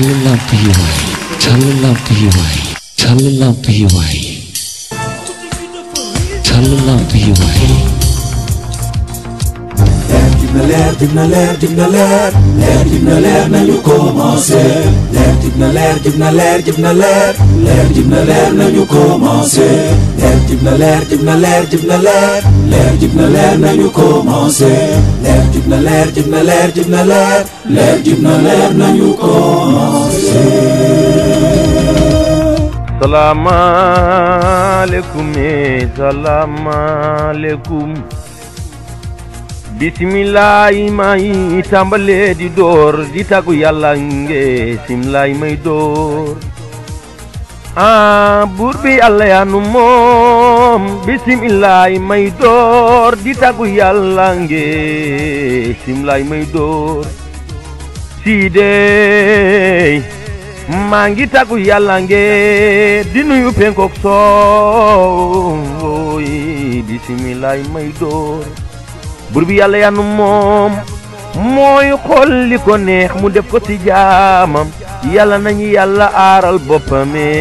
lamp yi Tàll lamp yi waay tàll lamp na leer jib na leer jib na leer leer jib na leer nañu commencé leer jib na leer jib na leer jib na leer leer jib na leer nañu commencé leer jib na leer jib na leer jib na leer leer jib na leer nañu commencé leer jib na leer jib na leer jib na leer leer jib na leer nañu commencé salaamaaleykum salaamaaleykum bisimilaay may tàmbalee di door di tàggu yàlla ngee simlaay may door ah buur bi yàlla yaanu moom bisimilaay may door di tàggu yàlla ngee simlaay may door sii dey maa ngi tàggu yàlla ngee di nuyu penkook soow bisimilaay may door bur bi yàlla yanu moom mooy xool li ko neex mu def ko ci jaamam yàlla ñu yàlla aaral boppame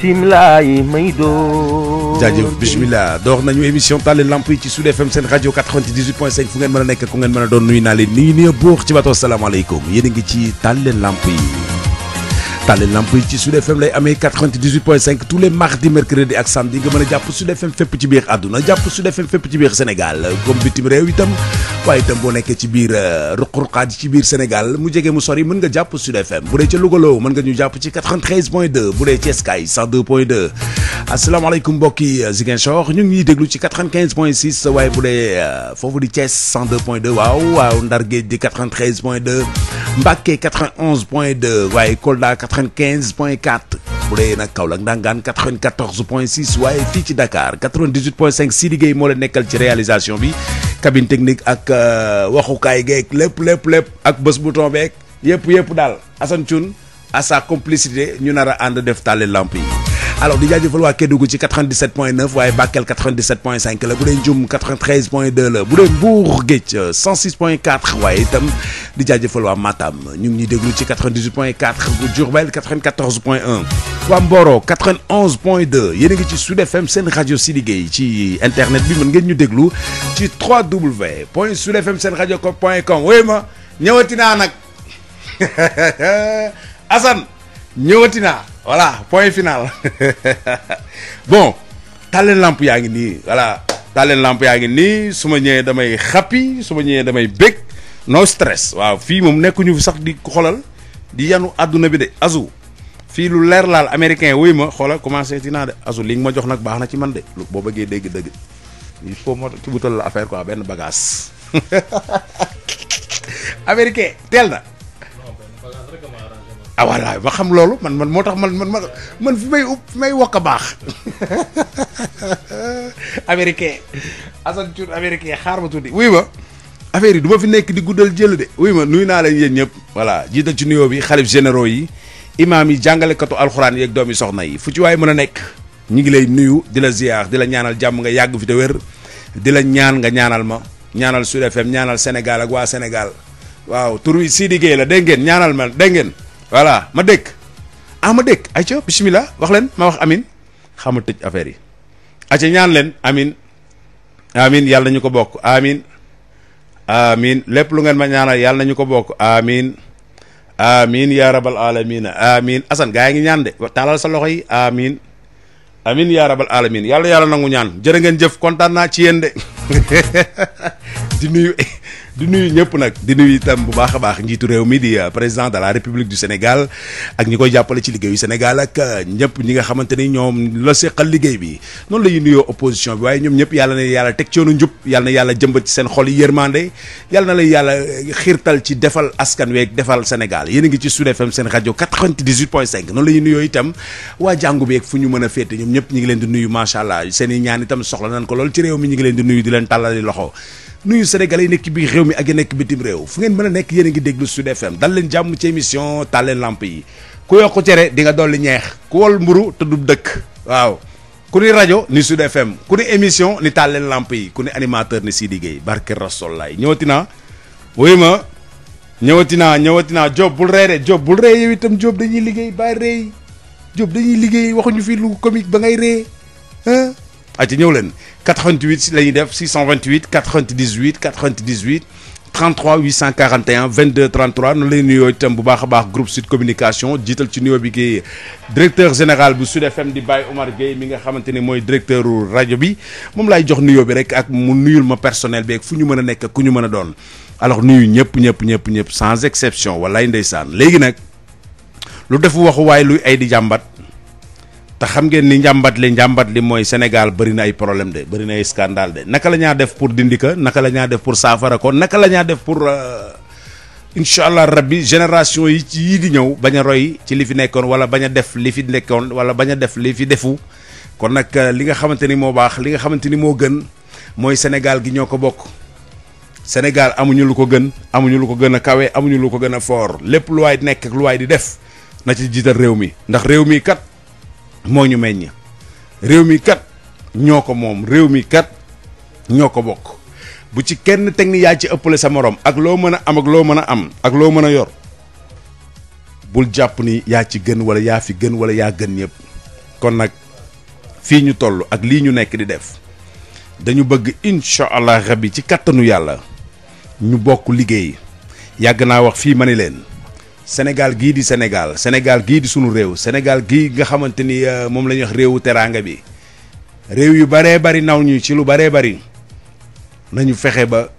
tim laay may doo jaajëf bismillah door nañu émission tàlli lamp yi ci Sud FM seen rajo fu ngeen mën a nekk ku ngeen mën a doon nuyu naa leen nii nii buur ci bato salaamaaleykum yéen a ngi ci tàlli lamp yi tàllal lamp yi ci Sud FM lay amee 98.5 tous les mardis mercredi ak samedi nga mën a jàpp Sud FM fépp ci biir àdduna jàpp Sud FM fépp ci biir Sénégal comme bitim réew itam waaye itam boo nekkee ci biir euh, ruq-ruqaat ci biir Sénégal mu jege mu sori mën nga jàpp Sud FM bu dee ca Louga mën nga ñu jàpp ci 93.2 bu dee ci Sky 102.2 asalaamaaleykum mbokki euh, Ziguinchor ñu ngi ñuy déglu ci 95.6 waaye bu dee euh, foofu di Thiès 102.2 waaw waaw Ndar Géej di 93.2 Mbacké 91.2 waaye Kolda 95 point 4 bu dee nag Kaolack ndangaan 94 point 6 waaye fii ci Dakar 98 point 5 si liggéey moo la nekkal ci réalisation bi cabine technique ak euh, waxukaay geeg lépp lépp lépp ak bés bu tombeek yëpp yépp daal Assane Thioune à sa complicité ñu nar a ànd def tàlli lamp yi alors di jaajëfal waa Kédougou ci 97 point 9 waaye Bakel 97 point 5 la bu dee Ndioum 93 point 2 la bu dee Mbour Géej 106 euh, point 4 waaye itam di jaajëfal waa Matam ñu ngi ñuy déglu ci 98 point 4 bu Diourbel 94 point 1 waa Mboro 91 point 2 yéen a ngi ci Sud FM seen rajo si liggéey ci internet bi mën ngeen ñu déglu ci 3W point Sud FM seen rajo point com wéy ma ñëwati naa nag Assane. ñëwati naa voilà point final bon tàlleen lamp yaa ngi nii voilà tàlleen làmp yaa ngi nii su ma ñëwee damay xappi su ma ñëwee damay bég no stress waaw fii moom nekkuñu fi sax di xoolal di yanu àdduna bi de azu fii lu leer laal américain wuy ma xoola commencé ti naa de asu li nga ma jox nag baax na ci man de boo bëggee dégg dëgg il faut moo ci butal la affaire quoi benn bagage américain teel na ah voilà ba xam loolu man man moo tax man man man fi may fi may wokk a baax américain Assane Diouf américain xaar ma tuuti wuy ma affaire yi ma fi nekk di guddal jël de wuy ma nuyu naa la yéen ñëpp voilà jiital ci nuyoo bi xalif généraux yi imaam yi jàngalekatu alxuraan yeeg yi soxna yi fu ci waaye mën a nekk ñu ngi lay nuyu di la ziar di la ñaanal jàmm nga yàgg fi te wér di la ñaan nga ñaanal ma ñaanal Sud FM ñaanal senegal ak waa senegal waaw tur wi Sidi Gueye la dégg ngeen ñaanal ma dégg ngeen voilà ma dégg ah ma dégg ayca bisimilah wax leen ma wax amin xama tëj affaire yi ayca ñaan leen amin amin yàlla nañu ko bokk amin amin lépp lu ngeen ma yàlla nañu ko bokk amin amin ya rabal alamina amin asan gaa yi ngi ñaan de taalal sa loxo yi amin amin yaa rabal alamin yàlla yàlla nangu ñaan jërë ngeen jëf kontaan naa ci yéen de di nuyu di nuyu ñëpp nag di nuyu itam bu baax a baax njiitu réew mi di euh, président de la république du Sénégal ak ñi koy jàppale ci liggéeyu Sénégal ak euh, ñëpp ñi nga xamante ni ñoom la seqal liggéey bi noonu la nuyoo opposition waaye ñoom ñëpp yàlla na yàlla teg ci yoonu yàlla na seen xol yi yërmande yàlla na lay yàlla euh, xiirtal ci defal askan weeg defal Sénégal yéen a ngi ci Sud seen rajo 98 point 5 noonu la ñuy nuyoo itam waa jàngu beeg fu ñu mën a féete ñoom ñëpp ñi ngi leen di nuyu macha allah seen i ñaan itam soxla nañ ko lool ci réew mi ñi ngi leen di nuyu di leen tàllali loxo nuyu sénégalais yi nekk biir réew mi ak yi nekk bitim réew fu ngeen mën a nekk yéen ngi déglu Sud FM dal leen jàmm ci émission taal leen lamp yi ku yokku cere di dolli ñeex ku wol mburu te du dëkk waaw ku ni rajo ni Sud FM ku ni émission ni taal làmp yi ku ni animateur ni Sidi liggéey barke rasolaay ñëwati naa wuyu ma ñëwati naa ñëwati naa Diop bul ree de Diop bul ree yow itam Diop dañuy liggéey bàyyi ree Diop dañuy liggéey waxuñu fi lu comique ba ngay ree ah ayca ñëw leen 88 la ñuy def 628 98 98 33 841 22 33 noonu la ñuy nuyoo itam bu baax a baax groupe Sud Communication jiital ci nuyoo bi kii directeur général bu Sud FM di Baye Omar Gueye mi nga xamante ni mooy directeur rajo bi moom laay jox nuyoo bi rek ak mu nuyul ma personnel bi ak fu ñu mën a nekk ku ñu mën a doon alors nuyu ñëpp ñëpp ñëpp ñëpp sans exception walaay ndeysaan léegi nag lu defu waxu waay luy ay di jàmbat. te xam ngeen ni njàmbat li njàmbat li mooy Sénégal bëri na ay problème de bëri na ay scandale de naka la def pour dindi ko naka la ñaa def pour saafara kon naka la ñaa def pour euh, incha allah rabbi génération yi ci yii di ñëw bañ a roy ci li fi nekkoon wala bañ a def li fi nekkoon wala bañ a def li fi defu kon nag euh, li nga xamante ni moo baax li nga xamante ni moo gën mooy Sénégal gi ñoo ko bokk Sénégal amuñu lu ko gën amuñu lu ko gën a kawe amuñu lu ko gën a fort lépp lu waay nekk di def na ci jiital réew mi ndax réew mi kat. moo ñu meññ réew mi kat ñoo ko moom réew mi kat ñoo ko bokk bu ci kenn teg yaa ci ëppale sa moroom ak loo mën a am ak loo mën a am ak loo mën a yor bul jàpp ni yaa ci gën wala yaa fi gën wala yaa gën ñëpp kon nag fii ñu toll ak lii ñu nekk di def dañu bëgg incha allah rabi ci kàttanu yàlla ñu bokk liggéey yàgg naa wax fii ma ni leen. Sénégal gii di Sénégal Sénégal gii di sunu réew senegal gii nga xamante ni euh, moom la ñuy wax réewu teraanga bi réew yu baree bari naw ñu ci lu baree bari nañu fexe ba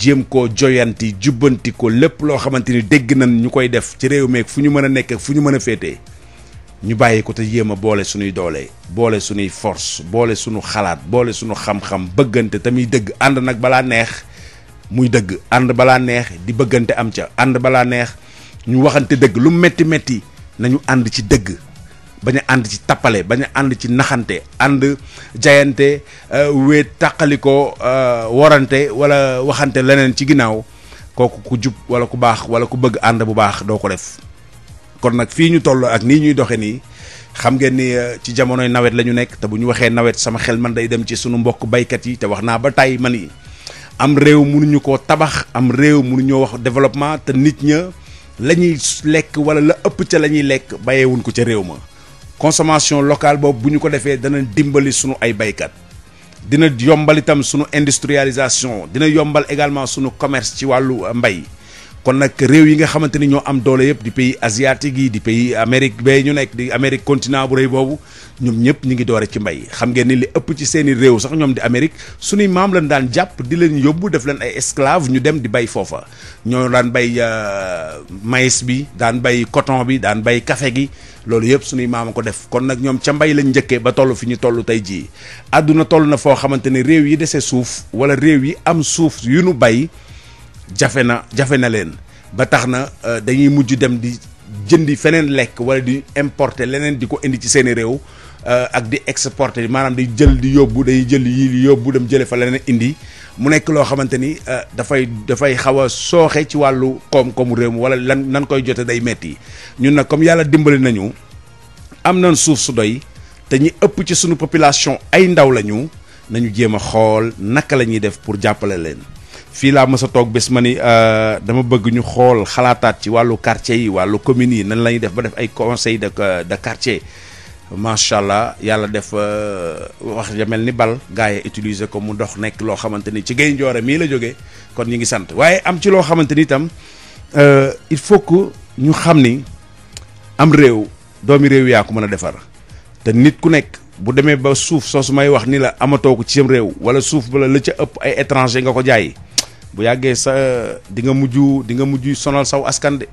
jéem koo joyanti jubbanti ko lépp loo xamante ni dégg nañ ñu koy def ci réew meek fu ñu mën a nekk fu ñu mën a féetee ñu bàyyi ko te jéem a boole suñuy doole boole suñuy force boole suñu xalaat boole suñu xam-xam bëggante tamit dëgg ànd nag balaa neex muy dëgg ànd balaa neex di bëggante am ca ànd balaa neex. ñu waxante dëgg lu métti métti nañu ànd ci dëgg bañ ànd ci tappale bañ ànd ci naxante ànd jayante euh, wéet tàqalikoo euh, warante wala waxante leneen ci ginnaaw kooku ku jub wala ku baax wala ku bëgg ànd bu baax doo ko def kon nag fii ñu toll ak nii ñuy doxe nii xam ngeen ni euh, ci jamonoy nawet la ñu nekk te bu ñu waxee nawet sama xel man day dem ci sunu mbokk baykat yi te wax naa ba tàyyi man yi am réew mënuñu koo tabax am réew mënuñoo wax développement te nit ña la ñuy lekk wala la ëpp ca la ñuy lekk bàyyeewuñ ko ca réew ma consommation locale boobu bu ñu ko defee dana dimbali sunu ay baykat dina yombal itam sunu industrialisation dina yombal également sunu commerce ci wàllu mbay kon nag réew yi nga xamante ni ñoo am doole yëpp di pays asiatique yi di pays amerique bay ñu nekk di Amérique continent bu rëy boobu ñoom ñëpp ñu ngi doore ci mbay xam ngeen ni li ëpp ci seeni réew sax ñoom di Amérique suñuy maam lañ daan jàpp di leen yóbbu def leen ay esclave ñu dem di bay foofa ñoo daan bay euh, maïs bi daan bay coton bi daan bay café gi loolu yëpp suñuy maam a ko def kon nag ñoom ca mbay lañ njëkkee ba toll fi ñu toll tey jii àdduna toll na foo xamante ne réew yi dese suuf wala réew yi am suuf yu nu bay jafe na jafe na leen ba tax na euh, dañuy mujj dem di jëndi feneen lekk wala di importer leneen di ko indi ci seeni réew euh, ak di exporter maanaam di jël di yóbbu day jël yi di yóbbu dem jële fa leneen indi mu nekk loo xamante ni euh, dafay dafay xaw a sooxe ci wàllu koom-koomu réew mi wala lan nan koy jote day metti ñun nag comme yàlla dimbali nañu am na suuf su doy te ñi ëpp ci suñu population ay ndaw lañu nañu jéem a xool naka la ñuy def pour jàppale leen. fii laa mës a toog bés ma ni euh, dama bëgg ñu xool xalaataat ci wàllu quartier yi wàllu communes yi nan lañuy def ba def ay conseil de euh, de quartier macha allah yàlla def euh, wax ja mel ni bal gars yi utiliser ko mu dox nekk loo xamante ni ci Gaye Ndioré mii la jóge kon ñu ngi sant waaye am ci loo xamante ni itam il faut que ñu xam ni am réew doomi réew yaa ko mën a defar te nit ku nekk. bu demee ba suuf soo su may wax ni la ama toog ci sam réew wala suuf bala la ca ëpp ay étranger nga ko jaay bu yàggee sa di nga mujj di nga mujj sonal saw askan de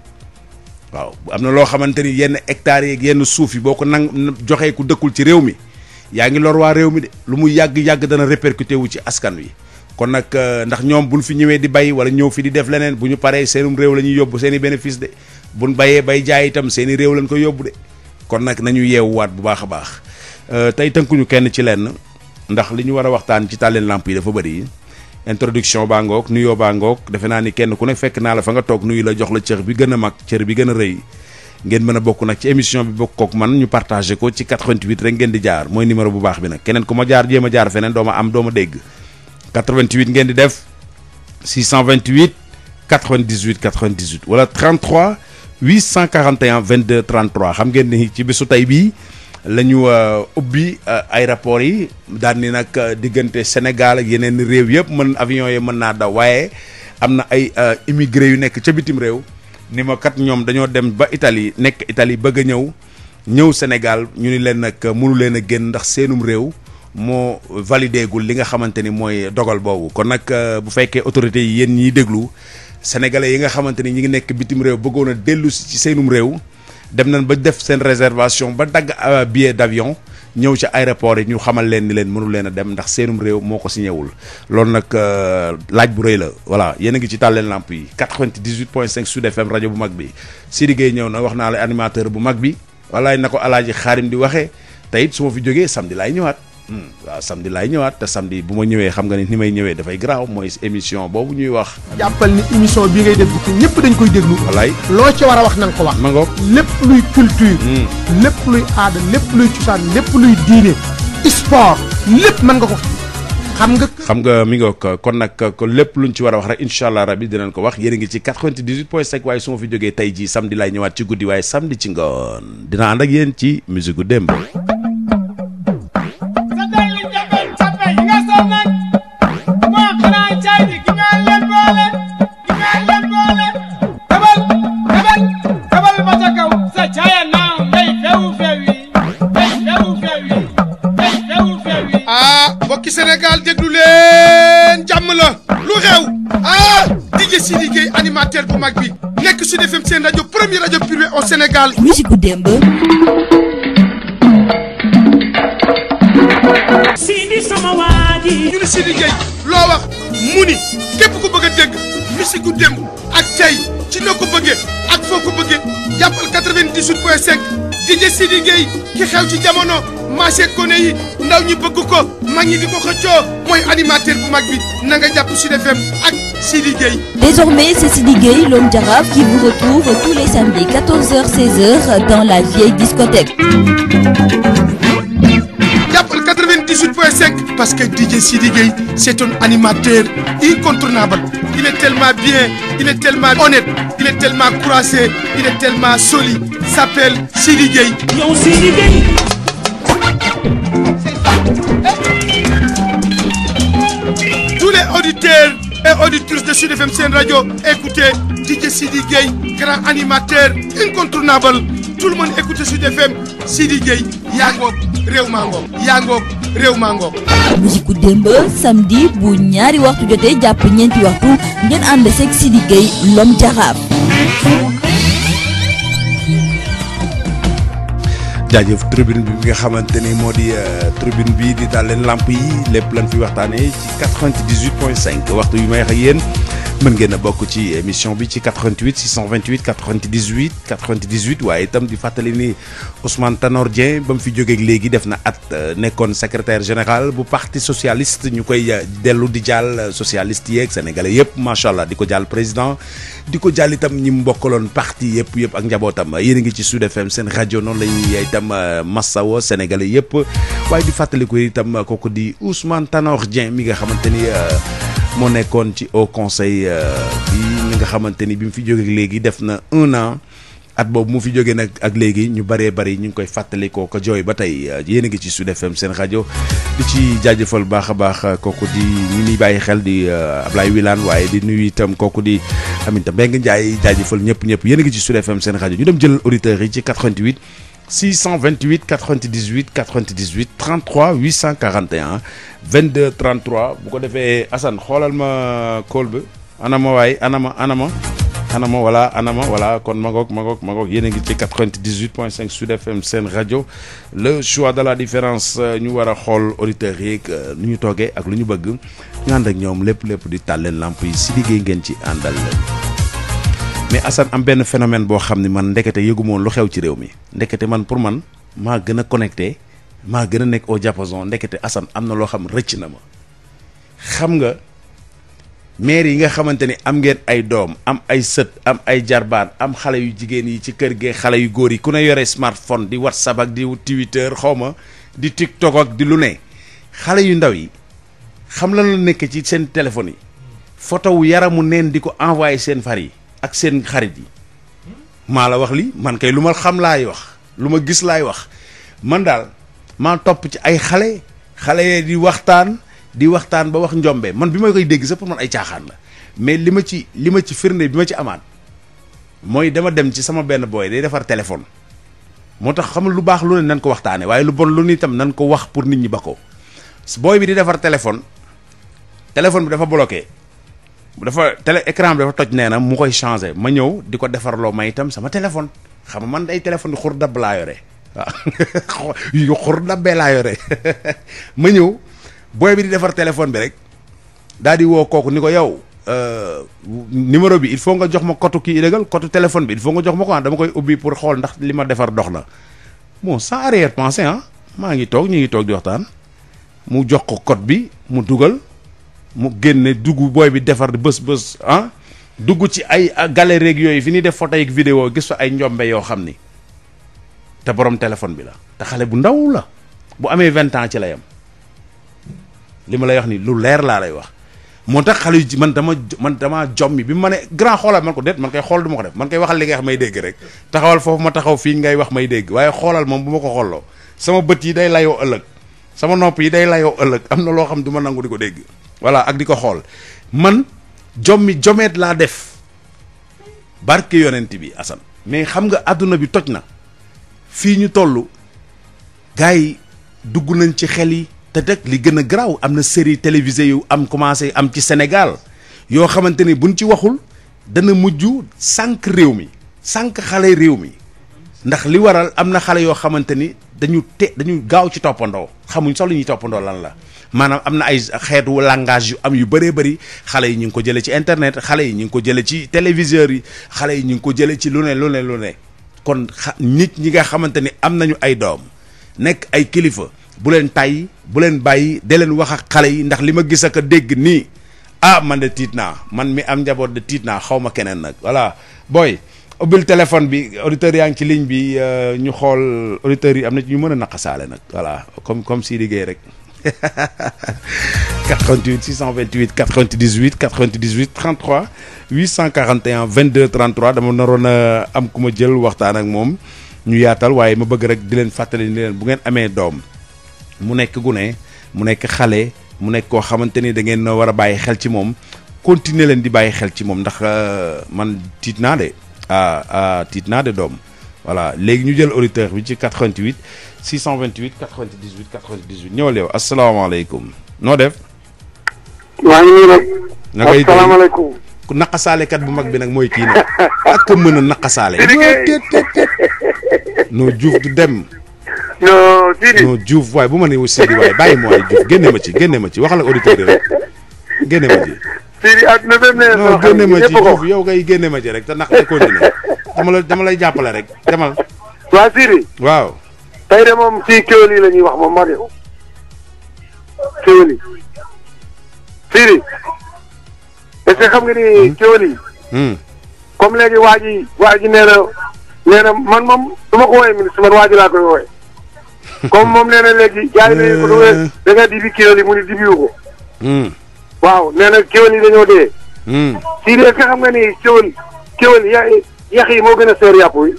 waaw am na loo xamante ni yenn hectares yeeg yenn suuf yi boo ko nag joxee ku dëkkul ci réew mi yaa ngi lor waa réew mi de lu muy yàgg-yàgg dana répercuté wu ci askan wi kon nag euh, ndax ñoom buñ fi ñëwee di bay wala ñëw fi di def leneen bu ñu paree seenum réew la ñuy yóbbu seen i bénéfice de buñ bayee bay jaay itam seen i réew lañ ko yóbbu de kon nag nañu yeewuwaat bu baax a baax euh, tey tënkuñu kenn ci lenn ndax li ñu war a waxtaan ci Taleen Lamp yi dafa bëri introduction baa ngoog nuyoo baa ngoog defe naa ni kenn ku ne fekk naa la fa nga toog nuyu la jox la cër bi gën a mag cër bi gën a rëy ngeen mën a bokk nag ci émission bi bokk kook man ñu partagé ko ci 88 rek ngeen di jaar mooy numéro bu baax bi nag keneen ku ma jaar jéem a jaar feneen doo ma am doo dégg ngeen di def 628 98 98 wala 33 841 22 33 xam ngeen ni ci bésu tey bii. la ñu euh, ubbi euh, aéroport yi daan nag euh, diggante Sénégal ak yeneen réew yëpp mën avion yi mën naa daw waaye am na ay immigré yu nekk ca bitim réew ni ma kat ñoom dañoo dem ba Italie nekk Italie bëgg a ñëw ñëw Sénégal ñu ni leen nag mënu leen a génn ndax seenum réew moo validé li nga xamante ni mooy dogal boobu kon nag bu fekkee autorités yi yéen ñiy déglu sénégalais yi nga xamante ni ñi ngi nekk bitim réew bëggoon dellusi ci seenum réew dem nañ ba def seen réservation ba dagg euh, billet d'avion ñëw ci aéroport yi ñu xamal leen ni leen mënu leen a dem ndax seenum réew moo ko signéwul lool nag euh, laaj bu rëy la voilà yéen a ngi ci tàlleen làmp yi 98 point 5 Sud FM rajo bu mag bi si Gueye ñëw na wax naa la animateur bu mag bi walaay na ko alaaji xaarim di waxee te it su ma fi jógee samedi laay ñëwaat Hmm. waaw samedi laay ñëwaat te samedi bu ma ñëwee xam nga ni ni may ñëwee dafay garaaw mooy émission boobu ñuy wax jàppal ni émission bi ngay def bu ñëpp dañ koy déglu walaay loo ci war a wax na ko wax ma lépp luy culture hmm. lépp luy aada lépp luy nga ko xam nga xam nga mi nga kon nag ko lépp luñ ci war a wax rek incha allah rabi dinañ ko wax yéen a ci 98 point 5 waaye su ma fi jógee tey jii ci guddi waaye samedi ci ngoon dina ànd ak yéen ci musique gu démb Sidi Gueye animateur bu rajo premier rajo privé au Sénégal. musique gu sama waa ji. ñu ni loo wax mu ni képp ku bëgg a dégg musique gu démb ak tey ci noo ko bëggee ak foo ko bëggee jàppal 98 point 5 DJ Sidi Gueye ki xew ci jamono. marché kone ndaw ñi bëgg ko mag ñi di ko xëccoo mooy animateur bu mag bi na jàpp Sud FM ak Sidi Gueye. Désormais, c'est Sidi Gueye, l'homme jaraaf, qui vous retrouve tous les samedis 14 h dans la vieille discothèque. parce que DJ Sidi Gueye c'est un animateur incontournable il est tellement bien il est tellement honnête il est tellement courageux il est tellement solide s'appelle Sidi et auditrices de Sud FM Sen Radio écoutez DJ Sidi Gueye grand animateur incontournable tout le monde écoute Sud FM Sidi Gueye yaa ngoog réew maa ngoog yaa ngoog réew maa ngoog ku démb samedi bu ñaari waxtu jotee jàpp ñeenti waxtu ngeen ànd seeg Sidi Gueye l'homme jaraaf jaajëf tribune bi nga xamante ni moo di euh, tribune bi di daal leen lamp yi lépp lan fi waxtaanee ci 98 point 5 waxtu yu may wax yéen. mën ngeen a bokk ci émission bi ci 88 628 98 98 waaye itam di fàttali ni Ousmane Tanor Dieng ba mu fi jógeeg léegi def na at euh, nekkoon secrétaire général bu parti socialist ñu koy euh, dellu di jàll euh, socialiste yeeg sénégalais yëpp macha allah di ko jàll président di ko jàll itam ñi mbokkaloon parti yëpp yëpp ak njabootam yéen a ngi ci Sud FM seen rajo noonu la ñuy itam massawo sénégalais yëpp waaye di fàttaliku itam kooku di Ousmane Tanor Dieng mi nga xamante ni. moo nekkoon ci au conseil euh, bi mi nga xamante ni bi mu fi jógee léegi def na un an at boobu mu fi jógee nag ak léegi ñu bëree bëri ñu ngi koy fàttali ko ko jooy ba tey euh, yéen a ngi ci Sud FM seen rajo di ci jaajëfal baax a baax euh, kooku di ñu ni bàyyi xel di Ablaye Wilane waaye di nuyu itam kooku di Aminata Mbengue Ndiaye jaajëfal ñëpp ñëpp yéen a ngi ci Sud FM seen rajo ñu dem jël auditeurs yi ci 88. 628 98 98 33 841 22 33 bu ko defee Assane xoolal ma kóol bi anama waay anama anama anama voilà anama voilà kon magoog magoog magoog yéen a ngi ci 98 point 5 Sud FM seen rajo le choix de la différence euh, ñu war a xool auditeurs yi euh, nu ñu toogee ak lu ñu bëgg ñu ànd ak ñoom lépp lépp di tàlleen lamp yi si liggéey ngeen ci àndal leen mais Assane am benn phénomène boo xam ne man ndekete yëgumoon lu xew ci réew mi ndekete man pour man maa gën a connecté maa gën a nekk au diapason ndekete Assane am na loo xam rëcc na ma xam nga maire yi nga xamante ni am ngeen ay doom am ay sët am ay jarbaan am xale yu jigéen yi ci kër gee xale yu góor yi ku ne yore smartphone di whatsapp ak di twitter xaw ma di tiktok ak di lu ne xale yu ndaw yi xam la la nekk ci seen téléphone yi photo wu yaramu neen di ko envoyé seen far yi ak seen xarit yi maa la wax li man kay lu ma xam laay wax lu ma gis laay wax man daal maa topp ci ay xale xale di waxtaan di waxtaan ba wax njombee man bi ma koy dégg sax pour man ay caaxaan la mais li ma ci li ma ci firnde bi ma ci amaat mooy dama dem ci sama benn booy day defar téléphone moo tax xam lu baax lu ne nan ko waxtaanee waaye lu bon lu ne itam nan ko wax pour nit ñi ba ko booy bi di defar téléphone téléphone bi dafa bloqué dafa télé écran bi dafa toj nee na mu koy changé ma ñëw di ko defarloo ma itam sama téléphone xam nga man day téléphone yi xur dab laa yore waaw yu laa yore ma ñëw booy bi di defar téléphone bi rek daal di woo kooku ni ko yow euh, numéro bi il faut nga jox ma kotu kii illégal kotu téléphone bi il faut nga jox ma ko ah dama koy ubbi pour xool ndax li ma defar dox na bon sans arrière pensée ah, maa ngi toog ñu ngi toog di waxtaan mu jox ko code bi mu dugal mu génne dugg booy bi defar bës bës ah dugg ci ay galerie ak yooyu fi ñuy def photo ak vidéo gis fa ay njombe yoo xam ni te borom téléphone bi la te xale bu ndaw la bu amee vingt ans ci la yam li ma lay wax ni lu leer laa lay wax moo tax xale yu man dama man dama jommi bi ma ne grand xoolal man ko déet man koy xool du ma ko def man koy waxal li ngay wax may dégg rek taxawal foofu ma taxaw fii ngay wax may dégg waaye xoolal moom bu ma ko xooloo sama bët yi day layoo ëllëg sama nopp yi day layoo ëllëg am na loo xam du ma nangu di ko dégg voilà ak di ko xool man jommi jomeet laa def barke yonent bi Assane mais xam nga àdduna bi toj na fii ñu toll gars yi dugg nañ ci xel yi te teg li gën a garaaw am na série télévisée yu am commencé am ci senegal yoo xamante ni buñ ci waxul dana mujj sànq réew mi sànq xale réew mi ndax li waral am na xale yoo xamante ni dañu te dañu gaaw ci toppandoo xamuñ sax lu ñuy toppandoo lan la maanaam am na ay xeetu langage yu am yu bëree bëri xale yi ñu ngi ko jëlee ci internet xale yi ñu ngi ko jëlee ci téléviseurs yi xale yi ñu ngi ko jëlee ci lu ne lu ne lu ne kon nit ñi nga xamante ni am nañu ay doom nekk ay kilifa bu leen tàyyi bu leen bàyyi de leen wax ak xale yi ndax li ma gis ak a dégg nii ah man de tiit naa man mi am njaboot de tiit naa xaw ma keneen nag voilà booy ubbil téléphone bi auditeurs yaa ngi ci ligne bi euh, ñu xool auditeurs yi am na ci ñu mën a naqasaale nag voilà comme comme si liggéey rek 88 628 98 98 33 841 22 33 dama naroon a am ku ma jël waxtaan ak moom ñu yaatal waaye ma bëgg rek di leen fàttali ni leen bu ngeen amee doom mu nekk gune mu nekk xale mu nekk koo xamante ni da ngeen war a bàyyi xel ci moom continuer leen di bàyyi xel ci moom ndax euh, man tiit naa de ah ah tiit naa de doom. voilà léegi ñu jël auditeur bi ci 88 628 98 98 ñëwal yow asalaamaaleykum noo def. maa ngi nii rek. na koy asalaamaaleykum. ku naqasaalekat bu mag bi nag mooy kii nag ak mën a naqasaale. noo juuf du dem. non Sidi. non waaye bu ma nee wu Sidi waaye bàyyi moo waaye Diouf génne ma ci génne ma ci waxal ak auditeurs yi rek génne ma ci. fii di àdduna bépp nee na génne ci yow ngay génne ma ci rek te nax day continuer dama la dama lay rek demal. waa Siri. waaw. tey moom ci kéwél yi la wax moom ma ne. kéwél Siri. est-ce que xam nga ni hmm. kéwél yi. Hmm. léegi waa ji waa ji nee na na man moom du ma ko woowee ministre man waa ji laa moom nee na léegi. jaay nañu ko du euh. da dibi kéwél yi mu ni waaw nee na kéwél yi dañoo dee. si hmm. dee nga xam nga ni kéwél kéwél ya yax yi moo gën a seer yàpp wi.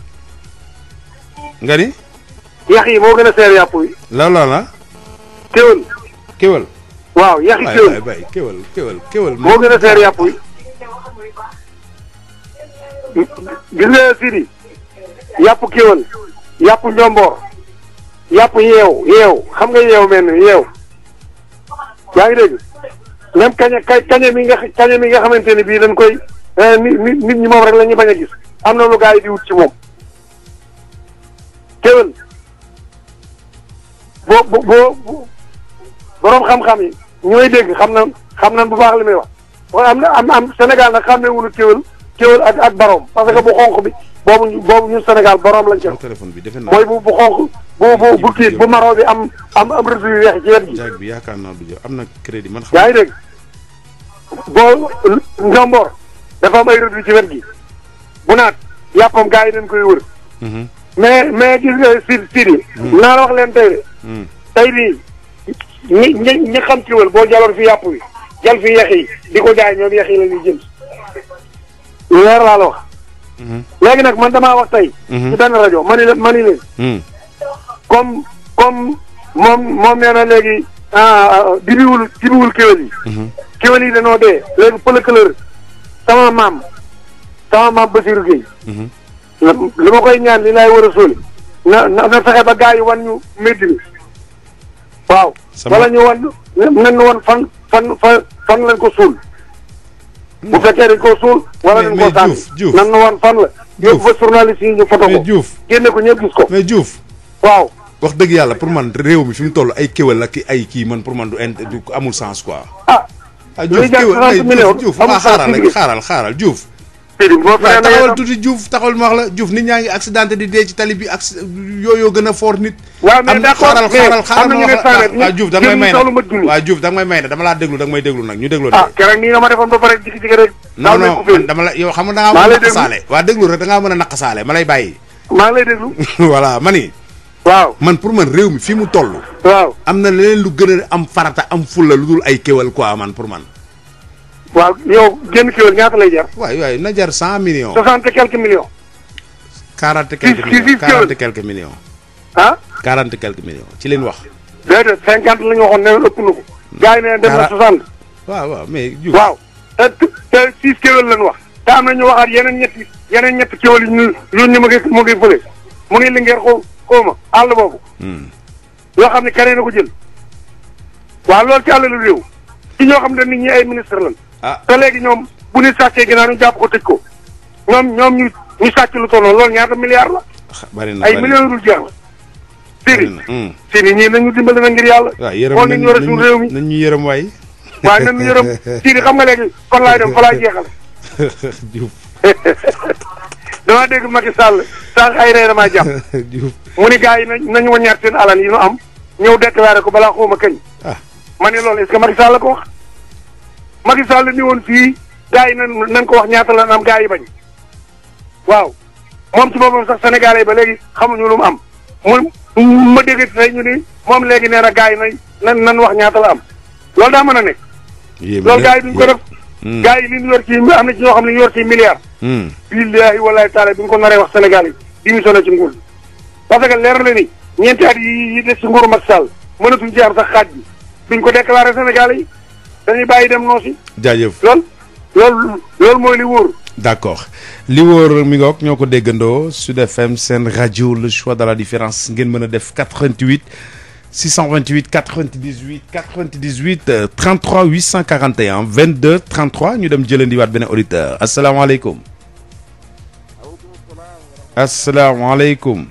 yi moo gën a seer yàpp wi. lan la la. kéwél. kéwél. waaw yax yi kéwél waay waay moo gën a seer yàpp wi. gis nga Sidi yàpp kéwél yàpp njomboor yàpp xam nga yeew mel ni yeew yaa ngi dégg. même kaña kaña mi nga kaña mi nga xamante ne bii dañ koy eh, nit nit ñi moom rek la ñuy bañ a gis am na lu gaa yi di wut ci moom. teewul boo boo boo borom xam-xam yi ñooy dégg xam na xam na bu baax li muy am na am am Sénégal nag xam ne wuñu ak ak baroom parce que bu xonq bi boobu boobu ñun Sénégal baroom lañ ci am. téléphone bi defe naa mooy bu bu xonq bu bu bu kii bu maroo bi am am am réseau weex ci wet gi. jaag bi yaakaar naa du am na crédit man. xam yaa ngi dégg. boo njomboor dafa am ay rëdd ci wet gi bu naat yàppam gaa yi dañ koy wër mhm. mais mais gis nga si sidi mhm. naa la wax leen tey de mhm. tey bii ñi ñi ñi xam ci boo jaloon fi yàpp wi jal fi yex yi di ko jaay ñoom yex yi la ñuy jël leer laa wax léegi nag man damaa wax tey ci benn rajo mani leen mani leen comme comme moom moom nee na léegi ah, ah, ah, dibiwul dibiwul kéwél géwél yi dañoo dee léegi pëlëkëlër sama maam sama maam Basiirou Guèye mhm. lu ma koy ñaan li laay war a sóoli na na fexe ba gaa yi wan ñu métti bi waaw wala ñu wan nañ wan fan fan fan fan lañ ko suul hmm. bu fekkee dañ ko suul wala dañ ko sànni nan na wan fan la yóbbu fa journaliste yi ñu ko génne ko ñëpp gis ko mais Diouf waaw wax dëgg yàlla pour man réew mi fi mu toll ay kéwél ak ay kii man pour man du amul sens quoi ah luy jar trente millions amul xaaral rek xaaral tu Diouf. Sidi boo fayee wax la Diouf nit ñaa ngi accidenté di dee ci tali bi ak yooyu gën a fort nit. waaw mais d'accord xaaral xaaral xaaral ma wax la waaw Diouf da nga may may nag waaw Diouf da nga may may nag dama laa déglu da nga may déglu nag ñu déglu. ah keroog nii nga ma ba pare jigi jigi rek. non dama la yow xam nga da ngaa mën a naqasaale. waaw déglu rek da mën a saale ma lay bàyyi. maa ngi lay déglu. voilà mani waaw man pour man réew mi fii mu toll. waaw am na leneen lu gën a am farata am fulla lu dul ay kéwal quoi man pour man. waaw yow génn kéwal ñaata lay jar. waay waay na jar cent millions. soixante quelques millions. quarante quelques millions ah? quarante quelques millions. ah. ci leen wax. déedéet cinquante la ñu wax ne ëpp na ko. gars yi ne dem na soixante. waaw waaw mais. waaw te te six kéwél wax. te am na ñu wax yeneen ñetti yeneen ñetti kéwél yu ñu ñu ma ngi mu ngi fële mu ngi lingeer ko. xawma àll boobu. Hmm. yoo xam ne keneen na ko jël. waaw loolu ci àll lu réew. ci ñoo xam ne nit ñu ay ministre lan ah te léegi ñoom bu ñu sàccee ginnaaw ñu jàpp ko tëj ko. ñoom ñoom ñu sàcc lu toll lool ñaata milliards la. Ah, bari na ay millions yu dul jeex la. bari na hmm. Sidi ñii nañu dimbali na ngir yàlla. waaw yërëm nañu nañu xool réew mi nañu yërëm waay. waaye nañu yërëm Sidi xam nga léegi kon laay dem fa laay jeexal. damaa dégg Macky Sall sànq ay reer maa jàpp. mu ni gars yi nañu nañu wàññeeku seen alal yi ñu am ñëw déclaré ko balaa xawma kañ. Ah. ma ne loolu est-ce ko wax. Macky ni woon fii gars yi nan nan ko wax ñaata la am gars yi bañ. waaw moom ci boppam sax sénégalais ba léegi xamuñu lu am mu ma dégg tey ñu ni moom léegi nee na gars yi nañ nan nan wax ñaata la am loolu daa mën a nekk. loolu gars duñ ko def. Hmm. gars yi li ñu ci xam ne ñu yor ci milliards. Hmm. billaahi wallaahi taala bi ñu ko naree wax Sénégal yi démissionné ci nguur parce que leer na ni ñeenti at yi yi des ci nguuru Macky Sall mënatuñ ci am sax xaaj bi biñ ko déclaré Sénégal yi dañuy bàyyi dem noosi. jaajëf lool loolu loolu mooy li wóor. d' accord li wóor mi ngoog ñoo ko déggandoo su FM seen rajo le choix de la différence ngeen mën a def 88. 628 98 98 33 841 22 33 ñu dem jëlandiwaat beneen auditeur asalaamaaleykum. asalaamaaleykum.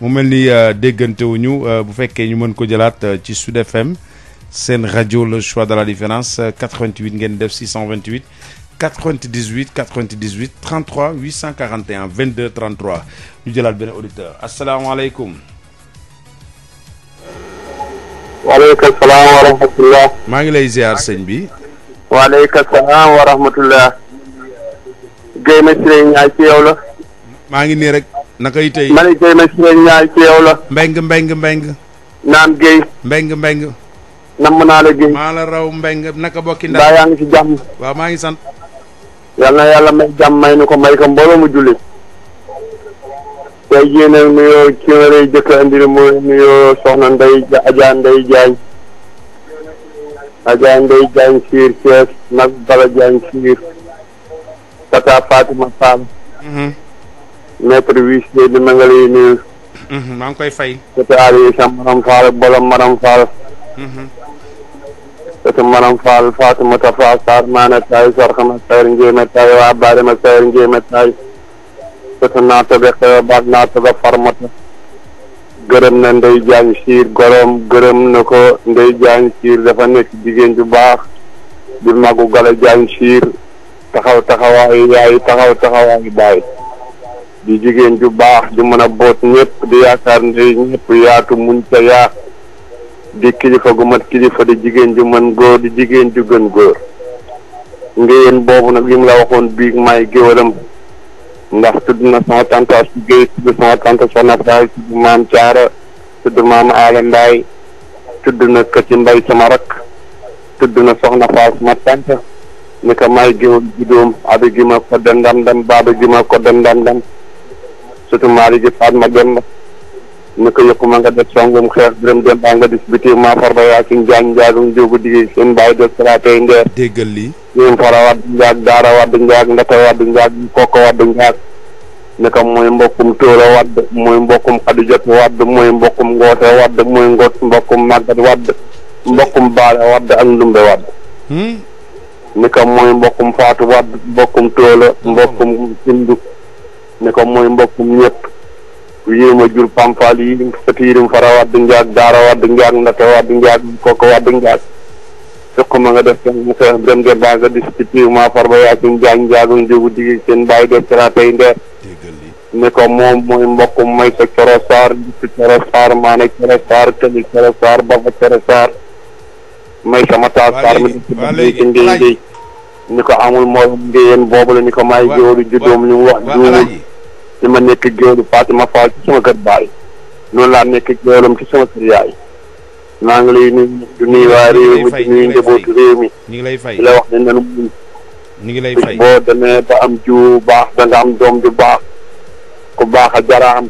mu mel ni euh, déggante wuñu euh, bu fekkee ñu mën ko jëlaat euh, ci Sud FM seen rajo le choix de la différence 88 ngeen def 628 98 98 33 841 22 33 ñu jëlaat beneen auditeur asalaamaaleykum. waaleykum salaam wa rahmatullah. maa ngi lay ziar sëñ bi. waaleykum salaam wa rahmatullah. ci yow la. maa ngi nii rek. naka yi tey. ma ne Guèye Massiré ñaay ci yow la. mbeng mbeng mbeng. naam Guèye. mbeng mbeng. namm naa la Guèye. maa la raw mbeng naka bokki ndax. yaa ngi ci jàmm. waaw maa ngi sant. yal na yàlla may jàmm may nu ko may ko mbooloo mu jullit. tey jii nag nuyoo ki ma lay jëkk andil mooy nuyoo soxna Ndeye Adja Ndeye Diagne Adja Ndeye Diagne Siir Thiès mag Bala Diagne Siir Tata Fatima Fall mhm. maître huissier di ma nga lay nuyu mhm, maa ngi koy fay tata Aliou sa Maram Fall Bola Maram Fall mhm. tata Maram Fall Fatimata Fall Sarmana Taye Sarxama Tayer Njéema Taye waa Barema Tayer Njéema Taye sëta naata be xewa baag naata e ba gërëm na ndey jaañ siir gorom gërëm na ko ndey jaañ siir dafa nekk jigéen ju baax di magu gala jaañ taxaw taxawaayu jigéen ju baax di mën a boot ñépp di yaakaar ndey ñëpp yaatu muñ ca yaa di kilifa gu mat kilifa di jigéen ju mën góor di jigéen ju gën góor ngeen boobu nag li mu la waxoon biig maay géwalam ndax tudd na sama tante Astou Gueye tudd sama tante Soxna Faal tudd maam Thiara tudd maam Aale tudd na Këcci Mbaye sama rakk tudd na Soxna Faal sama tante ni ko may gima judóom abi gima ko dem ndam ndam baaba ko dem ndam ndam ji faat ma ni ko yëpp ma nga def songum xeex biram dem baa nga dis bitir maa farba yaa ki njaañ njaagum jógu digéey seen bàyyi def salaatey ndeer déggal lii ñoom fara wadd njaag daara wadd njaag ndata wadd njaag kokko wadd njaag ni ko mbokkum tóora wadd mooy mbokkum xadijat wadd mooy mbokkum ngoose wadd mooy ngot mbokkum màggat wadd mbokkum baale wadd ak ndumbe wadd hmm? ni ko mbokkum faatu wadd mbokkum tóola mbokkum sindu ni ko mbokkum ñëpp wiyeema jur pamfal yi satiirim fara waddu njaag daara waddu njaag ndate waddu njaag koko waddu njaag suquma nga def seen monsieur dem de baa nga disciplinement farba yaacum jaag njaagum njógu digi seen bàyyi de caratey ndeer ni ko moom mooy mbokkum may sa coro saar disi coro saar maane coro saar këli coro saar bafa coro saar may sama taas saar mi disi ci ngéy ngéy ni ko amul moom ngéyeen boobu la ni ko may jóoru juddoom li mu wax juumul ni ma nekk géwélu Fatima Fall ci sama kër baay noonu laa nekk géwélam ci sama kër yaay maa ngi lay nuyu du nuyu mi du ñu ngi lay fay la wax ne nanu muñ ngi lay fay boo demee ba am jiw baax da am doom ju baax ku baax a jara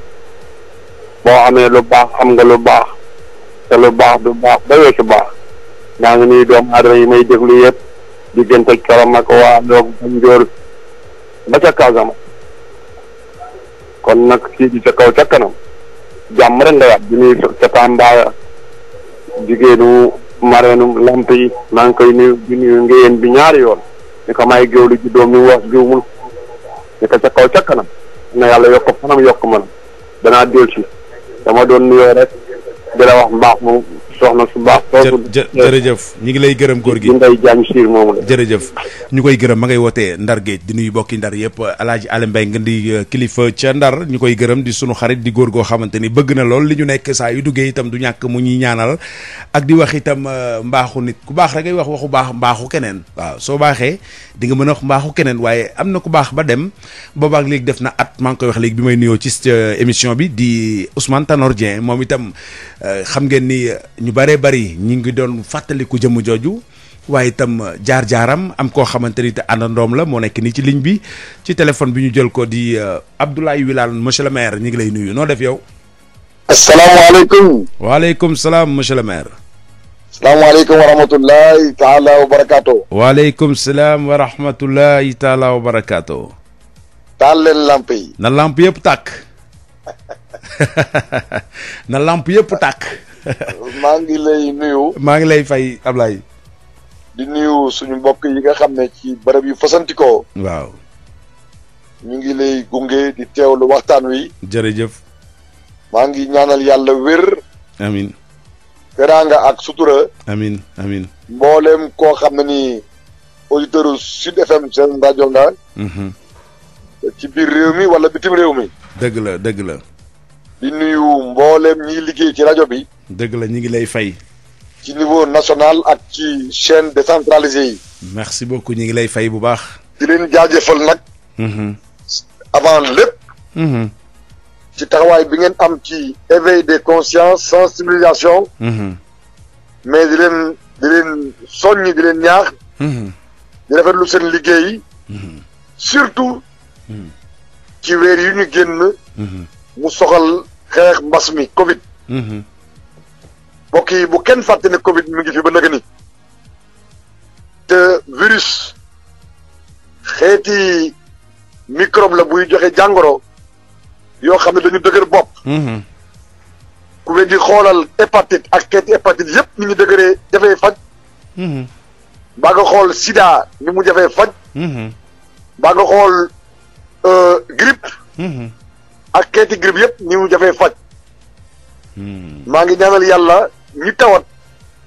boo amee lu baax xam nga lu baax te lu baax du baax ba weesu baax maa ngi nuyu doomu yi may déglu yëpp diggante corom ak waa loog ba ba ca Casamance kon nag fii ji ca kaw ca kanam jàmm rek nga yaat di nuyu jigéenu mareenu lamp yi maa ngi koy nuyu di nuyu bi ñaari yoon ni ko may géew lu juddoo mi wax géew mul ni ko ca kaw ca na yàlla yokk fanam yokk manam danaa dellu si dama doon nuyoo rek di la wax mbaax moom soxna su baax. jërëjëf ñu ngi lay gërëm góor gi jërëjëf ñu koy gërëm ma ngay wootee Ndar Géej di nuyu bokki Ndar yëpp El Hadj Alé Mbaye nga di euh, kilifa ca Ndar ñu koy gërëm di suñu xarit di góor goo xamante ni bëgg na lool li ñu nekk saa yu duggee itam du ñàkk mu ñuy ñaanal ak di wax itam euh, mbaaxu nit ku baax rek ngay wax waxu baax mbaaxu keneen waaw soo baaxee di nga mën a wax mbaaxu keneen waaye am na ku baax ba dem boobaak léegi def na at maa ngi koy wax léegi bi may nuyoo ci euh, émission bi di Ousmane Tanor moom itam xam ngeen ni ñu bëree bëri ñu ngi doon fàttaliku jëmm jooju waaye itam jaar-jaaram am koo xamante ni te àndandoom la moo nekk nii ci ligne bi ci téléphone bi ñu jël ko di euh, Abdoulaye Wilane monsieur le ñu ngi lay nuyu noo def yow. asalaamaaleykum. waaleykum salaam monsieur le maire. salaamaaleykum wa rahmatulahi taala salaam wa rahmatulahi taala wa barakato. taal na lamp yëpp tàkk na lamp yëpp takk maa ngi lay nuyu. maa ngi lay fay Ablaye. di nuyu suñu mbokk yi nga xam ne ci barab yu fasantikoo waaw. ñu ngi lay gunge di teewlu waxtaan wi. jërëjëf. maa ngi ñaanal yàlla wér. amin teraanga ak sutura. amin amin mbooleem koo xam ne nii auditeurs Sud FM seen rajo nga. Mhm. ci biir réew mi wala bitim réew mi. dëgg la dëgg la. di nuyu mbooleem ñiy liggéey ci rajo bi. dëgg la ñu ngi lay fay. ci niveau national ak ci chaîne décentralisée yi. merci beaucoup ñu ngi lay fay bu baax. di leen jaajëfal nag. Mm-hmm. avant lépp. Mm-hmm. ci taxawaay bi ngeen am ci éveil des consciences sensibilisation. Mm-hmm. mais di leen di leen di leen ñaax. di rafetlu seen liggéey. surtout. ci weer yu ñu génn. mu soxal xeex mbas mi Covid. Mhm. mbokk yi bu kenn fàtte ne Covid mi ngi ba naka ni te virus xeeti microbe la buy joxe jàngoro yoo xam ne dañu dëgër bopp. Mhm. ku leen di xoolal hépatite ak xeeti hépatite yépp ni ñu dëgëree jafee faj. Mhm. mbaa nga xool sida ni mu jafee faj. mbaa xool euh, grippe. ak xeeti grippe yëpp ni mu jafee faj. Hmm. maa ngi ñaanal yàlla ñi tawat.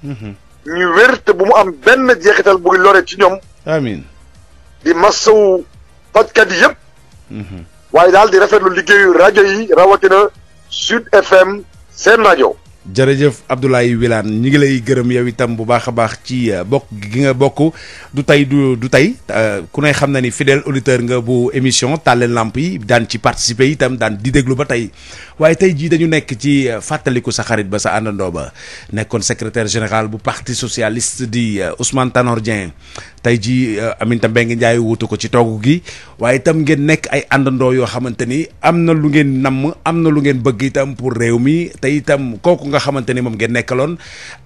Hmm. ñu wér bu mu am benn jeexital bu lore ci ñoom. amiin di masawu fajkat yi yëpp. Hmm. waaye daal di rafetlu liggéeyu rajo yi rawatina Sud FM seen rajo. jërëjëf Abdoulaye Wilane ñi ngi lay gërëm yow itam bu baax a baax ci euh, bokk gi nga bokk du tey du du tey euh, ku ne xam na ni fidèle auditeur nga bu émission tàlleen làmp yi daan ci participer itam daan di déglu ba tey waaye tey jii dañu nekk ci euh, fàttaliku sa xarit ba sa àndandoo ba nekkoon secretaire général bu parti socialist di Ousmane Tanor tey jii euh, Aminata Mbengue Ndiaye wuutu ko ci toog gi waaye itam ngeen nekk ay àndandoo yoo xamante ni am na lu ngeen namm am na lu ngeen bëgg itam pour réew mi tey itam kooku nga xamante ni moom ngeen nekkaloon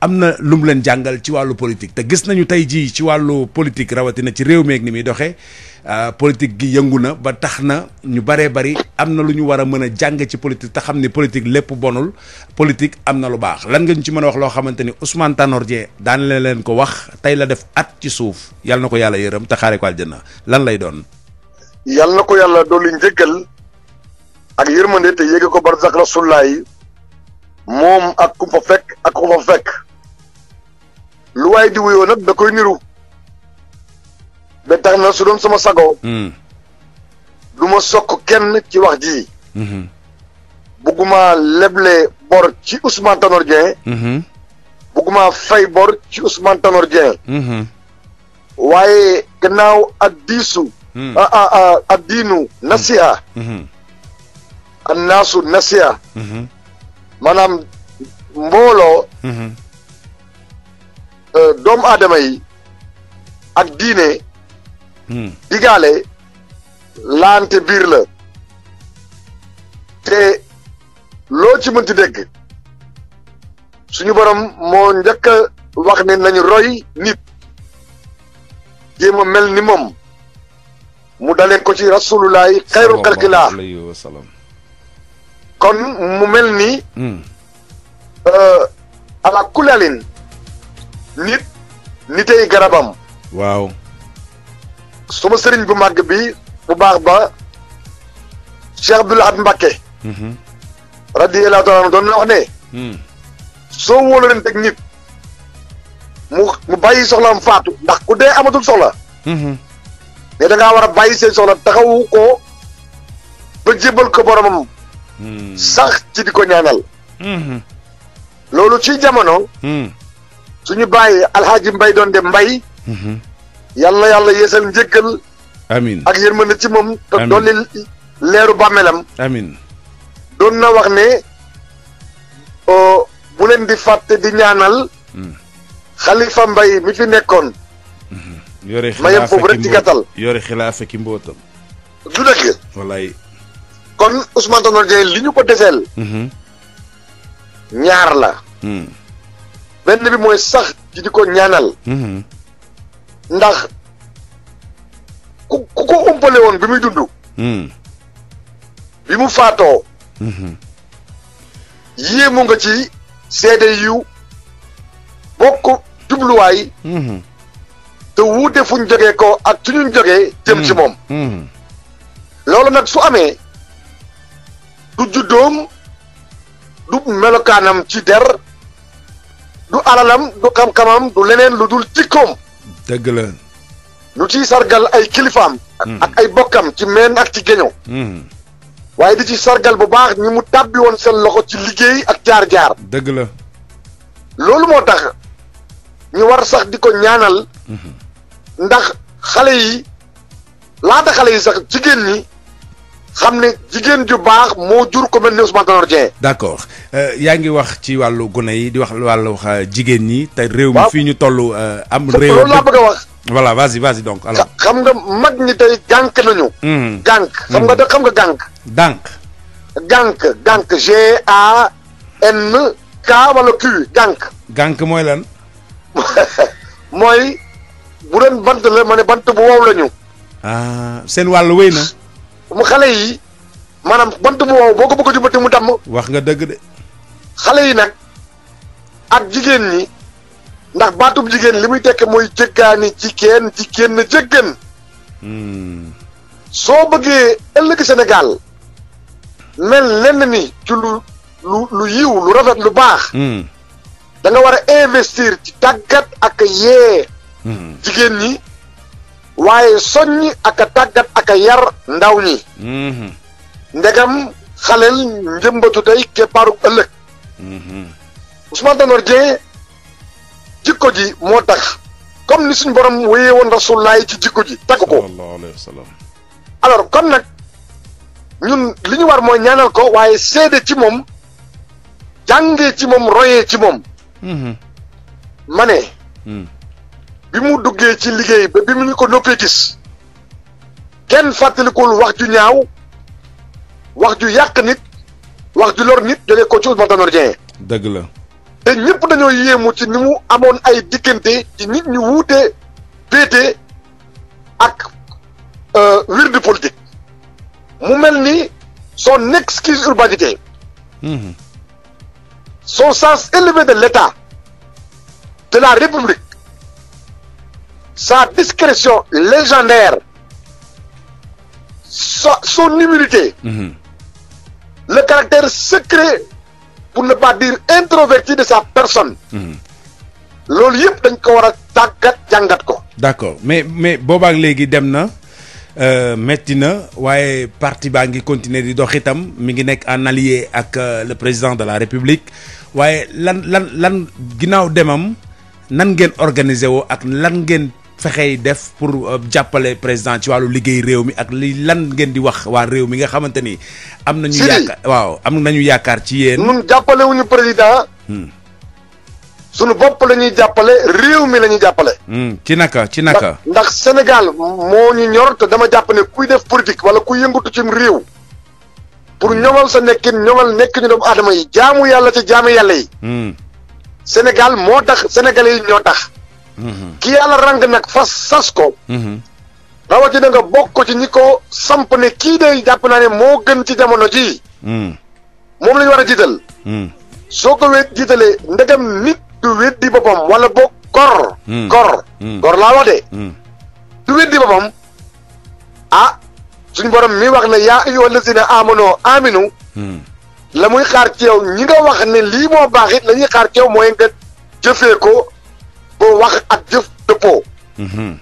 am na lu mu leen jàngal ci wàllu politique te gis nañu tey jii ci wàllu politique rawatina ci réew mi ak ni muy doxee. Euh, politique gi yëngu na ba tax na ñu baree bari am na lu ñu war a mën a jàng ci politique te xam ni politique lépp bonul politique am na lu baax lan nga ñu ci mën a wax loo xamante ni Ousmane Tanor Dieng daan la leen ko wax tey la def at ci suuf yàlla na ko yàlla yërëm te xaare ko àjjana lan lay doon. yàlla na ko yàlla dolli njëkkal ak yërmande te yéege ko barzak la yi moom ak ku fa fekk ak ku fa fekk lu waay di wuyoo nag da koy niru. ba tax na su sama sago. Mm. du ma sokk kenn ci wax ji. Mm-hmm. bugguma leble bor ci Ousmane Tanor Dieng. Mm-hmm. bugguma bor ci Ousmane Tanor mm-hmm. waaye gannaaw ak diisu. Mm. ah ah addiinu ah, nasiha. annaasu nasiha. maanaam mbooloo. Euh, doomu aadama yi ak diine. digaale mm. laante biir la te loo ci mënti dégg suñu boroom moo njëkk wax ne nañu roy nit jéem a mel ni moom mu dalee ko ci rasulullahi xayrul xalqilaa kon mu mel ni mm. euh, ala kulalin nit nitey garabam waaw suma sëriñ bu màgg bi bu baax ba Cheikh Abdoul Ahad Mbacké mhm. radiyallahu taala doon na wax ne hmm. soo wóolu leen teg nit mu mu bàyyi soxlaam faatu ndax ku dee amatul soxla mhm. mais da ngaa war a bàyyi seen soxla taxawu ko ba jébal ko boromam hmm. sax ci di ko ñaanal mhm. loolu ci jamono hmm. suñu bàyyi alxaaji mbay doon de mbay yàlla na yàlla yeesal njëggal. amiin ak yërmande ci moom. te dolli leeru bàmmeelam. amiin doon na wax ne bu leen di fàtte di ñaanal. xalifa hmm. mbay mi fi nekkoon. Hmm. yore xilaafa foofu rek ci gàttal. yore xilaafa wallaay. kon Ousmane Tanor li ñu ko deseel. Hmm. ñaar la. benn bi mooy sax ci di ko ñaanal. ndax ku ku ko umpale woon bi muy dund. Hmm. bi mu faatoo. Hmm. yéemu nga ci seede yu bokk jubluwaay. Hmm. te wuute fuñ jógee ko ak suñu jógee. jëm ci moom. loolu nag su amee du juddoom du melokaanam ci der du alalam du xam du leneen lu dul jikkoom. dëgg la. ñu ciy sargal ay am hmm. ak ay bokk bokkam ci meen ak ci géño hmm. waaye di ci sargal bu baax ñi mu tàbbi woon seen loxo ci liggéey ak jaar-jaar. dëgg la. loolu moo tax ñu war sax di ko ñaanal. Hmm. ndax xale yi laata xale yi sax jigéen ñi. xam ne jigéen ju baax moo jur ko mel ni Ousmane Tanor Dieng. d' accord euh, yaa ngi wax ci wàllu gune yi di wax wàllu euh, jigéen ñi. te réew mi fii ñu toll. Euh, am réew loolu laa bëgg donc alors. xam nga mag ñi tey gànk nañu. Hmm. gànk xam nga hmm. xam nga gànk. gànk. gànk gànk G A gànk. mooy lan. mooy bu doon bant la ma ne bant bu wow la ah, seen wàll wéy na. mu xale yi maanaam bant bu wow boo ko bëgg a mu damm. wax nga dëgg de. xale yi nag ak jigéen ñi ndax baatub jigéen li muy tekk mooy jëggaani ci kenn ci kenn jëggan. Hmm. soo bëggee ëllëg Sénégal mel lenn ni ci lu lu yiw lu rafet lu baax. Hmm. da war a investir ci tàggat ak yee. Hmm. jigéen ñi. waaye soññ ak a tàggat ak a yar ndaw ñi mhm. ndegam xaleel njëmbatu tey keppaarug ëllëg mhm. Ousmane Tanor Dieng jikko ji moo tax comme ni suñu borom wéyee woon rasulaay ci jikko ji tagg ko alors kon nag ñun li ñu war mooy ñaanal ko waaye seede ci moom jàngee ci moom royee ci moom mhm. ma ne bi mu duggee ci liggéey ba bi mu ñu ko noppee gis kenn fàttalikul wax ju ñaaw wax ju yàq nit wax ju lor nit jëlee ko ci Ousmane Tanor Dieng. dëgg la. te ñëpp dañoo yéemu ci ni mu amoon ay diggante ci nit ñu wuute péete ak euh, wirdu politique mu mel ni son exquise urbanité. Mhm. son sens élevé de l' état de la république. sa discrétion légendaire sa son humilité mmh. le caractère secret pour ne pas dire introverti de sa personne mhm. loolu yëpp dañ ko war a tàggat jàngat ko d'accord mais mais boobaak léegi dem na Euh, metti na waaye parti baa ngi continuer di dox itam mi ngi nekk en allié ak euh, le président de la république waaye lan lan lan ginnaaw demam nan ngeen organiser woo ak lan ngeen fexee def pour euh, jàppale président ci wàllu liggéey réew mi ak li lan ngeen di wax waa réew mi nga xamante ni. am nañu yaakaar waaw am nañu yaakaar ci yéen. ñun jàppale wu ñu président. Hmm. suñu bopp lañuy jàppale réew mi la jàppale. Hmm. ci naka ci naka. ndax Sénégal moo ñu ñor te dama jàpp ne kuy def politique wala ku yëngatu ci réew. pour hmm. ñoŋal sa nekkin ñoŋal nekk ñu doomu aadama yi jaamu yàlla ci jaamu yàlla yi. Sénégal moo tax sénégalais yi ñoo tax. ki yàlla rang nag fas sas ko. Mhm. rawatina nga bokk ci ñi ko samp ne kii day jàpp naa ne moo gën ci jamono jii. Mm. moom la ñu war a jiital. Mm. soo ko wet jiitalee ndegam nit du weddi boppam wala boog gor. Mm. gor gor laa wax de. du weddi boppam ah suñu borom mi wax ne yaa ayyuhal lazina aamanu aaminu. la muy xaar ci yow ñi nga wax ne lii moo baax lañuy la ñuy xaar ci yow mooy nga jëfee ko. ba wax ak jëf dëppoo. Mhm.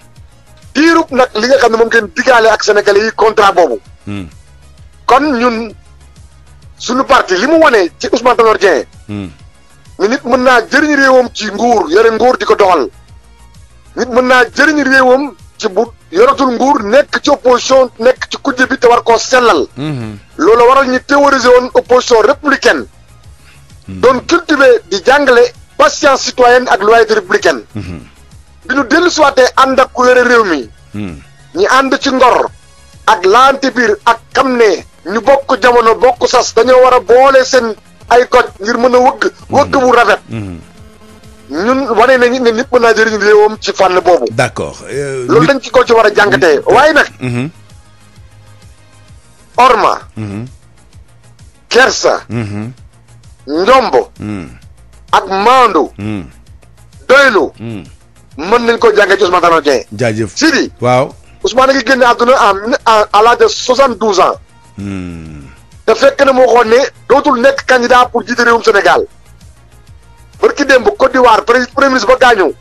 diirub nag li nga xam ne moom ngeen digaale ak sénégalais yi contrat boobu. Mhm. kon ñun sunu parti li mu wane ci Ousmane Tanor Dieng. Mhm. ni nit mën naa jëriñ réewam ci nguur yore nguur di ko doxal. nit mën naa jëriñ réewam ci bu yoratul nguur nekk ci opposition nekk ci kujje bi te war koo sellal. loolu waral ñu théorisé woon opposition républicaine. doon cultivé di jàngale conscience citoyenne ak loyauté républicaine. Mhm. bi ñu dellu siwaatee ànd ak réew mi. Mhm. ñu ànd ci ngor. ak laante biir ak xam ne. ñu bokk jamono bokk sas dañoo war a boole seen ay koj ngir mën a wëgg. Mhm. wëgg bu rafet. ñun wane nañu ne nit naa jëriñ réewam ci fànn boobu. d'accord euh, loolu dañ ci ko ci war a jàngatee waaye nag. orma. kersa. njombo. ak maandu. Hmm. doylu. Hmm. mën nañ ko jàngee ci Ousmane jaajëf Sidi. waaw Ousmane a ngi génne àdduna en à l'âge de soixante douze ans. Hmm. fekk na moo xoon ne dootul nekk candidat pour di réewum senegal barki démb Côte d'Ivoire premier ministre ba gaañu.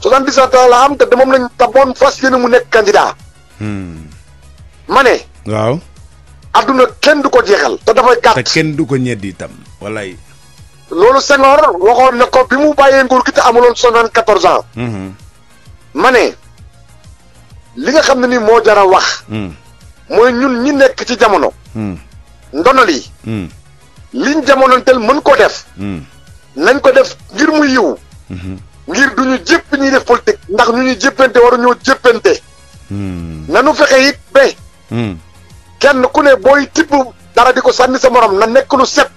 soixante dix sept la am te de moom lañ taboon fas yéene mu nekk candidat. ma waaw. àdduna kenn du ko jeexal. te dafay gàtt te loolu Senghor waxoon na ko bi mu bàyyee nguur gi te amuloon soixante-quatorze ans. Mhm. ma ne li nga xam ne ni moo jar a wax. Mhm. mooy ñun ñi nekk ci jamono. Mhm. ndono li liñ jamonoonteel mën ko def. nañ ko def ngir mu yiw. ngir du ñu jépp ñuy def politique ndax ñu ñuy jéppante ñoo jéppante. nanu fexe it ba. kenn ku ne booy tibb dara di ko sànni sa morom na nekk lu set.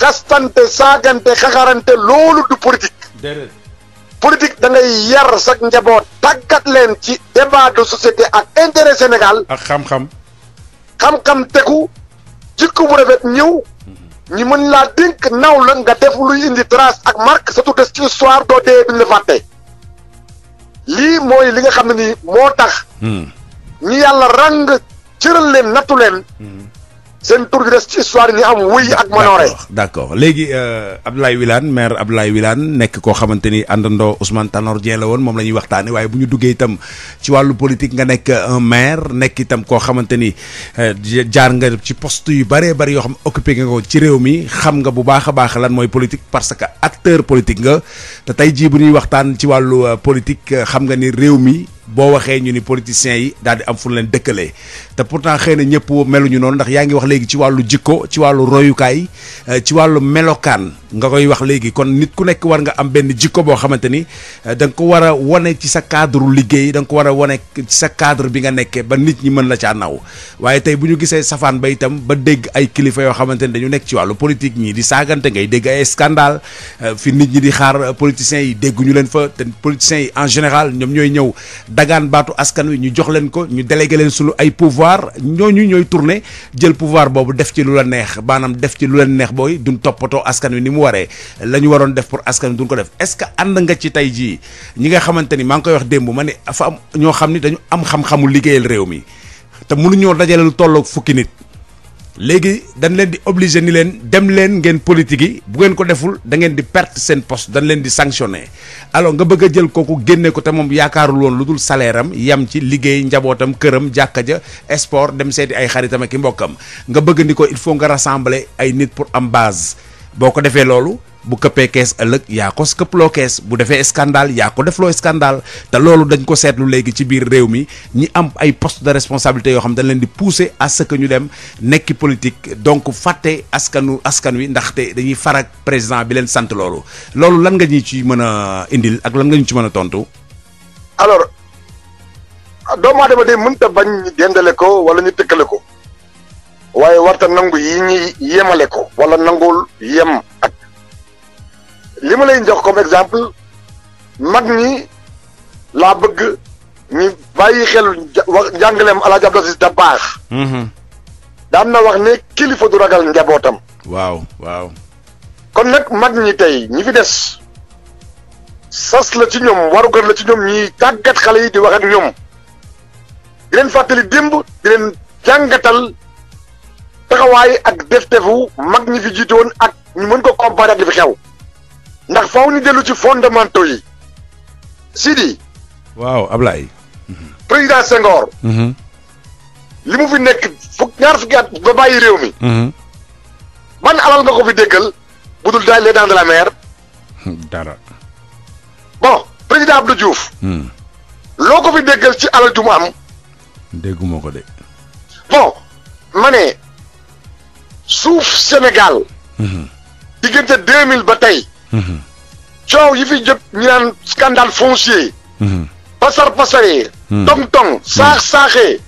xastante saagante xaxarante loolu du politique. déedéet politique da ngay yar sa njaboot. tàggat leen ci débat de société ak intérêt Sénégal. ak xam-xam. xam-xam tegu jikko bu rafet ñëw. Mhm. ñi mën laa dénk naw la nga def luy indi trace ak marque surtout des ci histoire doo dee duñ la fàtte. lii mooy li nga xam ne nii moo tax. Hmm. ñu yàlla ràng cëral leen nattu leen. Hmm. seen tur gi des ci histoire ni am wuy ak manoore d'accord léegi euh, Abdoulaye Wilane maire Abdoulaye Wilane nekk koo xamante ni àndandoo Ousmane Tanor la woon moom la ñuy waxtaane waaye bu ñu duggee itam ci wàllu politique nga nekk un maire nekk itam koo xamante ni euh, jaar nga ci post yu bëree bëri yoo xam occupé nga ko ci réew mi xam nga bu baax a baax lan mooy politique parce que acteur politique nga te tey jii bu ñuy waxtaan ci wàllu euh, politique xam nga ni réew mi boo waxee ñu ni politiciens yi daal di am fu leen dëkkale te pourtant xëy na ñëpp meluñu noonu ndax yaa ngi wax léegi ci wàllu jikko ci wàllu royukaay euh, ci wàllu melokaan nga koy wax léegi kon nit ku nekk war nga am benn jikko boo xamante ni euh, da ko war a wane ci sa cadre liggéey danga ko war a wane ci sa cadre bi nga nekkee ba nit ñi mën la caa naw waaye tey bu ñu gisee safaan ba itam ba dégg ay kilifa yoo xamante ni dañu nekk ci wàllu politique ñii di saagante ngay dégg ay scandale euh, fi nit ñi di xaar politiciens yi dégguñu leen fa te politiciens en général ñoom ñooy ñëw dagaan baatu askan wi ñu jox leen ko ñu délégué leen sunu ay pouvoir ñooñu ñooy tourné jël pouvoir boobu def ci lu la neex baanaam def ci lu leen neex booy dun toppatoo askan wi ni mu waree la ñu waroon def pour askan wi duñ ko def est-ce que ànd nga ci tey jii ñi nga xamante ni maa ngi koy wax démb ma ne fa am ñoo xam ni dañu am xam-xamu liggéeyal réew mi te mënuñoo dajale lu tollook fukki nit. léegi dañ leen di obligé ni leen dem leen ngeen politique yi bu ngeen ko deful da ngeen di perte seen poste dañ leen di sanctionné alors nga bëgg jël kooku génne ko te moom yaakaaru woon lu dul saleeram am yam ci liggéey njabootam këram jàkka ja sport dem seeti ay xaritam ak i mbokkam nga bëgg ni ko il faut nga rassembler ay nit pour am base boo ko defee loolu bu këppee kees ëllëg yaa ko këpploo kees bu defee scandale yaa ko defloo scandale te loolu dañ ko seetlu léegi ci biir réew mi ñi am ay poste de responsabilité yoo xam dañ leen di pousser à ce que ñu dem nekki politique donc fàtte askanu askan wi ndaxte dañuy farak président bi leen sant loolu loolu lan nga ñu ci mën a indil ak lan nga ñu ci mën a tontu. alors ah, doomu aadama de mënta bañ ñu dendale ko wala ñu tëkkale ko waaye warta nangu yi ñuy yemale ko wala nangul yem li ma lay jox comme exemple mag ñi laa bëgg ñu bàyyi xel wax njàngaleem El Hadj da baax. Mhm. daan na wax ne kilifa du ragal njabootam. waaw waaw. kon nag mag ñi tey ñi fi des sas la ci ñoom warugar la ci ñoom ñiy tàggat xale yi di wax ak ñoom di leen fàttali démb di leen jàngatal taxawaay ak deftefu mag ñi fi jiite woon ak ñu mën ko comparer ak li fi xew. ndax faaw ñu dellu ci fondamentaux yi Sidi. waaw Ablaye. président Senghor. Mhm. li mu fi nekk fukk ñaar fukki at ba bàyyi réew mi. Mhm. ban alal nga ko fi déggal budul daal les dents de la mer. dara. bon président Abdou Diouf. Hmm. loo ko fi déggal ci alal ju am. dégguma ko de. bon ma ne suuf Sénégal. Mhm. diggante deux mille ba tey. coow yi fi jëpp ñi naan scandale foncier. pasar pasaree. Hmm. tong-tong saax hmm. saaxe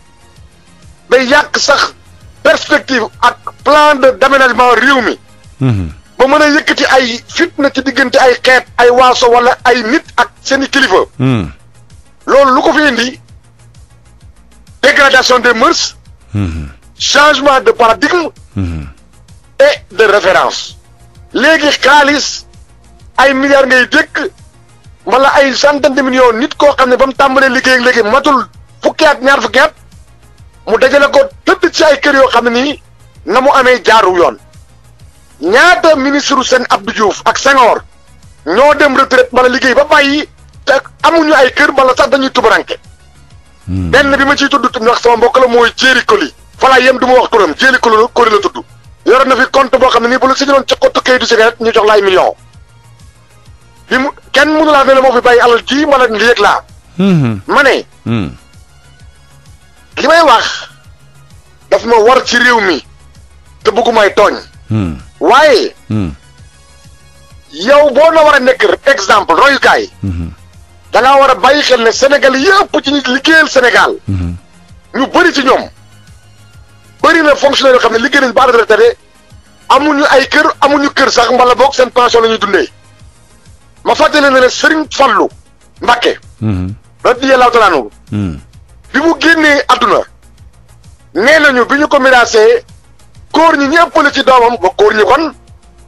day yàq sax perspective ak plan de d'aménagement réew mi. Hmm. ba mën a yëkkati ay fitna ci diggante ay xeet ay waaso wala ay nit ak seeni kilifa. loolu lu ko fi indi dégradation des mœurs. changement de paradigme. et de référence. léegi xaalis. ay milliards ngay dékk wala ay centaine de millions nit koo xam ne ba mu tàmbalee liggéey léegi matul fukki at ñaar fukki mu dajale ko tëdd ci ay kër yoo xam ne nii na mu amee jaaru yoon ñaata ministre seen Abdou Diouf ak Senghor ñoo dem retraite wala liggéey ba bàyyi te amuñu ay kër wala sax dañuy tubaranke hmm. benn bi ma ciy tudd ñu wax sama mbokk la mooy Jéeri Koli falaa yem du ma wax turam Jéeri Koli la tudd yoroon na fi compte boo xam ne nii bu la si ñu jox laay million li mu kenn mënu laa ne la moo fi bàyyi alal ji hmm. ma ne lii laa. ma li may wax daf ma war ci réew mi te bëggumay tooñ. Hmm. waaye. Hmm. yow boo war a nekk exemple royukaay. da war a bàyyi xel ne senegal Sénégal yëpp ci ñi liggéeyal senegal ñu bëri ci ñoom bëri na fonctionnaire yoo xam ne liggéey nañu ba retraité amuñu ay kër amuñu kër sax mbala boog seen pension la ñuy dundee. ma fàttali ne ne Serigne Fallou Mbacké. Mhm. radiyallahu taala anhu. Mhm. bi mu génnee àdduna. nee nañu bi ñu ko menacé góor ñi ñëpp la ci doomam ba góor ñi kon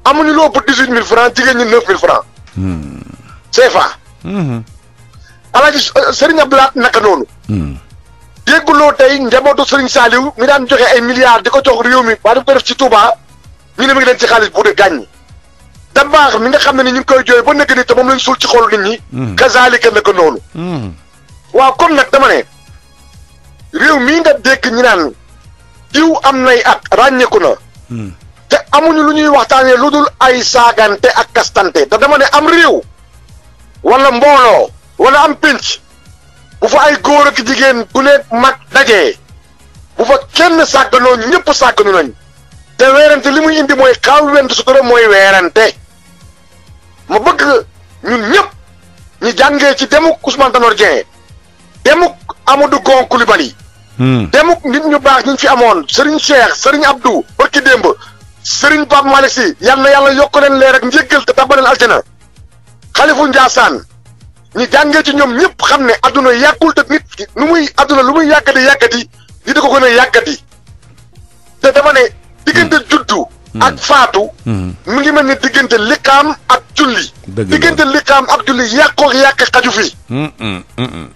amuñu loo ëpp dix mille franc jigéen ñi neuf mille franc. Mhm. CFA. Alaaji euh, Serigne Abdoulaye naka noonu. dégguloo tey njabootu Serigne Saliou mi daan joxe ay milliards di ko jox réew mi waa daf ko def ci Touba ñu ne mi ngi ci xaalis bu dee gàññi. dabaax mi nga xam ne ni ñu koy jooy ba nekk ni te moom lañ suul ci xol nit ñi. Hmm. kazaalika naka noonu. Hmm. waaw kon nag dama ne réew mii nga dégg ñi naan diw am nay at ràññeeku na. Hmm. te amuñu lu ñuy waxtaanee lu dul ay saagante ak kastante te dama ne am réew. wala mbooloo. wala am pénc. bu fa ay góor ak jigéen bu nekk mag dajee. bu fa kenn sàgganoo ñëpp sàgganu nañ. te weerante li muy indi mooy xaaw went su dara mooy weerante. ma bëgg ñun ñëpp ñu jàngee ci demuk Ousmane Tanor Dieng demuk Amadou Gon Coulibaly hmm. demuk nit ñu baax ñu fi amoon Serigne Cheikh Serigne Abdou barki démb Serigne Pape Malick Sy yal na yàlla yokk leen leer ak njéggal te tabaleen aljana xalifu Ndiassane ñu jàngee ci ñoom ñëpp xam ne àdduna yàggul te nit nu muy adduna lu muy yàggati yàggati di da ko gën a yàggati te dama ne juddu ak faatu mu ngi mel ni diggante liqaam ak julli diggante liqaam ak julli yàqook yàq xaju fi mm, mm, mm,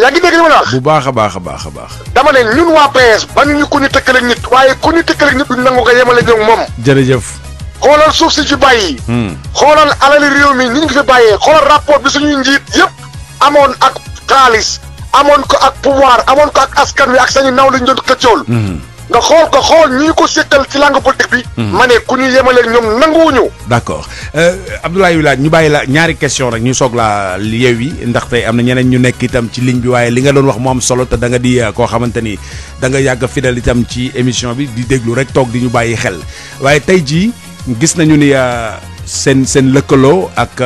yaa ngi dégg li ma bu baax a baax a baax a baax dama ne ñun waa PS ba ñu ku ñu tëkkaleeg nit waaye ku ñu tëkkaleeg nit duñ nangu ko yemale ñoom moom jërëjëf xoolal suuf si fi bàyyi xoolal alali réew mi ni ñu ko fi bàyyee xoolal rapport bi suñuy njiit yëpp amoon ak xaalis amoon ko ak pouvoir amoon ko ak askan wi ak sañu naw lañ doon këccool nga xool ko xool ñii ko sekkal ci langue politique bi. Hmm. ma ne ku ñu yemaleeg ñoom nanguwuñu. d' accord euh, Abdoulaye ñu bàyyi la ñaari question rek ñu soog laa yeew yi ndaxte am na ñeneen ñu nekk itam ci ligne bi waaye li nga doon wax mu am solo te da nga di euh, ko xamante ni da nga yàgg fidèle itam ci émission bi di déglu rek toog di ñu bàyyi xel waaye tey jii gis nañu ni euh, seen seen lëkkaloo ak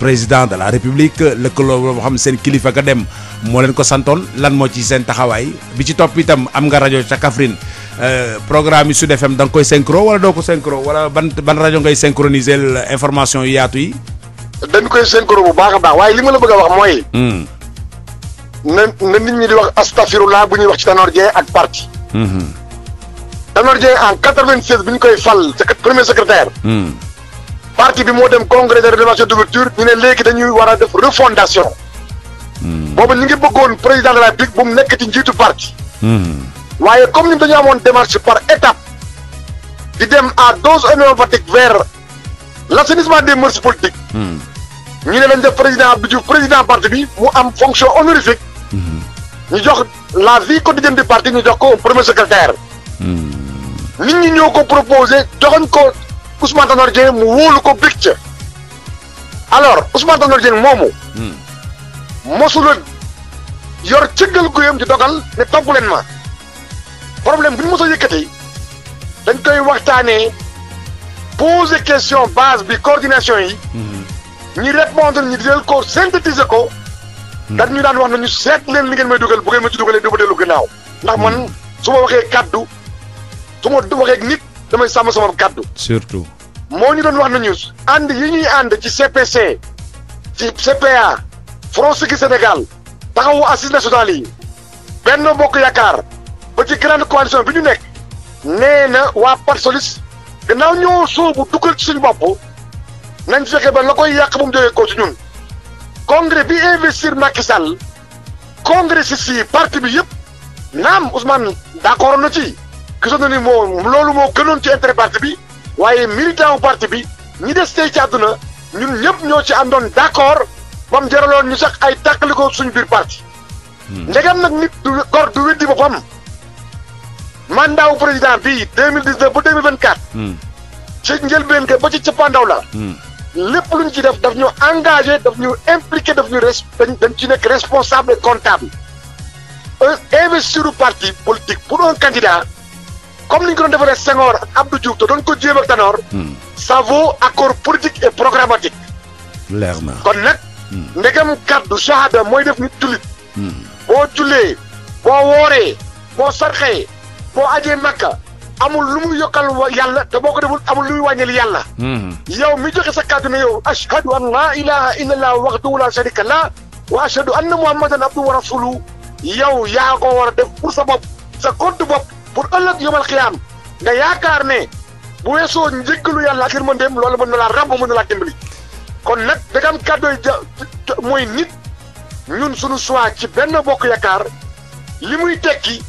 président de la république lëkkaloo boo xam seen kilifa ka dem moo leen ko santoon lan moo ci seen taxawaay bi ci topp itam am nga rajo ca Kaffrine euh, programme yi FM da nga koy synchro wala doo ko synchro wala ban ban rajo ngay synchroniser information yu yaatu yi. dañ koy synchro bu baax a baax waaye li ma la bëgg a wax mooy. Hmm. na na nit ñi di wax astafirullah bu ñuy wax ci Tanor Dieng ak parti. Hmm. Tanor Dieng en 96 bi ñu koy fal premier secrétaire. Hmm. parti bi moo dem congrès de rénovation de culture ñu ne léegi dañuy war a def refondation. Hmm. boobu ñu ngi bëggoon président de la République bu mu nekk ci njiitu parti. Hmm. waaye comme ñun dañu amoon démarche par étape. di dem à dose homéopathique vers l' assainissement des mœurs politiques. Hmm. ñu ne lañ def président Abdou Diouf président parti bi mu am fonction honorifique. ñu jox la vie quotidienne du parti ñu jox ko premier secrétaire. nit ñi ñoo ko proposé joxoñ ko. Ousmane Tanor Dieng mu wóolu ko bëgg ca alors Ousmane Tanor Dieng moomu. Hmm. mosula yor cëggal guyam di dogal ne togg leen ma problème bi ñu mos a yëkkati dañ koy waxtaanee poser question base bi coordination yi. Hmm. ñi répondre ñi del ko synthétiser ko. Hmm. dañ ñu daan wax ne ñu seet leen li ngeen may dugal bu ngeen ma ci dugalee du ma dellu gannaaw ndax man su waxee kaddu su ma waxee nit. damay sàmm sama kàddu. surtout. moo ñu doon wax nañu ànd yi ñuy ànd ci CPC ci CPA Front Siggil Sénégal taxawu assises nationales yi Benno Bokk Yaakaar ba ci grande coalition bi ñu nekk nee na waa Parti Socialiste gannaaw ñoo soobu dugal ci suñu bopp nañ fexe ba la koy yàq bu mu jógee ko ci ñun congrès bi investir Macky Sall congrès si si parti bi yëpp naam Ousmane d'accord na ci. gisoon na ni moo loolu moo gënoon ci intérêt parti bi waaye militant wu parti bi ñi des tey ci àdduna ñu ñëpp ñoo ci àndoon d'accord ba mu jaraloon ñu sax ay tàqalikoo suñu biir parti. Hmm. ndegam nag nit du gor du weddi boppam mandat bii deux mille dix-neuf ba deux mille vingt-quatre. Hmm. ci njëlbeen ga ba ci la. Hmm. lépp lu ñu ci def daf ñu engagé daf ñu impliqué daf ñu res dañ ci nekk responsable et comptable un euh, investisseur parti politique pour un candidat. comme ni ñu ko doon defaree Senghor ak Abdou Diouf te doon ko jéem ak Tanor. Hmm. ça vaut accord politique et programmatique. leer na kon nag. Hmm. ndegam kàddu shahada mooy def nit jullit. Hmm. boo jullee boo wooree boo sarxee boo ajee makka amul lu mu yokkal yàlla te boo ko deful amul lu muy wàññil yàlla. yow mi joxe sa kàddu ne yow ashhadu an laa ilaha illallah waxdahu laa sharika lah wa ashhadu anna muhammadan abduhu wa rasuluhu yow yaa ko war def pour sa bopp sa compte bopp. pour ëllëg yomal xiyaam nga yaakaar ne bu weesoo njëggalu yàlla ak yërmandeem loolu mën na laa ràmb mën na laa dimbali kon nag da nga am kàddoy ja mooy nit ñun sunu choix ci benn bokk yaakaar li muy tekki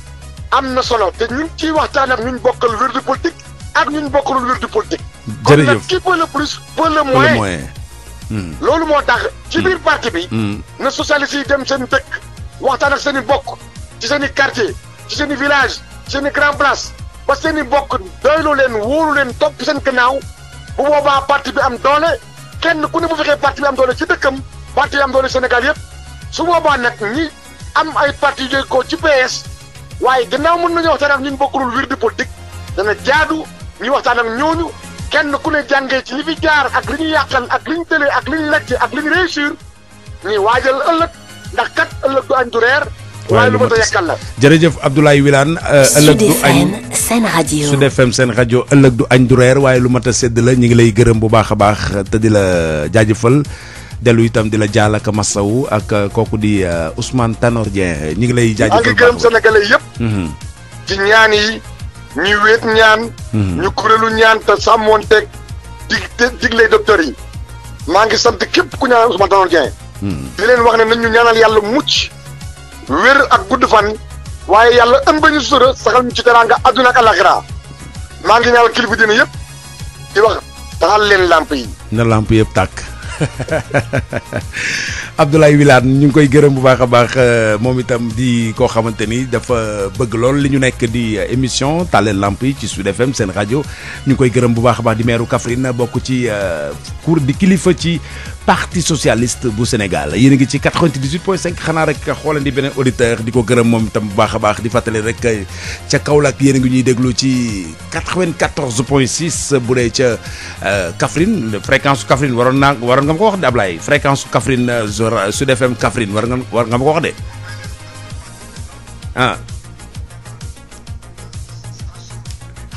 am na solo te ñun ciy waxtaan ak ñun bokkal wérdu politique ak ñun bokkalul wérdu politique. jërëjëf kon nag qui peut le hmm. loolu moo tax. ci hmm. biir parti bi. Hmm. na socialiste yi dem seen dëkk waxtaan ak seen i bokk ci seen i quartier ci seen i village. seen i grand place ba seen i mbokk doylu leen wóolu leen topp seen gannaaw bu boobaa parti bi am doole kenn ku ne bu fekkee parti bi am doole ci dëkkam parti bi am doole Sénégal yëpp su boobaa nag ñi am ay parti yu ko ci PS waaye gannaaw mën nañu ñi ak ñun bokkulul wiir di politique dana jaadu ñuy waxtaan ak ñu kenn ku ne jàngee ci ñi fi jaar ak li ñu yàqal ak li ñu tëlee ak li ñu lajj ak li ñu siir ñuy waajal ëllëg ndax kat ëllëg du añ reer waaye lu ma ta jërëjëf Abdoulaye Wilane euh, FM seen rajo ëllëg añ du reer waaye lu ma ta sedd la ñu ngi lay gërëm bu baax a baax te di la jaajëfal dellu itam di la jaal ak masawu ak euh, kooku di euh, usmaan Tanor Dieng ñu ngi lay jaajëfal gërëm sénégalais yëpp mhm. ci ñaan yi ñu wéet ñaan mhm. ñu kuréelu ñaan te sàmmoon teg dig digley docteur yi maa ngi sant képp ku ñaanal Ousmane Tanor Dieng mhm. di leen wax ne nañ ñaanal yàlla mucc wér ak gudd fan waaye yàlla ëmbañu sura saxal ñu ci teraanga àdduna ak alaxira maa ngi ñaanal kilifa dina yëpp di wax taxal leen làmp yi. na làmp yëpp tàkk. Abdoulaye Wilane ñu ngi koy gërëm bu baax a baax euh, moom itam di koo xamante ni dafa bëgg lool li ñu nekk di euh, émission Tàllal Lamp yi ci Sud FM seen rajo ñu ngi koy gërëm bu baax a baax di meeru Kaffrine bokk ci euh, cour di kilifa ci parti socialiste bu Sénégal yéen ngi ci 98.5 xanaa rek xoolandi beneen auditeur di ko gërëm moom itam bu baax baax di fàttali rek ca Kaolack yéen a ngi ñuy déglu ci 94.6 bu dee ca Kaffrine fréquence Kaffrine waroon naa waroon nga ma ko wax de Ablaye fréquence Kaffrine euh, Sud FM Kaffrine war nga war nga ko wax de ah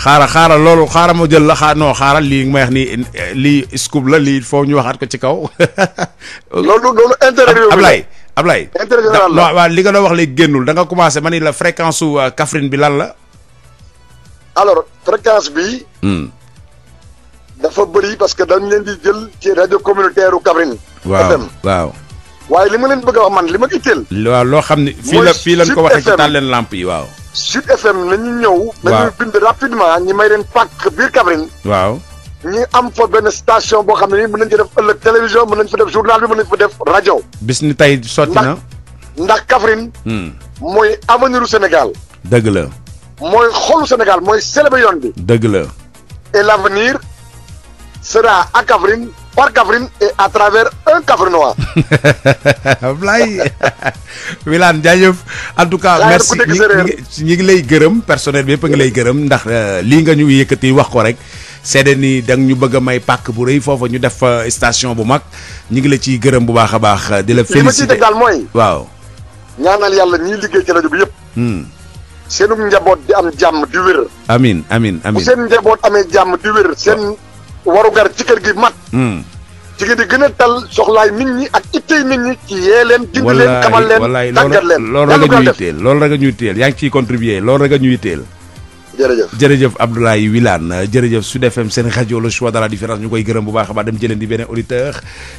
xaaral loolu xaara moo jël la xaa li xaaral lii eh, lii scoop la lii foofu ñu waxaat ko ci kaw. loolu loolu intérêt bi Ablaye Ablaye li nga wax léegi génnul da nga commencé ma ni la fréquence su euh, Kaffrine bi lan la. alors bi. Hmm. dafa bëri parce que dañ leen di jël ci rajo communautaire u Kaffrine FM waaw waaye li ma leen bëgg a wax man li ma itteel loo xam ne fii la fii lañ ko waxee ci taal leen lamp yi waaw Sud FM nañu ñëw nañu bind rapidement ñi may leen pàkk biir Kaffrine waaw ñi am fa benn station boo xam ne nii mën nañ ci def ëllëg télévision mën nañ fa def journal bi mën nañ fa def rajo bis ni tey sotti na ndax Kaffrine hmm. mooy avenir u Sénégal dëgg la mooy xolu Sénégal mooy selebe yoon bi dëgg la et sera à Kaffrine par Kaffrine et à travers un Kaffrinois. Ablaye Wilane jaajëf en tout cas merci ñi ngi lay gërëm personnel bi yëpp a ngi lay gërëm ndax euh, lii nga ñu yëkkati wax ko rek seede ni da ñu bëgg may pàkk bu rëy foofu ñu def station bu mag ñi ngi la ciy gërëm bu baax a baax di la félicité li mooy waaw ñaanal yàlla ñiy liggéey ci rajo bi yëpp hmm. seenum njaboot di am jàmm di wér amin amin amin bu seen njaboot amee jàmm di wér seen warugar ci kër gi mat. jigéen hmm. di gën a tal soxlaay nit ñi ak ittey nit ñi ci yee leen. dimbali leen xamal leen tàggat leen loolu rek a ñuy teel loolu rek ñuy teel yaa ngi ciy contribuer loolu rek a ñuy teel. jërëjëf jërëjëf Abdoulaye Wilane jërëjëf Sud FM seen rajo le choix de la ñu koy gërëm bu baax a baax dem jëleen di beneen auditeur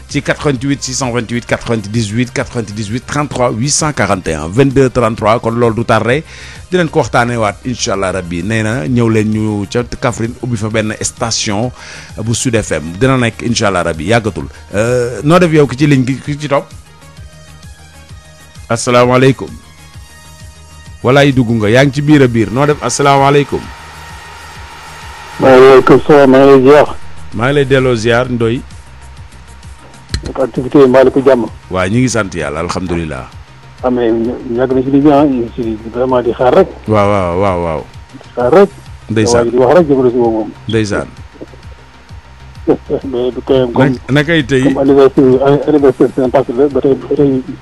ci 88 628 98 98 33 841 22 33 kon loolu du tardé di leen ko waxtaanee waat incha allah rabbi nee na ñëw leen ñu ca Kaffrine ubbi fa benn station bu Sud FM dina nekk incha allah rabbi yàggatul euh, noo def yow ki ci ligne gi ki ci topp asalaamaaleykum. walaay dugg nga yaa ngi ci biir a biir noo def asalaamaaleykum. maaleykum salaam ngi lay delloo ziar Ndoye. ak waaw ñu ngi sant yàlla alhamdulilah. amee ah, di xaar rek.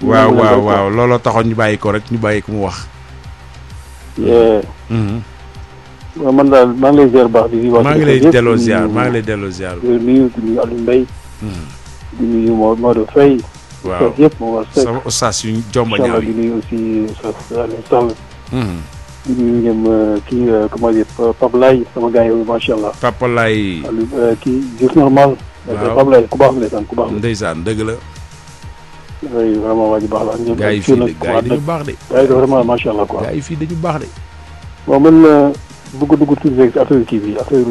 waaw waaw waaw looloo taxoon ñu bàyyi ko rek ñu bàyyi ko mu wax. Mm-hmm. man daal maa ngi lay ziar maa ngi lay delloo ziar maa ngi lay delloo ziar. di nuyu di nuyu Aliou Mbaye. Mm-hmm. di nuyu Maodo Faye. waaw a sama ustaas yu jomba ñaaw yi di nuyu aussi ustaas Aliou Sall. Mm-hmm. di nuyu ñoom euh, kii euh, comment dire Pape Laye sama gars yi macha euh, normal. waaw Pape Laye ku baax la. waaye vraiment waa ji baax la. ñoom ak Thion ak Koungheul dañu baax de. waaye vraiment macha allah quoi. gars yi fii dañu baax de. Euh, dugg tuuti rek si bi affaire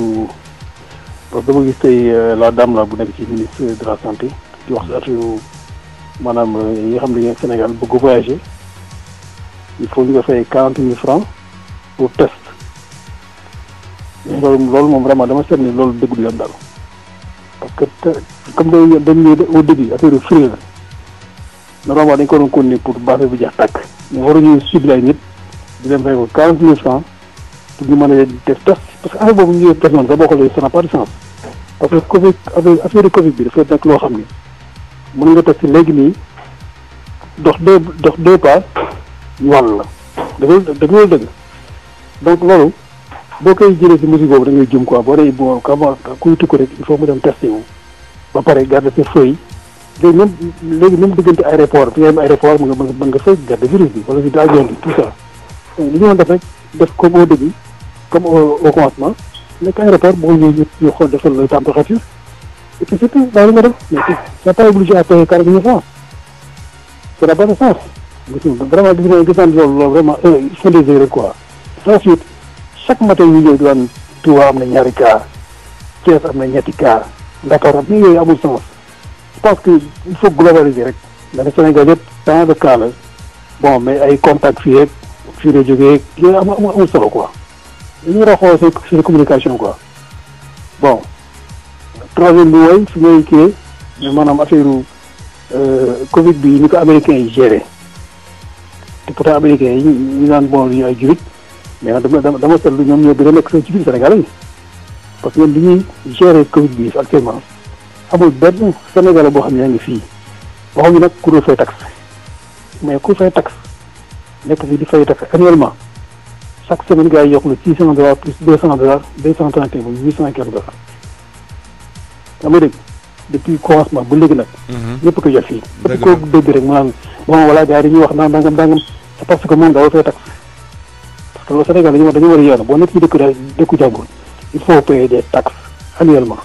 parce que gis tey euh, la dame la bu nekk ci ministre de la santé di wax maanaam euh, yi nga xam ne Sénégal bëgg voyager il faut ñu nga fay quarante pour test loolu loolu moom vraiment dama seet ni loolu dëgg du yoon daal parce que comme dañu dañu au début affaire free la. normalement dañ ko doon continuer pour base bu jeex tàkk mais waruñu ciblé ay nit di leen fay ko quarante mille pour ñu mën a def test parce que affaire boobu ñu ñëwee personne sax boo xoolee ça n'a pas de sens parce que Covid affaire Covid bi dafa nekk loo xam ni mën nga test léegi nii dox deux dox deux pas ñu la dëgg dëgg loolu dëgg donc loolu boo koy jëlee si musique boobu da ngay jum quoi boo dee boo xam kuy tukku rek il faut mu dem testé ba pare garder sa feuille léegi même léegi même diggante aéroport bi nga dem aéroport mën nga mën nga fay garde virus bi wala virus avion bi tout ça li ñu doon def rek def comme au début comme au commencement nekk aéroport boo ñëwee ñu xool defal la température et puis surtout daal li nga def mais c'est pas obligé à payer quarante mille francs c'est la bonne chance gis nga vraiment gis nañ gis nañ loolu euh, am na ñaari cas Thiès am na ñetti cas Dakar am na yooyu je pense que il faut globaliser rek nga ne Sénégal yëpp tant de cas la bon mais ay contact fii rek fii la jógee yooyu am amul solo quoi dañu war a xool seen communication quoi bon troisième bi mooy su ngay kiiyee mais maanaam affaire euh, Covid bi ni ko américains yi géré te pourtant américains yi ñu naan bon ñu ay jurit mais nag dama dama seetlu ñoom ñoo gën a nekk ci biir Sénégal yi parce que ñoom li ñuy géré Covid bi actuellement. amul benn Sénégalais boo xam ne yaa ngi fii waxuñu nag ku dul fay taxe mais ku fay taxe nekk fii di fay taxe annuellement chaque semaine gars yi yokk la six cent dollars plus deux cent dollars deux cent trente et un ba dama dégg depuis commencement ba léegi nag. Mhm. ñëpp ko jot fii. dëgg ko dégg rek mu naan bon voilà gars yi dañuy wax naan dangam dangam c'est parce que moom daaw fay taxe parce que loolu Sénégal dañu war dañu war a yoon boo nekk ci dëkku daal jàmbur il faut payer des taxes annuellement.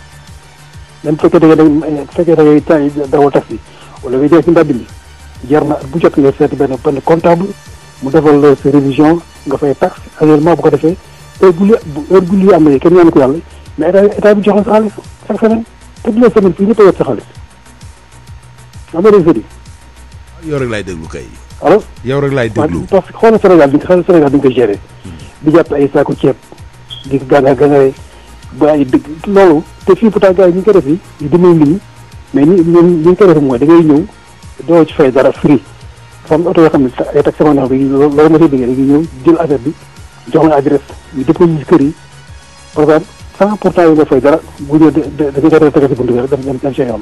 même bu fekkee da ngay bu fekkee da ngay taay dawal taxi nga jaay si mbedd mi jar na bu jot nga seeti benn benn comptable mu defal la sa révision nga fay taxe annuellement bu ko defee heure bu heure bu luy amee ko yàlla mais état bi jox sa xaalis chaque semaine te bu la semaine fii ñëpp a sa xaalis xam nga dañ yow rek laay déglu kay. allo yow rek laay déglu parce que xoolal Sénégal bi xoolal Sénégal koy gérer. di jàpp ay saako ceeb di ko gànnaar gànnaare ba ay loolu. te fii pourtant gars yi ñu ngi koy def yi di dimbali nit ñi mais ñi ñu ngi koy def mooy da ngay ñëw doo ci fay dara free dafa oto yoo xam ne ay taxi yoo xam ne loolu nga siy bëggee dañuy ñëw jël affaire bi bu ñëw dañuy koy tege si buntu bi rek dem dem seen yoon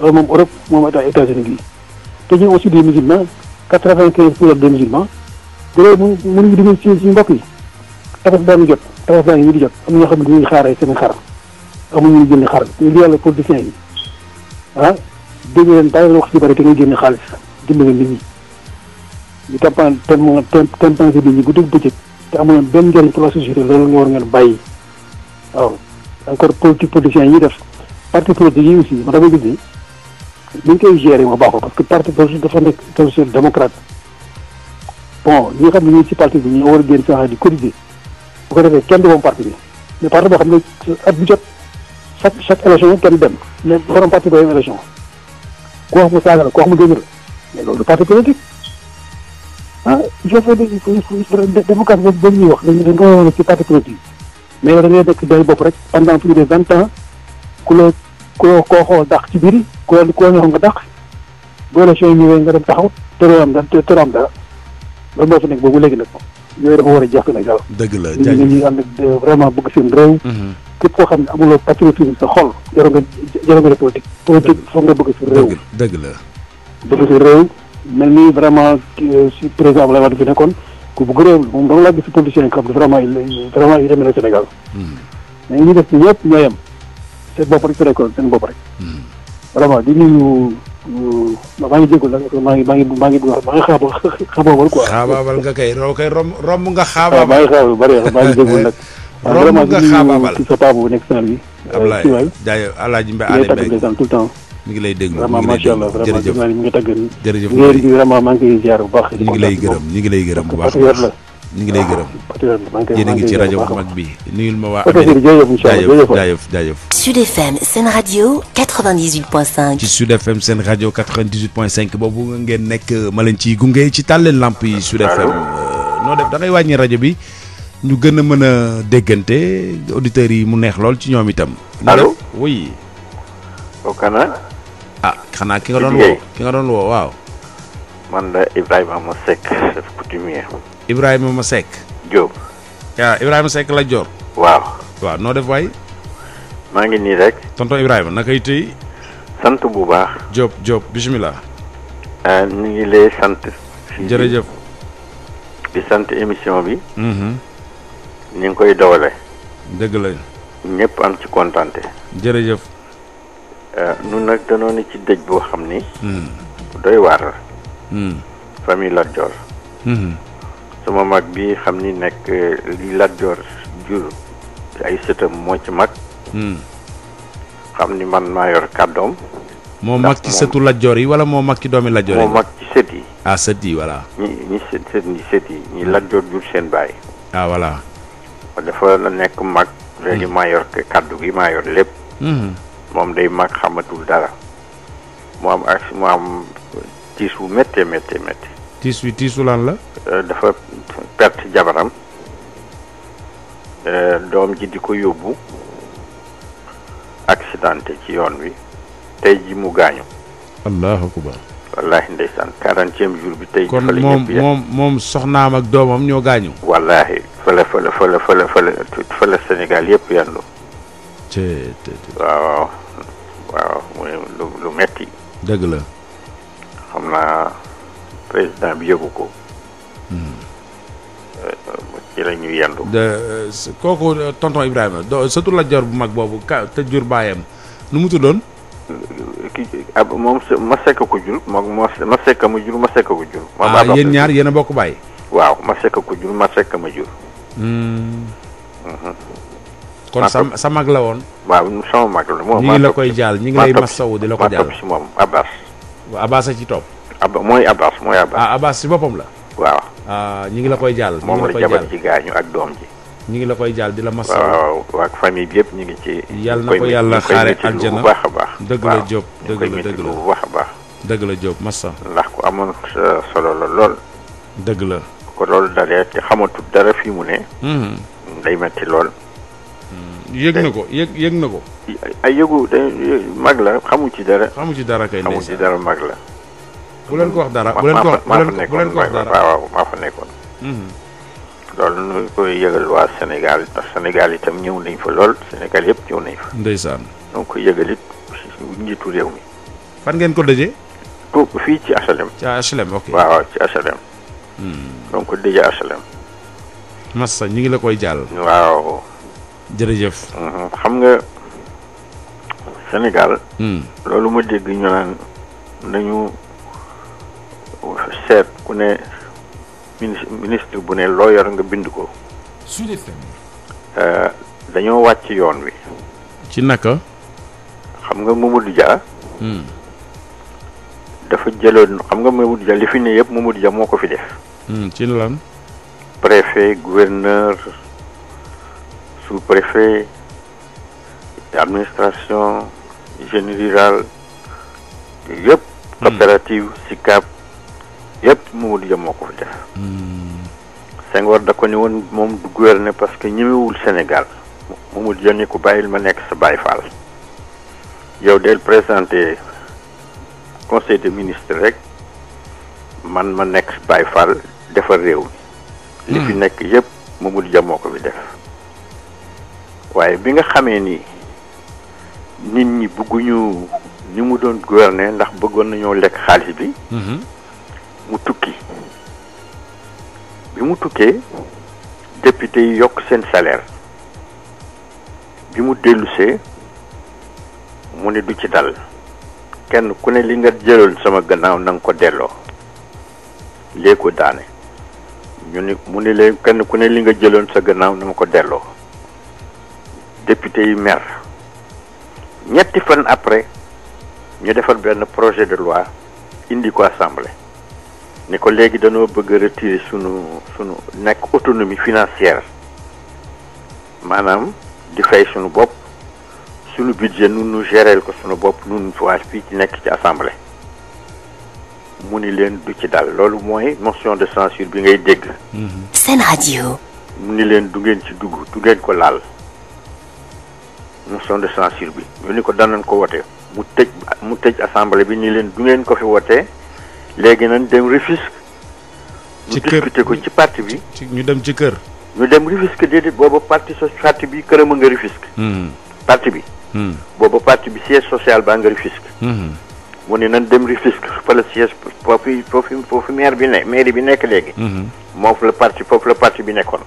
loolu moom Europe moom ay États-Unis gi te ñu aussi des musulmans quatre-vingt-quinze pour cent des musulmans bu dee mu mënuñu dimbali ci ci mbokk yi tabax baa ngi jot tabax baa ngi di jot am na xam ne dañuy xaar ay seen xar amuñ ñu génne xaalis ngir yàlla politiciens yi ah dégg leen bàyyi leen wax ci bari te ngay génne xaalis dimbale nit ñi ñu tempen tempensé nit ñi guddeeg bëccëg te amuñu benn njëriñ pour la société loolu nga war ngeen bàyyi waaw encore politique politiciens yi ñuy def parti politique yi aussi ma dama gis ni li ñu koy gérer moo baaxul parce que parti politique dafa nekk société démocrate bon ñi nga xam ne ñii ci parti bi ñoo war a génn seen xaalis di bu ko defee kenn du moom bi mais parti boo xam ne at bu chaque chaque élection yëpp kenn dem mais borom parti boobu élection ku wax mu saaga ku wax mu déglu mais loolu parti politique ah je fais des démocratie boobu boobu wax dañuy dañ ko woon ci parti politique mais yow da ngay nekk day bopp rek pendant plus de vingt ans ku la ku koo xool ci biir ku la ku la ñor nga dàq bu élection nga dem taxaw tëroo am dara tëroo am dara loolu moo fi nekk boobu léegi nag yooyu dafa war a jeex nag dëgg la jaajëf nit ñi am nag euh, vraiment bëgg seen képp koo xam ne amuloo patriotisme sa xol jaroo nga jaroo nga ne politique. politique foog nga bëgg sa réew. dëgg la bëgg sa réew mel ni vraiment si président Abdoulaye Wade fi nekkoon ku bëgg réew moom danga laa gis si politicien yi nga xam ne vraiment vraiment yu demee na Sénégal. Hmm. mais ñi def ñëpp ñoo yem seen bopp rek fi nekkoon seen bopp rek. Hmm. vraiment di nuyu euh, maa ngi jégalu nag maa ngi maa ngi maa ngi maa ngi xaaba xaabaabal quoi. xaabaabal nga kay romb nga xaabaabal. waaw ah, maa ngi xaabaabal bëri maa ngi jégalu Ah, romb nga xaabaabal vraiment sa papa bu nekk Saint-Louis. Ablaye ngi lay déglu mi ngi lay déglu jërëjëf vraiment macha allah vraiment mi ngi tàgg jërëjëf ngeen bi lay gërëm ngi lay gërëm bu baax ñu ngi lay gërëm yéen a rajo bu mag bi nuyul ma waa Amérique jaajëf Sud FM seen rajo 98.5 ci Sud FM seen rajo 98.5 boobu ngeen nekk ma leen ciy gunge ci tàlleen lamp yi Sud FM euh, noo def da ngay wàññi rajo bi ñu gën a mën a déggante auditeurs yi mu neex lool ci ñoom itam. allo oui. Oh, kooku ah xanaa ki nga doon woo ki waaw. man la Ibrahima Masek chef coutumier. Ibrahima Masek. Diop. waaw Ibrahima Seck la Dior. waaw. waaw noo def waay. maa ngi nii rek. tonton Ibrahima nag yi tey. sant bu baax. Diop Diop bisimilah. mu euh, ngi lay sant. jërëjëf. di sant émission bi. Mm-hmm. ñu ngi koy dawale. dëgg la. ñëpp am ci kontante. jërëjëf. nun euh, nag danoo ci dëj boo xam ni. Hmm. doy waar. Hmm. famille Lat hmm. ma mag bi xam ni nekk euh, li Lat jur ay sëtam moo ci mag. xam ni man maa yor kàddoom. moo mag ci sëtu Lat yi wala moo mag ci doomi Lat Dior yi. moo mag ci sët yi. ah sët yi voilà. ñi ñi sët ñi sët yi ñi Lat jur seen baay. ah voilà. papa dafa nekk mag. léegi mm-hmm. maa kàddu gi maa yor lépp. Mm-hmm. moom day mag xamatul dara. mu am ak mu am tiis wu méttee méttee méttee. tiis wi tiisu la. Euh, dafa perte jabaram. Euh, doom ji di ko yóbbu. accidenté ci yoon wi. tey ji mu gaañu. allahu akbar. wallaahi ndeysaan quarantième jour bi tey. kon moom moom moom soxnaam ak doomam ñoo gaañu. wallaahi fële fële fële fële fële fële Sénégal yëpp yandu. te waaw waaw waaw metti. dëgg la. xam naa président bi yëgu ko. Hmm. Euh, ci la ñuy euh, kooku euh, tonton Ibrahima la jor bu mag boobu ka te jur baayam nu mu tuddoon. ki moom ma sekk ko jur moom ma sekk ma jur ma sekk ko jur. ah yéen ñaar yéen a bokk bàyyi. waaw ma sekk ko jur ma sekk ma jur. Hmm. kon sa sa mag la woon. waaw sama mag la moom. ñi la koy jaal ñi ngi lay masawu di ko jaal. moom Abbas. waaw Abbas a ci topp. ab mooy Abbas mooy Abbas. ah Abbas si boppam la. waaw. Ah, ñu ngi la koy jaal. ñi ngi la koy jaal moom gaañu ak doom ji. ñu ngi la koy jaal di la massa waaw waaw ak famille bi yëpp ñu ngi ci. yàlla na ko yàlla xaare aljana baax a baax dëgg la Diop dëgg la dëgg la bu a baax dëgg la Diop massa ndax ku amoon euh, solo la lool dëgg la ko loolu dalee te xamatul dara fi mu ne mm-hmm. day metti lool mm-hmm. yëg na ko yëg yëg na ko ay yëgu day mag la xamu ci dara xamu ci dara kay xamu ci dara mag la bu leen ko wax dara bu leen ko wax dara bu leen ko maa fa nekkoon mm-hmm. loolu ñu ngi koy yëgal waa Sénégal ndax Sénégal itam ñëw nañ fa lool Sénégal yëpp ñëw nañ fa. ndeysaan. ñoo ngi koy yëgal it njiitu réew mi. fan ngeen ko dëjee. tu fii ci HLM. ci HLM ok waaw ci HLM. ñoo hmm. ngi ko dëjee HLM. Massa ñu ngi la koy jàll. waaw. jërëjëf. Mhm. xam nga Sénégal. Hmm. loolu ma dégg ñu naan nañu seet ku ne. ministre bu ne loo yor nga bind ko. Sud FM. Euh, dañoo wàcc yoon wi. ci naka. xam nga Mamadou Dia. Hmm. dafa jëloon xam nga Mamadou Dia li fi ne yëpp Mamadou Dia moo ko fi def. Hmm, ci lan. préfet gouverneur sous-préfet administration générale yëpp. Hmm. coopérative SICAP. yëpp Mamadou Dia moo ko fi def. Senghor da ko ni woon moom du gouverner parce que ñemewul Sénégal Mamadou Dia ni ko bàyyi bàyyil ma nekk sa Baye Fall. yow del présenté conseil des ministre rek man ma nekk Baye Fall defar réew mi. li fi hmm. nekk yëpp Mamadou Dia moo ko fi def. waaye bi nga xamee nii nit ñi bëgguñu ni mu doon gouverner ndax bëggoon nañoo lekk xaalis bi. Hmm. mu tukki bi mu tukkee député yi yokk seen salaire bi mu dellusee mu ne du ci dal kenn ku ne li nga jëloon sama gannaaw na nga ko delloo lée ko daane ñu ni mu ne leen kenn ku ne li nga jëloon sa gannaaw na nga ko delloo député yi mer ñetti fan après ñu defar benn projet de loi indi ko assemblée ni ko léegi dañoo bëgg a retirer sunu sunu nekk autonomie financière maanaam di fay sunu bopp sunu budget nun nu géreel ko sunu bopp nun voie fii ci nekk ci assemblée mu ni leen du ci dal loolu mooy motion de censure bi ngay dégg. Mhm. Sen ni leen du ngeen ci dugg du ngeen ko laal motion de censure bi ñu ni ko danañ ko wote mu tëj mu tëj assemblée bi ni leen du ngeen ko fi wote léegi nañ dem Rufisque. ci kër ñu ci parti bi. ñu dem ci kër. ñu dem Rufisque déedéet booba parti so parti bi këram a nga Rufisque. Hmm. parti bi. Hmm. booba parti bi siège social baa nga Rufisque. Hmm. mu ne nan dem Rufisque fa la siège foofu foofu foofu maire bi ne mairie bi nekk léegi. moo fa la parti foofu la parti bi nekkoon.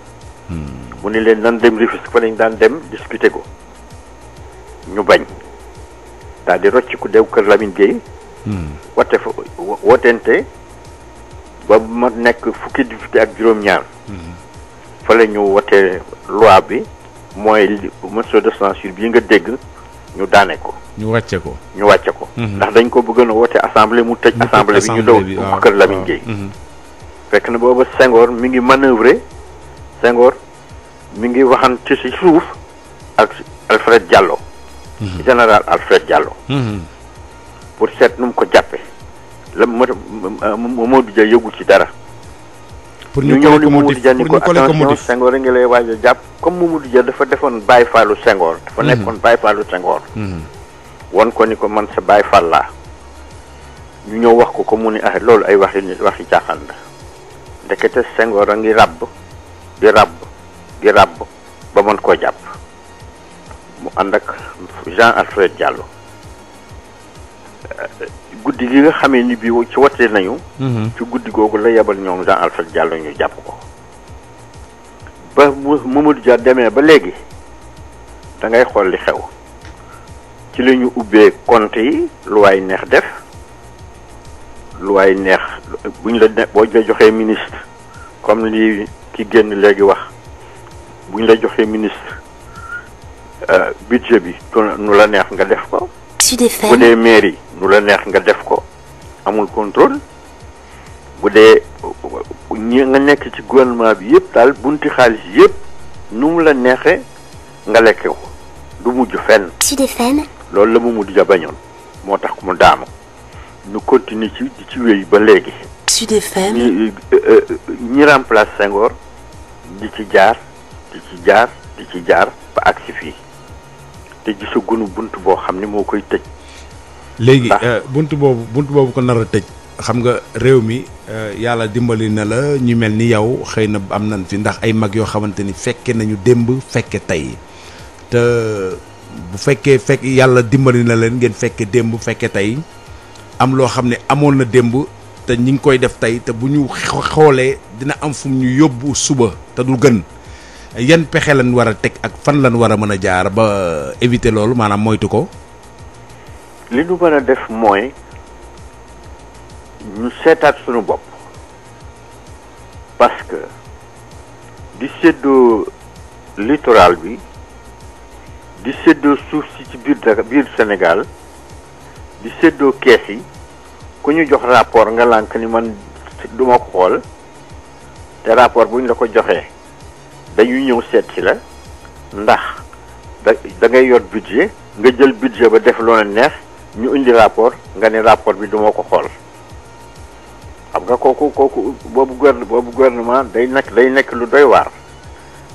mu ne leen nan dem Rufisque fa lañ daan dem discuter ko ñu bañ daal di rocc ku dew kër Lamine Gueye. wote fa wotente ba ma nekk fukki député ak juróom-ñaar fa ñu wote loi bi mooy motion de censure bii nga dégg ñu daane ko ñu wàcce ko ñu wàcce ko mhm. ndax dañ ko bëggoon a wote assemblée mu tëj assemblée bi ñu daw bu kër Lamine mhm. fekk na booba Senghor mi ngi manœuvrer Senghor mi ngi waxante ci suuf ak Alfred Diallo mhm. général Alfred jàllo pour seet nu mu ko jàppe la Mamadou Dia yëgul ci dara. pour ñu ñëw ni Mamadou Dia ni ko attention Senghor a ngi lay waaj a jàpp comme Mamadou Dia dafa defoon Baye Fallou Senghor. dafa mhm. nekkoon Baye Fallou Senghor. Mhm. won ko ni ko man sa Baye Fall laa ñu ñëw wax ko ko mu ni ah loolu ay waxi waxi caaxaan la ndekete Senghor a ngi ràbb di ràbb di ràbb ba mën koo jàpp mu ànd ak Jean Alfred Diallo. guddi gi nga xamee ni bii ci wote nañu. Mhm. ci guddi googu la yebal ñoom Jean Alfred Diallo ñu jàpp ko. ba Mamadou Dia demee ba léegi da ngay xool li xew ci la ñu ubbee neex def lu neex buñ la ne boo la joxee ministre comme lii ki génn léegi wax buñ la joxee ministre euh, budget bi nu la neex nga def ko. Sud FM bu dee mairie nu la neex nga def ko amul contrôle bu dee ñi nga nekk ci gouvernement bi yëpp daal bunti xaalis yëpp nu mu la neexee nga lekke ko du mujj fenn. Sud loolu la mu mujj bañoon moo tax mu daanu nu continuer ci di ci wéy ba léegi. Sud FM euh, euh, ñi remplace Senghor di ci jaar di ci jaar di ci jaar ba agsi fii. te gisagunu bunt boo xam ni moo koy tëj. léegi euh, bunt boobu bunt boobu ko nar a tëj. xam nga réew mi euh, yàlla dimbali na la ñu mel ni yow xëy na am nañ fi ndax ay mag yoo xamante ni fekke nañu démb fekke tey te bu fekkee fekk yàlla dimbali na leen ngeen fekke démb fekke tey am loo xam ne amoon na démb te ñi ngi koy def tey te bu ñu xoolee dina am fu ñu yóbbu suba te du gën. yan pexe lan war a teg ak fan lan war a mën a jaar ba éviter loolu maanaam moytu ko. li ñu mën a def mooy ñu seetaat suñu bopp parce que di séddoo littoral bi di séddoo suuf si ci biir biir Sénégal di séddoo kees yi ku ñu jox rapport nga lànk ni man duma ko xool te rapport bu ñu la ko joxee. dañuy ñëw seet la ndax da da ngay yor budget nga jël budget ba def loola neex ñu indi rapport nga ne rapport bi duma ko xool xam nga kooku kooku boobu gouver boobu gouvernement day nekk day nekk lu doy waar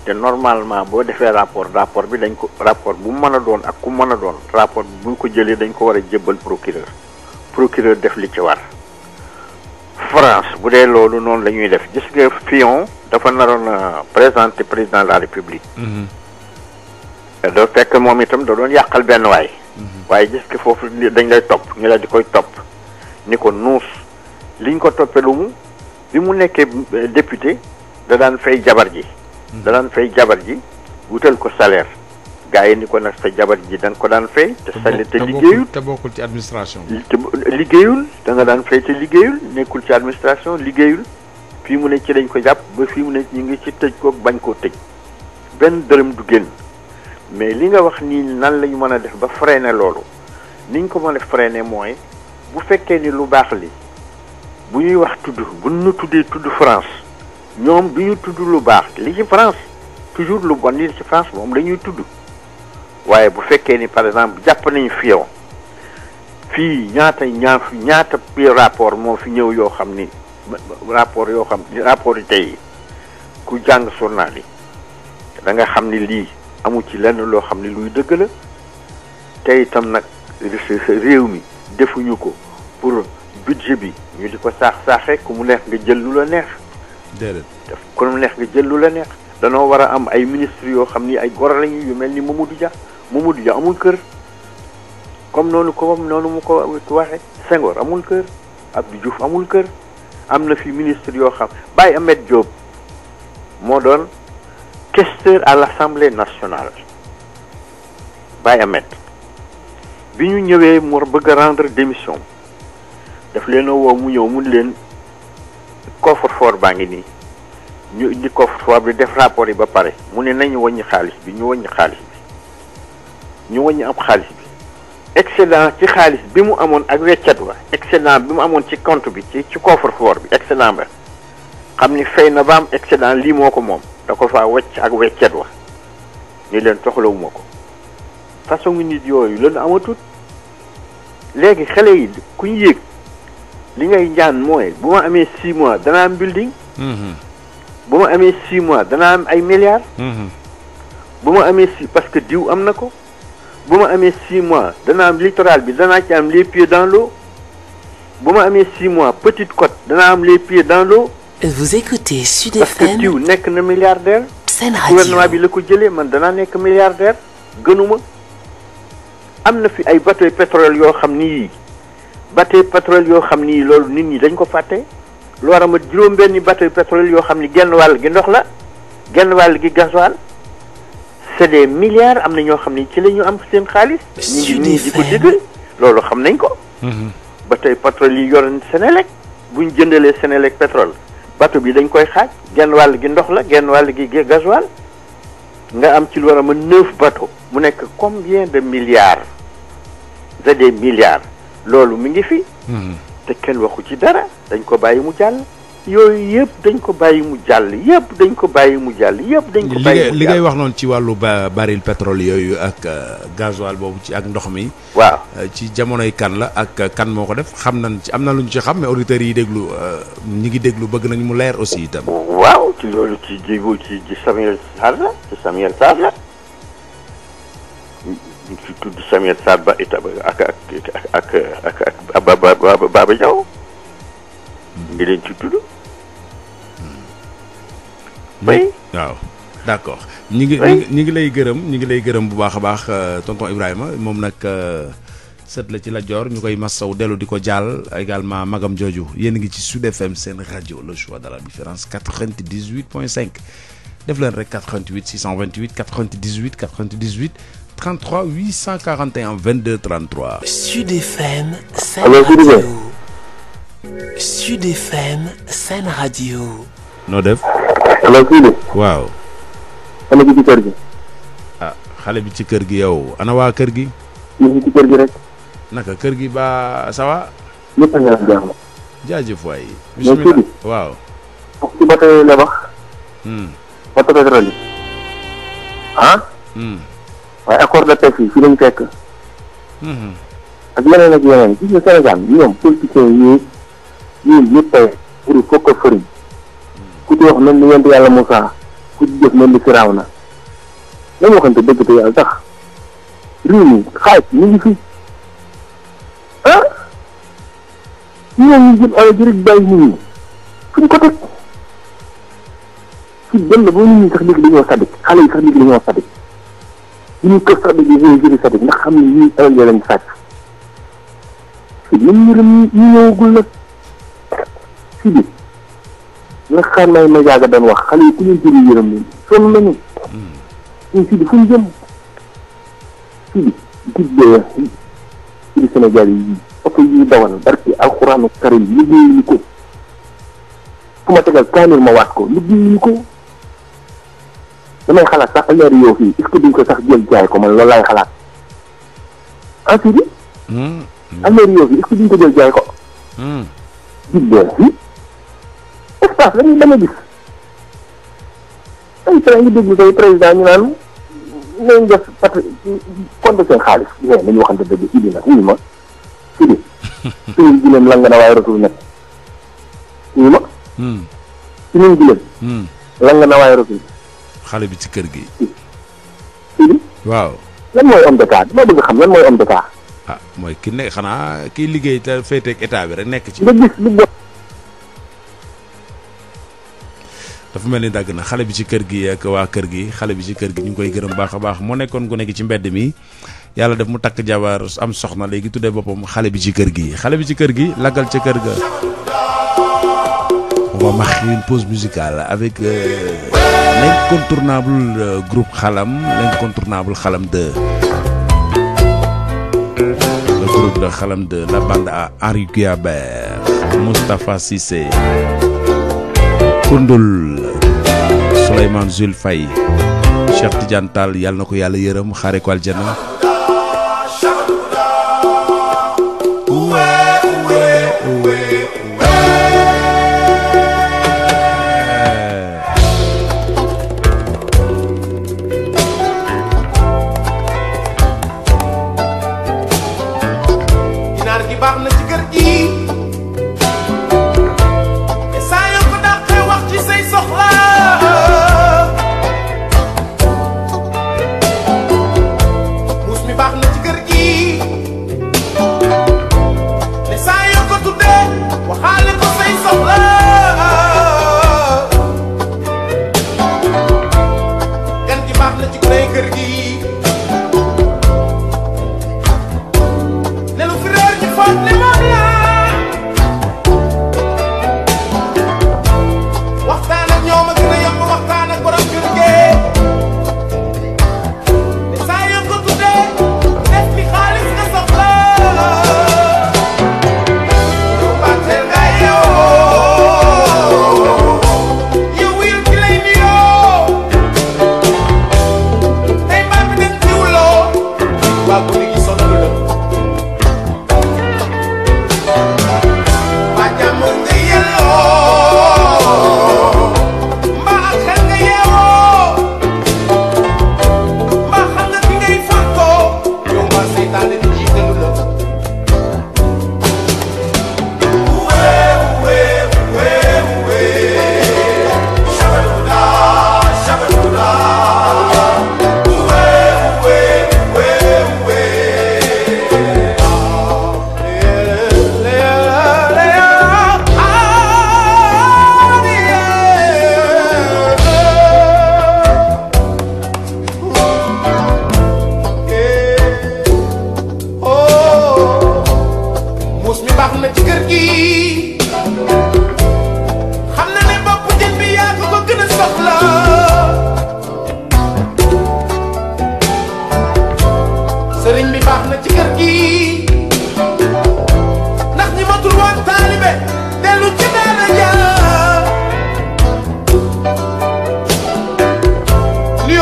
te normalement boo defee rapport rapport bi dañ ko rapport bu mën a doon ak ku mën a doon rapport buñ ko jëlee dañ ko war a jébbal procureur procureur def li ci war France bu dee loolu noonu lañuy def gis fion dafa naroon présenter président de la République. Mhm. doo fekk moom itam da doon yàqal benn waay. Mhm. waaye gis nga foofu dañ lay topp ñu la di koy topp ni ko nuus liñ ko toppee lu mu bi mu nekkee euh, député da daan fay jabar ji. Mhm. da daan fay jabar ji wutal ko salaire. gaa yi ni ko nag sa jabar ji da ko daan fay. te sali te liggéeyul te bokkul ci administration liggéeyul danga daan fay te liggéeyul nekkul ci administration liggéeyul fii mu ne ci lañ ko jàpp ba fii mu ne ñu ngi ci tëj ko bañ koo tëj benn dërëm du génn mais li nga wax nii nan lañu mën a def ba freiner loolu ni ñu ko mën a freiner mooy bu fekkee ni lu baax li bu ñuy wax tudd bu ñu tuddee tudd France ñoom du ñu tudd lu baax li ci France toujours lu bon li ci France moom la tudd waaye bu fekkee ni par exemple jàpp nañu fi yow fii ñaata ñaa ñaata bi rapport moo fi ñëw yoo xam ni rapport yoo xam rapport yi tey ku jàng journal yi da nga xam ni lii amu ci lenn loo xam ni luy dëgg la te itam nag réew mi defuñu ko pour budget bi ñu di ko saax saaxee ku mu neex nga jël lu la neex déedéet ku mu neex nga jël lu la neex danoo war a am ay ministre yoo xam ni ay gor lañu yu mel ni du Dia Mamadou Dia amul kër comme noonu comme noonu mu ko waxe Senghor amul kër ab Diouf amul kër am na fi ministre yoo xam baay Ahmed Diop moo doon questeur à l'Assemblée nationale Baye Ahmed bi ñu ñëwee mu bëgg rendre démission daf leen a mu ñëw mun leen coffre-fort baa ngi nii ñu indi coffre-fort bi def rapport yi ba pare mu ne nañu wàññi xaalis bi ñu wàññi xaalis bi ñu wàññi am xaalis bi excédent ci xaalis bi mu amoon ak weccet wa excédent bi mu amoon ci compte bi ci ci coffre-fort bi excédent ba xam ni fay na ba am excédent lii moo ko moom da ko faa wecc ak weccat wa ñu leen soxlawuma ko façon nit yooyu loolu amatut léegi xale yi ku ñu yéeg li ngay njaan mooy bu ma amee six mois dana am building mm-hmm. bu ma amee six mois dana am ay milliards mm-hmm. bu ma amee six parce que diw am na ko bu ma amee six mois dana am littoral bi danaa ci am les pieds dans l'eau bu ma amee six mois petite cote danaa am les pieds dans l'eau vous écoutez Sud FM parce que diw nekk na milliardaire. seen rajo gouvernement bi la ko jëlee man danaa nekk milliardaire gënuma am na fi ay bateau pétrole yoo xam ni yii bateau pétrole yoo xam ni loolu nit ñi dañ ko fàtte loo war a mat juróom-benni bateau pétrole yoo xam ni genn wàll gi ndox la genn wàll gi gasoil c'est des milliards am na ñoo xam ne ci la ñu am seen xaalis. ñu ngi nii di ko dégg loolu xam nañ ko. Mhm. ba tey pétrole yi yoroon Sénélec bu ñu jëndalee Sénélec pétrole bateau bi dañ koy xaaj genn wàll gi ndox la genn wàll gi gasoil nga am ci lu war a mën neuf bateau mu nekk combien de milliards c'est des loolu mi ngi fi. Mhm. te kenn waxu ci dara dañ ko bàyyi mu jàll. yooyu yëpp dañ ko bàyyi mu jàll yëpp dañ ko bàyyi mu jàll yëpp dañ ko bàyyi li ngay wax noonu ci wàllu ba baril pétrole yooyu ak gasoil boobu ci ak ndox mi waaw ci jamonoy kan la ak kan moo ko def xam nañ ci am na lu ñu ci xam mais auditeurs yi déglu ñi ngi déglu bëgg nañ mu leer aussi itam waaw ci loolu ci jéego ci ci Samuel Sarr la ci Samuel Sarr la ci tudd Samuel Sarr ba itam ak ak ak ak ak Baba Baba Diaw ngi leen ci tudd oui waaw d' accord. ñi ngi ñi ngi lay gërëm ñi ngi lay gërëm bu baax a baax euh, tonton Ibrahima moom nag euh, sët la ci la joor ñu koy massaw dellu di ko jaal également magam jooju yéen ngi ci Sud FM seen rajo le choix de la différence 98 point def leen rek 88 628 98 98 33 841 22 33. Sud FM. seen rajo Sud FM seen rajo. noo def. alors fii de. waaw. xale bi ci kër gi. ah xale bi ci kër gi yow ana waa kër gi. ñu ngi ci kër gi rek. naka kër gi ba ça va. ñëpp a waaw. foofu ci bato yooyu la wax. Hmm. bato pétrole yi. ah. Hmm. waaye accord de pêche yi fi lañ fekk. Hmm. ak yeneen ak yeneen gis nga Sénégal ñoom yi ñun ñëpp a. pour fëriñ. ku ci wax mel ni yent yàlla Moussa ku ci jëf mel ni Firaaw na dañu waxante dëgg te yàlla tax réew mi xaaj ñu ngi fi ah ñooñu jël alal ji rek bàyyi nit ñi fuñ ko teg ci benn boo nit ñi sax léegi dañoo sadik xale yi sax léegi dañoo sadik ñu ngi kër sadik yi ñooy jëri sadik ndax xam ne ñii alal ji lañ sàcc si ñun ñu ñëwagul nag si bi la xaar may ma yàgg doon wax xale yi ku ñu jëli yërëm leen sonn nañu. ñun hmm. Sidi fu ñu jëm Sidi guddee Sidi Sénégal yi oto yi dawal barki alxuraanu karim liggéeyuñu ko fu tegal kaamil ma waat ko liggéeyuñu ko damay xalaat sax aleer yoo fii est ko sax jël jaay ko man loolu laay xalaat ah Sidi. Hmm. aleer yoo fii est-ce ko jël jaay ko. Hmm. guddee saaf a gis tey tey ngi déglu président ñu naan nañ def parce que compte seen xaalis. mais nañu waxante dëgg lang na waaye retour nekk hmm. hmm. xale bi ci kër gi. Idy. waaw. lan mooy homme d'État dama xam lan mooy homme ah, mooy ki ne xanaa kiy liggéey te féeteeg état bi rek nekk ci. nga gis li dafa mel ni dàgg na xale bi ci kër gi ak waa kër gi xale bi ci kër gi ñu ngi koy gërëm baax a baax moo nekkoon gone gi ci mbedd mi yàlla daf mu takk jabar am soxna léegi tuddee boppam xale bi ci kër gi xale bi ci kër gi laggal ca kër ga. on va marquer une pause musicale avec euh, l'incontournable euh, groupe Xalam l'incontournable Xalam 2. le groupe de Xalam 2 la bande à Henri Guiabert Moustapha Cissé. kundul Souleymane Jules Faye Cheikh Tidiane Tall yàlla na ko yàlla yërëm xaare ko aljana uwe uwe uwe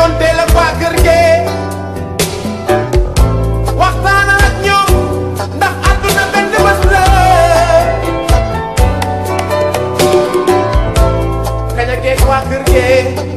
yonteel ak waa kër gee waxtaana ak ñoom ndax àdduna benn bés la kañ ak waa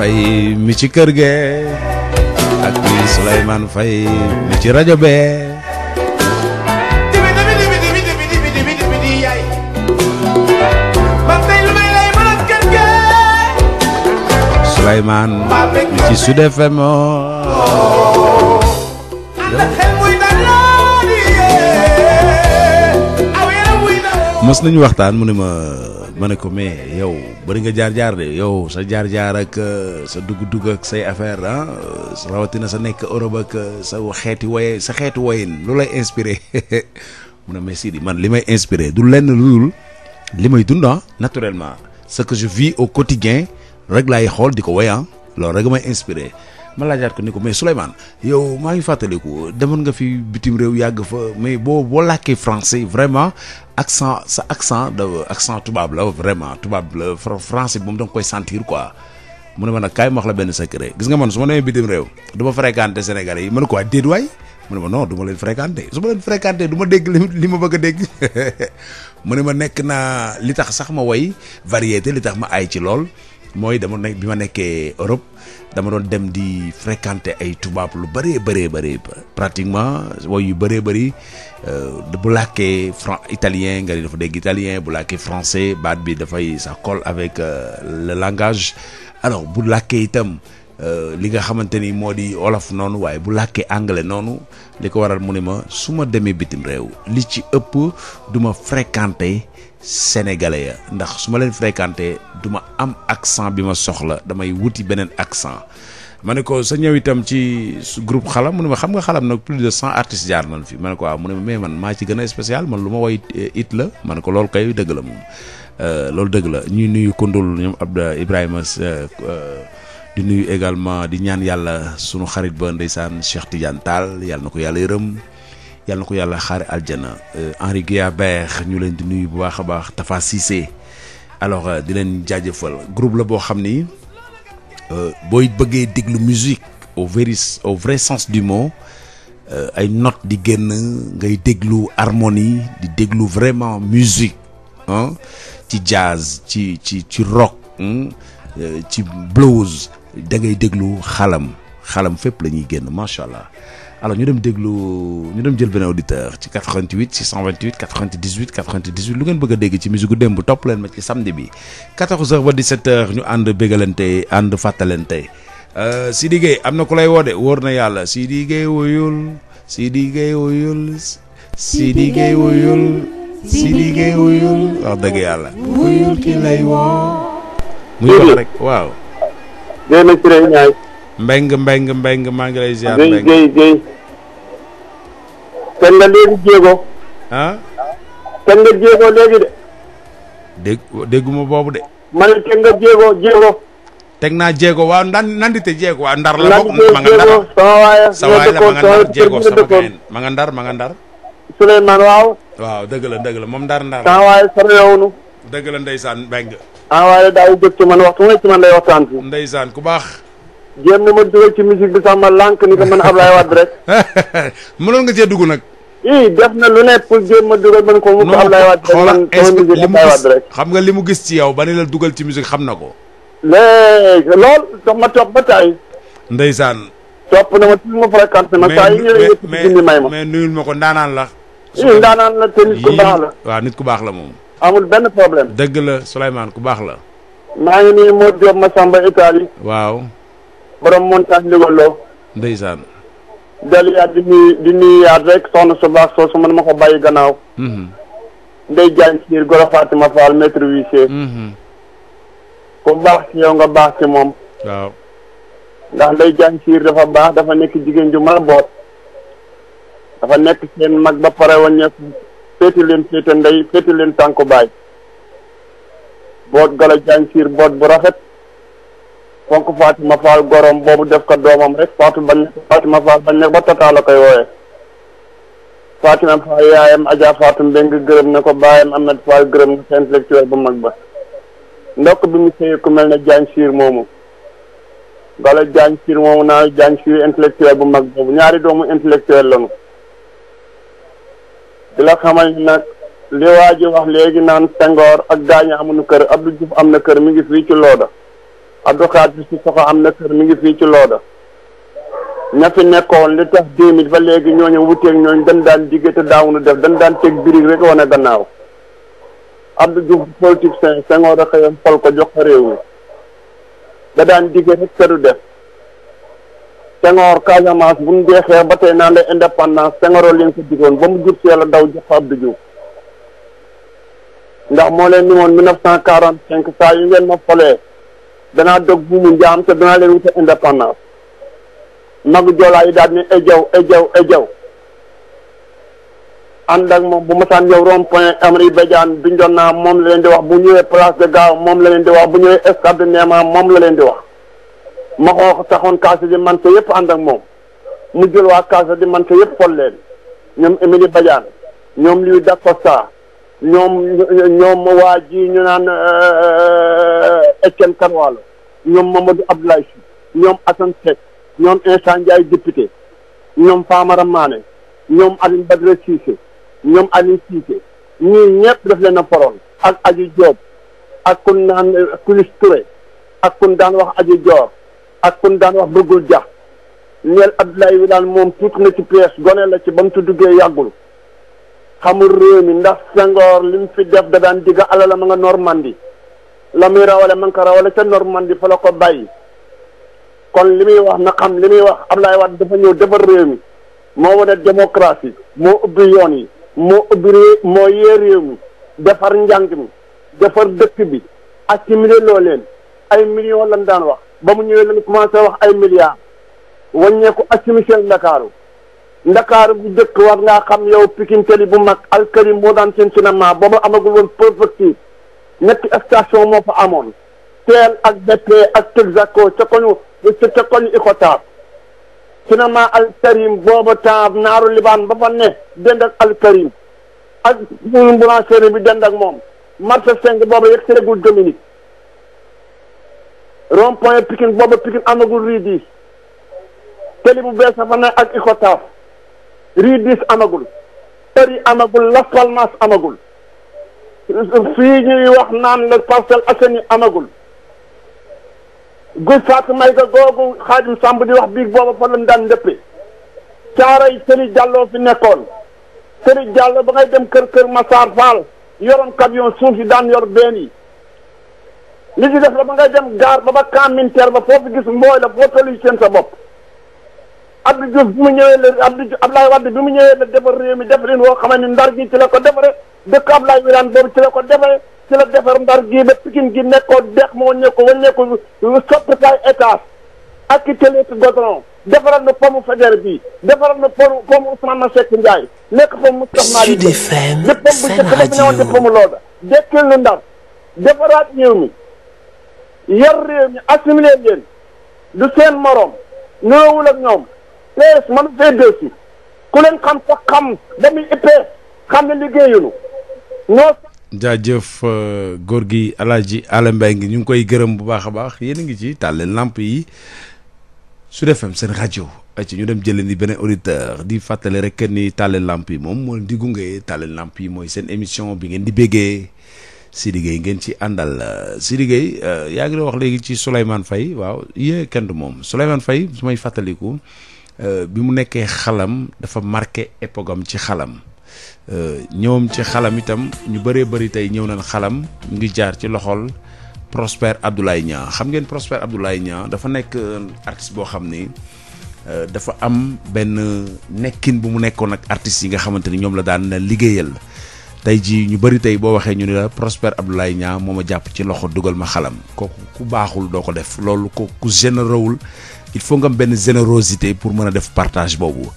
Faye mi ci kër ge ak kii Souleymane Faye mi ci rajo bee. Souleymane mi ci Sud FM mos nañu waxtaan mu ne ma. ma ne ko mais yow bëri nga jaar-jaar de yow sa jaar-jaar ak euh, sa dugg-dugg ak say affaire ah euh, rawatina sa nekk Europe ak euh, sa xeeti waye sa xeetu wayin loolu lay inspiré mu ne mais man li may inspiré du lenn lu dul li may dund ah, naturellement ce que je vis au quotidien rek laay xool di ko way ah loolu rek may inspiré ma laajaat ko ni ko mais Souleymane yow maa ngi fàttaliku demoon nga fi bitim réew yàgg fa mais boo boo làkkee français vraiment accent sa accent da accent tubaab la vraiment tubaab la français bi moom da nga koy sentir quoi mu ne ma nag kaay ma la benn secret gis nga man su ma demee bitim réew du ma fréquenté Sénégalais yi ma ne ko waa déet waay mu ne ma non du ma leen fréquenté su ma leen fréquenté du ma li ma bëgg a dégg mu ne ma nekk naa li tax sax ma way variété li tax ma ay ci lool mooy dama nekk bi ma nekkee Europe dama doon dem di fréquenter ay tubaab lu bëree bëree bëri pratiquement woy yu bëree bëri euh, bu làkkee fran italien nga dafa dégg italien bu làkkee français baat bi dafay ça colle avec euh, le langage alors bu làkkee itam euh, li nga xamante ni moo di olof noonu waaye bu làkkee anglais noonu li ko waral mu ne ma su ma demee bitim réew li ci ëpp duma ma sénégalais ya ndax su ma leen fréquenté du ma am accent bi ma soxla damay wuti beneen accent ma ne ko sa ñëw itam ci groupe xalam mu ne ma xam nga xalam nag plus de cent artistes jaar nañ fi ma ne ko waaw mu ne ma mais man maa ci gën a spécial man lu ma woy eh, it la ma ne ko loolu kay dëgg la moom euh, loolu dëgg la ñuy nuyu kundul ñoom Abda Ibrahima euh, euh, di nuyu également di ñaan yàlla sunu xarit ba ndeysaan Cheikh Tidiane Tall yàlla na ko yàlla yërëm yàlla na ko yàlla xaare aljana euh, Henri Guiabert ñu leen di nuyu bu baax a baax Tafa Cissé alors euh, di leen jaajëfal groupe la boo xam ni euh, booy bëggee déglu musique au vrai au vrai sens du mot ay not di génn ngay déglu harmonie di déglu vraiment musique ah ci jazz ci ci ci rock ci blues da ngay déglu xalam xalam fépp la ñuy génn macha allah. alors ñu dem déglu ñu dem jël benn auditeur ci 88 628 98 98 lu ngeen bëgg a dégg ci musique démb topp leen ma ci samedi bi 14h ba 17h ñu ànd bégalante ànd fàttalante euh, Sidi Gueye am na ku lay woo de wóor na yàlla si Gueye wuyul Sidi Gueye wuyul Sidi Gueye wuyul Sidi Gueye wuyul wax dëgg yàlla. wuyul ki lay woo. muy wax rek waaw. mbeng mbeng mbeng maa ngi lay ziar mbeng géy géy kenn nga léegi jéego ah kenn nga jéego de dégg boobu de man kenn nga jéego jéego teg naa jéego waaw ndan nandite jéego waaw ndar la ndar sama waaye sa waay la ma nga ndar jéego sama ndar ma nga ndar Souleymane waaw ndar waxtu mu ne ci ku baax jéem na ma dugal ci musique bi sax ma lànk ni ko mën Ablaye Wade rek. mënoon nga cee dugg nag. ii def na lu ne pour jéem ma dugal mën ko mu ko Ablaye Wade rek man sama musique xam nga li mu gis ci yow ba ne la dugal ci musique xam na ko. léegi lool sax ma topp ba taay. ndeysaan. topp na ma fi ma fréquenté ma saa yi ñëwee yëpp ci may ma mais nuyul ma ko ndaanaan la. ii la te nit ku baax la. nit ku baax la moom. amul benn problème. dëgg la Souleymane ku baax la. maa ngi nii moo Diop Massamba Italie. waaw. borom montagne libaloo ndeysaan dellu yaat di nuyu di nuyu yaat rek soxna su baax soosu man ma ko bàyyi gannaaw mhm. ndey jaañ siir goro Fatima Fall maître huissier mhm. ku baax ci yow nga baax ci moom ndax ndey jaañ siir dafa baax dafa nekk jigéen ju mën a boot dafa nekk seen mag ba pare wàññeeku féete leen féete ndey féete leen tànku baay boot gala jaañ siir boot bu rafet fonk Fatima Fall gorom boobu def ko doomam rek Fatou bañ Fatima Fall bañ nekk ba Tata la koy wooyee Fatima Fall yaayam Adja Fatou Mbeng gërëm na ko baayam Ahmed Fall gërëm na ko intellectuel bu mag ba ndokk bi mu sëy ku mel na Jaañ Siir moomu gala Jaañ Siir moomu naa Jaañ Siir intellectuel bu mag boobu ñaari doomu intellectuel lañu di la xamal li waa ji wax léegi naan Senghor ak gaañu amuñu kër Abdou Diouf am na kër mi ngi fii ci Looda avocat bi si soxo am na kër mi ngi fii ci looda ña fi nekkoon li tax deux mille ba léegi ñooñu wuteeg ñooñu dañ daan digge te daawunu def dañ daan teg birig rek wane gannaaw Abdou Diouf politicien Senghor a xëyam ko jox ko réew mi da daan digge rek te def Senghor Casamance bu ñu deexee ba tey naan la indépendance Senghor leen ko digoon ba mu jur la daw jox ko Abdou ndax moo leen ni woon mille neuf cent quarante saa yu ngeen ma folee danaa dog buumu njaam te danaa leen wute indépendance magu joolaa yi daal ne ejaw eh, ejaw eh, ejaw eh, ànd ak moom bu masaan ñëw rond point Amri Badiane bindoon naa moom la leen di wax bu ñëwee place de gaaw moom la leen di wax bu ñëwee stade de moom la leen di wax ma xoox taxoon kaasa di man te yëpp ànd ak moom mu jël waa kaasa di man te yëpp fol ñoom Émilie Badiane ñoom Louis Dacosta ñoom ñoom waa ji ñu naan euh, Etienne Kanoualo ñoom Mamadou Abdoulaye Sy ñoom Assane Seck ñoom Insa Ndiaye député ñoom Famara Mané ñoom Alioune Badara Cissé ñoom Alioune Cissé ñii ñëpp daf leen a foroon ak Aji Diop ak kun naan eh, Kulis Touré ak kun daan wax Aji Dior ak kun daan wax bëggul jax neel Abdoulaye Wilane moom tuut na ci pièce gone la ci ba mu ci duggee yàggul xamul réew mi ndax Senghor li mu fi def da daan digga alala ma nga la muy rawale man ko rawale ca Normandie fa la ko bàyyi kon li muy wax na xam li muy wax Ablaye Wade dafa ñëw defar réew mi moo wane démocratie moo ubbi yoon yi moo ubbi réew moo yee réew mi defar njàng mi defar dëkk bi assimilé loo leen ay million lañ daan wax ba mu ñëwee lañ commencé wax ay milliards wàññeeku assimilé seen ndakaaru ndakaaru bu dëkk war ngaa xam yow Pikine tali bu mag alkali moo daan seen cinéma boobu amagul woon préfecture ñetti station moo fa amoon teel ak BP ak Texaco ca koñu ca koñu Ikotaab cinéma Al Karim booba temps naaru libaan ba fa ne dend ak Al Karim ak munu boulangerie bi dend ak moom marché cinq booba yegg seegul Dominique rond point Pikine booba Pikine amagul rue dix tëli bu bees fa ne ak Ikotaab rue dix amagul tëri amagul Las Palmas amagul fii wax naan la Parcelles Assainies amagul guy Fatou may ga googu Xaadim Samb di wax biig booba fa lañ daan ndëppee caaray Serigne Diallo fi nekkoon Serigne Diallo ba ngay dem kër kër Massar Fall yoroon camion suuf yi daan yor benn yi li ci def la ba ngay dem gaar ba ba camp militaire ba foofu gis mbooy la foo tëli seen sa bopp Abdou Diouf bi mu ñëwee la Abdou Abdoulaye Wade bi mu ñëwee la defar réew mi def leen woo xam ne ndar gi ci la ko defaree dëkk Abdoulaye Wilane boobu ci la ko defee ci la defar Ndar gii ba Pikine gi nekkoon dex moo ñëkko waññeeku soppi kay étage ak i téléti goudron defaral na pomu Faidherbe bi defaral na pomu pomu Ousmane Seck Ndiaye nekk pomu Moustapha Malick Sud FM Seen rajo bi njëkk dafa newoon def pomu loola dekkil nu Ndar defaraat réew mi yar réew mi assimilé leen du seen morom nuroowul ak ñoom PS mënu fee dësi ku leen xam sax xam damuy ëppee xam ne liggéeyunu jaajëf euh, góor gi El Hadji Alla ngi ñu ngi koy gërëm bu baax a baax yéen a ngi ci tàlleen làmp yi Sud FM seen rajo ci ñu dem jëlee ni beneen auditeur di fàttali rek ni tàlleen làmp yi moom moo leen di gunge tàlle làmp yi mooy seen émission bi ngeen di béggee si liggéey ngeen ci àndal Sidi Gueye euh, yaa ngi doon wax léegi ci Souleymane Faye waaw yée kenn du moom Souleymane Faye su may fàttaliku euh, bi mu nekkee xalam dafa marqué époque ci xalam. ñëwam ci xalam itam ñu bëree bëri tey ñëw nañ xalam mu ngi jaar ci loxol Prosper Abdoulaye ñaa xam ngeen Prosper Abdoulaye ñaa dafa nekk artiste boo xam ni euh, dafa am benn nekkin bu mu nekkoon ak artistes yi nga xamante ni ñoom la daan liggéeyal tey jii ñu bëri tey boo waxee ñu ne la Prosper Abdoulaye Niang moo ma jàpp ci loxo dugal ma xalam kooku ku baaxul doo ko def loolu ko ku générewul il faut nga am benn générosité pour mën a def partage boobu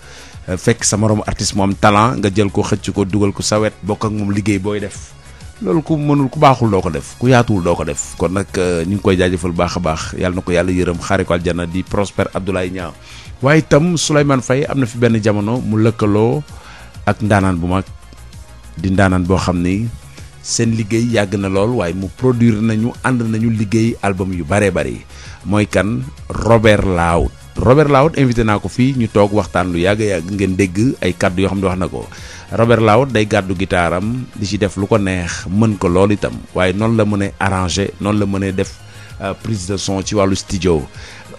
Euh, fekk sa moromu artiste moom am talent nga jël ko xëcc ko dugal ko sawet wet bokk ak moom liggéey booy def loolu ku mënul ku baaxul doo ko def ku yaatuwul doo ko def kon nag euh, ñu ngi koy jaajëfal baax a baax yàlla na ko yàlla yërëm xaare ko aljana di Prosper Abdoulaye Niang waaye itam Souleymane Faye am na fi benn jamono mu lëkkaloo ak ndaanaan bu mag di ndaanaan boo xam ni seen liggéey yàgg na lool waaye mu produire nañu ànd nañu liggéey album yu bare bare mooy kan Robert Laout Robert Lawood invité naa ko fii ñu toog waxtaan lu yàgg yàgg ngeen dégg ay kàddu yoo xam ne wax na ko Robert Lawood day gàddu gitaaram di ci def lu ko neex mën ko lool itam waaye noonu la mën a arranger noonu la mën def euh, prise de son ci wàllu studio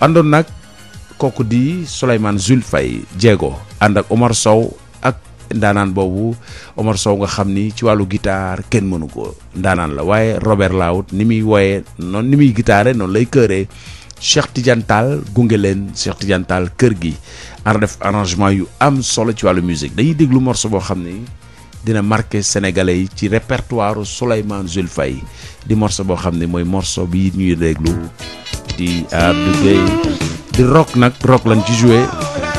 àndoon nag kooku di Souleymane Jules fay Diego ànd ak Omar Sow ak ndaanaan boobu Omar Sow nga xam ni ci wàllu guitare kenn mënu ko ndaanaan la waaye Robert Lawood ni muy woyee noonu ni muy gitaare noonu lay këree Cheikh Tidiane gunge leen Cheikh Tidiane kër gi ar def arrangement yu am solo ci wàllu musique dañuy déglu morceau boo xam ni dina marqué sénégalais yi ci répertoire Souleymane Jules Faye di morceau boo xam ne mooy morso bi ñuy déglu di euh, Abdou Gueye di rock nag rock lañ ci joué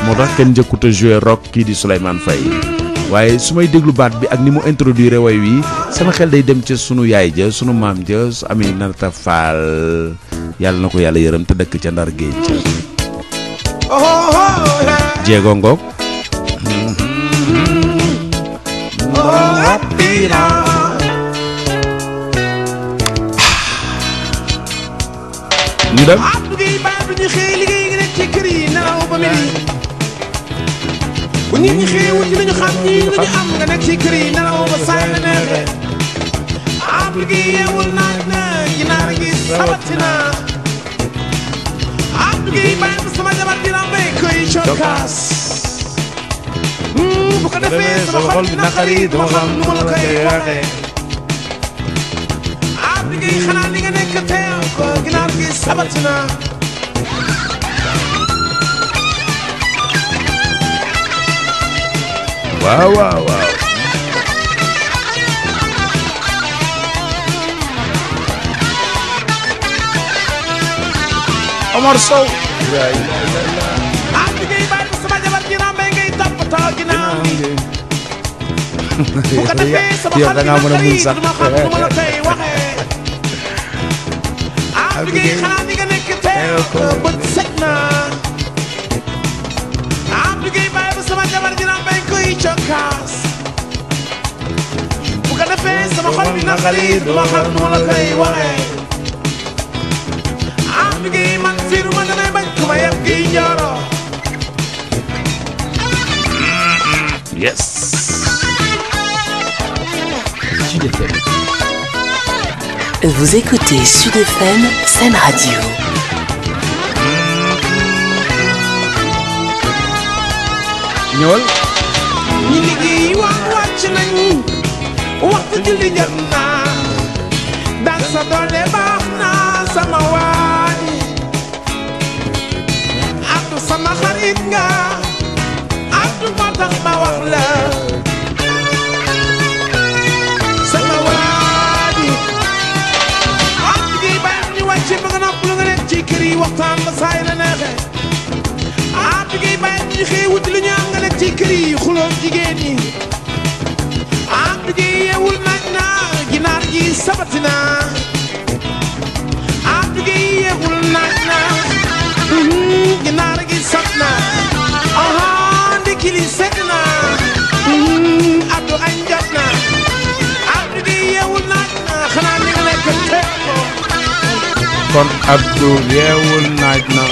moo tax kenn njëkkut a joué rock kii di Souleymane Faye waaye su may déglu baat bi ak ni mu introduire way wi sama xel day dem ca sunu yaay ja sunu maam ja su amee narta faal yàlla na ko yàlla yërëm te dëkk ca ndar géej ca jéego ngoog ñu dem bu nit ñi xëyee wut ci xam ñii lu ñu am nga nekk ci kër yi nelaw ba saay na neexee ab liggéey yeewul naaj na ginaar gi sabati na ab liggéey bàyyi ma sama jabar koy cokkaas bu ko defee sama xol bi naqari duma xam nu ma la koy waxee ab liggéey xanaa li nga nekk teew ko ginaar gi sabati na waaw waaw waaw. Omar Sow. waay. ah bi ngay bàyyi ko sama jabar ginnaaw mbay ngay toppatoo ginnaaw bi. bu ko defee sama xam dina tey duma xam nu ma la tey waxee. ah bi ngay xanaa ni nga nekk tey bët set na. ah bi ngay bàyyi ko sama jabar ginnaaw mbay. ñuy cokkaas bu ko defee sama xol bi naqari du ma xam nu ma la koy waxee am gi man siiru ma damay bañ ku ma yeb gi njooro yes Sud FM vous écoutez Sud FM Sen Radio ñëwal nañ waxtu julli jot na daan sa doole baax na sama waay Abdou sama xarit nga Abdou moo tax ma wax la sama waay Abdou gi baax ñu wàcc ba nga nopp lu nga dem ci kër yi waxtaan saay la neexee Abdou gi baax ñu xëy wut ñu am nekk ci kër yi xuloon ji yeewul nañ na ginaar ji sabati na àddu gi yeewul nañ na mm-hmm, ginaar gi sab na aha ndikili set mm-hmm, gi yeewul nañ xanaa ni nga lekk teeko kon àddu yeewul nañ na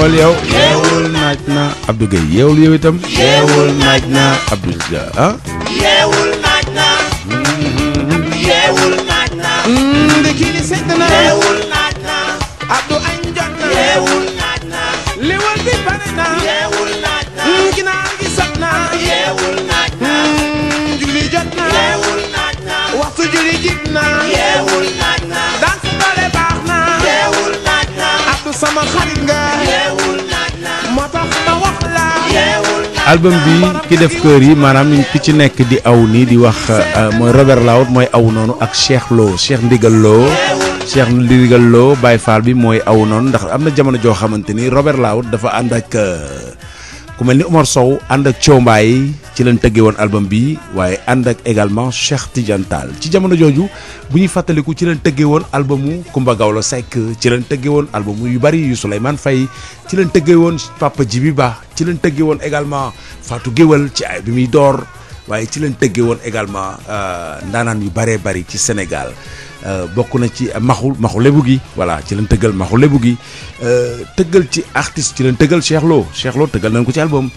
yeewal yow. yeewul naaj na Abdou Gueye yeewul yow itam. yeewul naaj na Abdou Dia ah. na. yeewul naaj añ jot na. yeewul naaj na. li naaj na. ginaar gi sot na. naaj na. julli jot na. yeewul naaj na. waxtu bare baax na. yeewul naaj na. Abdou sama xarit. album bi ki def kër yi maanaam ki ci nekk di aw nii di wax euh, mooy Robert Lawood mooy aw noonu ak Cheikh Lo Cheikh Ndigal Lo Cheikh Ndigal Lo Baye Fall bi mooy aw noonu ndax am na jamono joo xamante ni Robert Lawood dafa ànd ak euh, ku mel ni Omar Sow ànd ak Thio ci lañ tëggee woon album bi waaye ànd ak également Cheikh Tidiane ci jamono jooju bu ñuy fàttaliku ci lañ tëggee woon albumu Kumba Gawlo Seck ci lañ tëggee woon albumu yu bari yu Souleymane Faye ci lañ tëggee woon Papa Djibi Ba ci lañ tëggee woon également faatu Guéwal ci ay bi muy door waaye ci lañ tëggee woon également euh, ndaanaan yu bëree bëri ci Sénégal euh, bokk na ci maxu maxu lebu gi voilà ci lañ tëggal maxu lebu gi euh, tëggal ci artiste ci leen tëggal Cheikh Lo Cheikh nañ ko ci album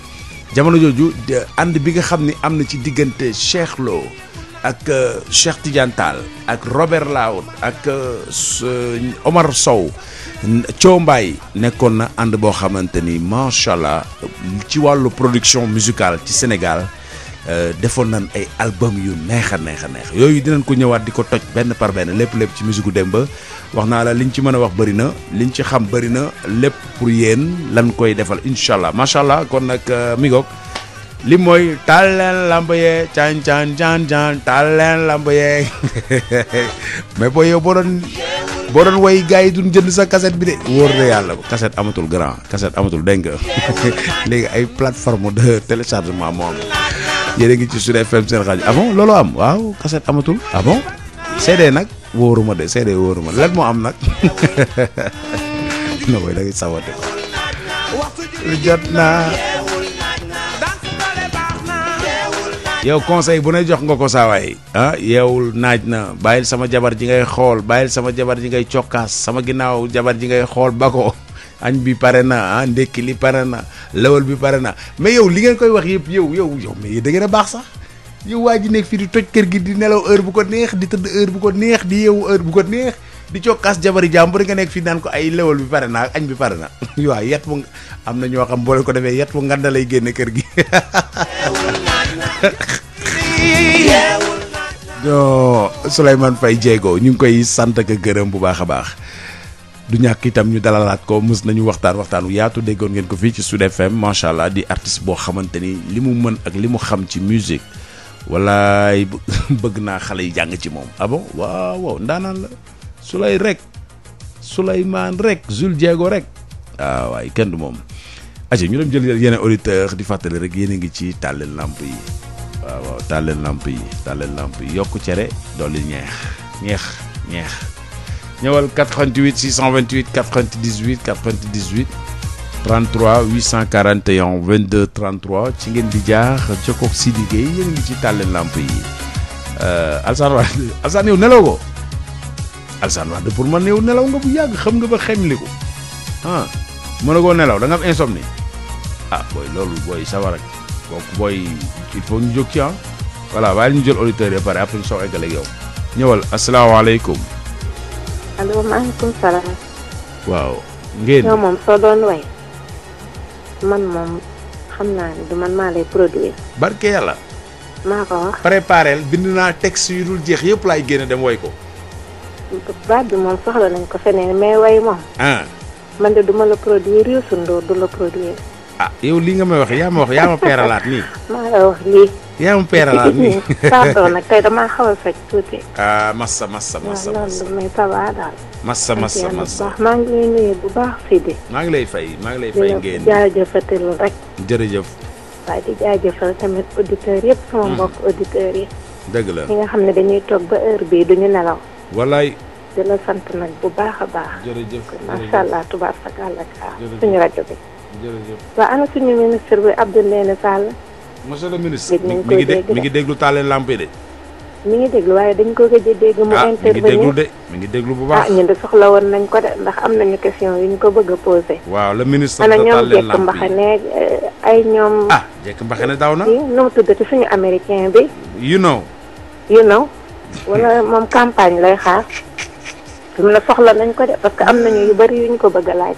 jamono jooju ànd bi nga xam ni am na ci diggante Cheikh Lo ak euh, Cheikh Tidiane ak Robert Lawood ak euh, euh, Omar Sow Thio mbaay nekkoon na ànd boo xamante ni macha allah ci wàllu production musicale ci Sénégal. Euh, defoon nañ ay album yu neex a neex a neex yooyu dinañ ko ñëwaat di ko toj benn par benn lépp lépp ci musique Demba wax naa la liñ ci mën a wax bëri na liñ ci xam bëri na lépp pour yéen lan koy defal incha allah macha allah kon nag euh, mi li mooy taal leen lamb yee can can can can taal leen lamb yee mais boo yow boo doon boo doon way gars yi duñ jënd sa cassette bi de wóor na yàlla cassette amatul grand cassette amatul dégg nga léegi ay plateforme de téléchargement moom yéen ci Sud FM rajo ah looloo am waaw kaset amatul ah bon nag wóoruma de CD wóoruma lan moo am nag non booy jot naa yow conseil bu ne jox nga ko saawaay ah yeewul naaj na bàyyil sama jabar ji ngay xool bàyyil sama jabar ji ngay cokkaas sama ginnaaw jabar ji ngay xool ba ko añ bi pare na ah ndekki li pare na lawal bi pare na mais yow li ngeen koy wax yëpp yow yow yow mais da ngeen a baax sax yow waa ji nekk fii di toj kër gi di nelaw heure bu ko neex di tëdd heure bu ko neex di yeewu heure bu ko neex di cokkaas jabari jàmbur nga nekk fii naan ko ay lewal bi pare naa ak añ bi pare na waaw yet mu am na ñoo xam boo ko defee yet mu nganda lay génne kër gi Souleymane Faye Diego ñu ngi koy sant ak gërëm bu baax a baax du ñàkk itam ñu dalalaat ko mës nañu waxtaan waxtaan wu yaatu déggoon ngeen ko fii ci Sud FM macha allah di artiste boo xamante ni li mu mën ak li mu xam ci musique walaay bëgg naa xale yi jàng ci moom ah waaw waaw ndaanaan la su lay rek Souleymane rek Jules Diego rek ah waaye kenn du moom aje ñu dem jël yeneen auditeur di fàttali rek yéen a ngi ci tàlleen lamp yi waaw waaw tàlleel yi tàlleel lamp yi yokk cere dolli ñeex ñeex ñeex ñëwal 88 628 98 98 33 841 22 33 ci ngeen di jaar jokkoo ak Sidi Gueye yéen a ci tàlleen làmp yi Alsaan wax Alsaan nelaw ko Alsaan de pour man yow nelaw nga bu yàgg xam nga ba xemli ko ah mën a koo nelaw da nga am insomnie ah booy loolu booy sawar ak kooku booy il faut ñu jóg ci ah voilà waaye ñu jël auditeurs yi pare après ñu soog eggal ak yow ñëwal asalaamaaleykum. allo maaleykum salaam. waaw. ngeen yow moom soo doon way man moom xam naa ne du man maa lay produire. barke yàlla. maa ko wax. préparel bind naa texte yu dul jeex yépp laay génne dem way ko. baat bi moom soxla nañ ko feneen mais way moom. man de du ma la produire Youssou Ndour du la produire. ah yow lii nga may wax yaa ma wax yaa ma peeralaat nii. maa la wax lii. yaa am peeralaat nii. pardon nag tey xaw a faj ma ah massa massa massa massa loolu mais ça va daal. massa massa massa baax maa ngi lay nuyu bu baax Sidi. maa ngi lay fay maa ngi lay fay ngeen. di jaajëfatal rek. jërëjëf. waaye di jaajëfal tamit auditeurs yëpp. sama mbokk auditeurs yi. dëgg la ñi nga xam ne dañuy toog ba heure bii duñu nelaw. walaay. di sant nag bu baax a baax. jërëjëf jërëjëf macha allah tubaab sa rajo bi. ana suñu ministre bi Abdoulaye Sall. monsieur le ministre mi ngi dé mi ngi déglu tàlleen lamp yi de. mi ngi déglu waaye dañ ko gëj a dégg mu ah, intervenir mu ngi déglu de bu baax ah ñun de soxla woon nañ ko de ndax am nañu question yu ñu ko bëgg a posé waaw le ministre ana ñoom jekk mbaxane eh, ay ñoom ah jekk mbaxane daw na nu mu tuddati suñu américain bi you know you know wala moom campagne lay xaar fi na ne soxla nañ ko de parce que am nañu yu bëri yu ñu ko bëgg a laaj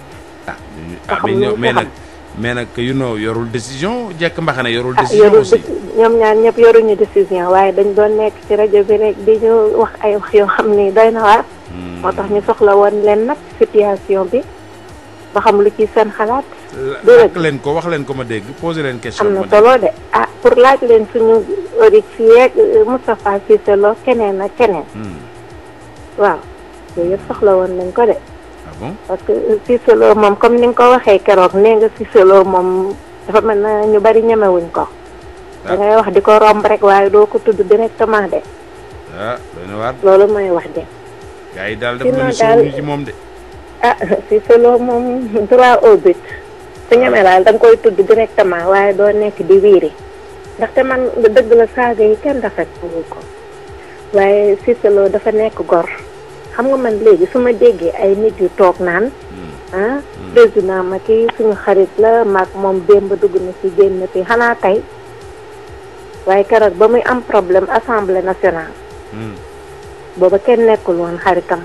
ah mais nag mais nag you know yorul décision jekk mbaxane yorul. Ah, décision aussi ñoom ñaar ñëpp yoruñu décision waaye dañ doon nekk ci rajo bi rek di ñu wax ay wax yoo xam ni doy na waar. Hmm. moo tax ñu soxla woon leen nag situation bi ba xam lu ci seen xalaat. dëgg leen ko wax leen ko ma dégg posé leen question. am na solo de ah pour laaj leen suñu auditeurs yeeg euh, Moustapha Cissé Lo keneen ak keneen. Hmm. waaw yooyu yëpp soxla woon nañ ko de. bon parce que Cissé euh, Lo moom comme ni nga ko waxee keroog nee nga Cissé Lo moom dafa mel na ñu bari ñemewuñ ko. Ah. da ngay wax di ko romb rek waaye doo ko tudd directement de. ah doy loolu mooy wax de. gars daal dafa moom de. ah Cissé Lo moom droit au but. su ah. ñemee daal koy tudd directement waaye doo nekk di wiiri. ndaxte man dëgg la saaga yi kenn rafetlu ko. waaye Cissé Lo dafa nekk gor. xam nga man léegi su ma déggee ay nit yu toog naan hmm. ah hmm. président Macky suñu xarit la maag moom démb dugg na ci génn fi xanaa tey waaye keroog ba muy am problème assemblée nationale hmm. booba kenn nekkul woon xaritam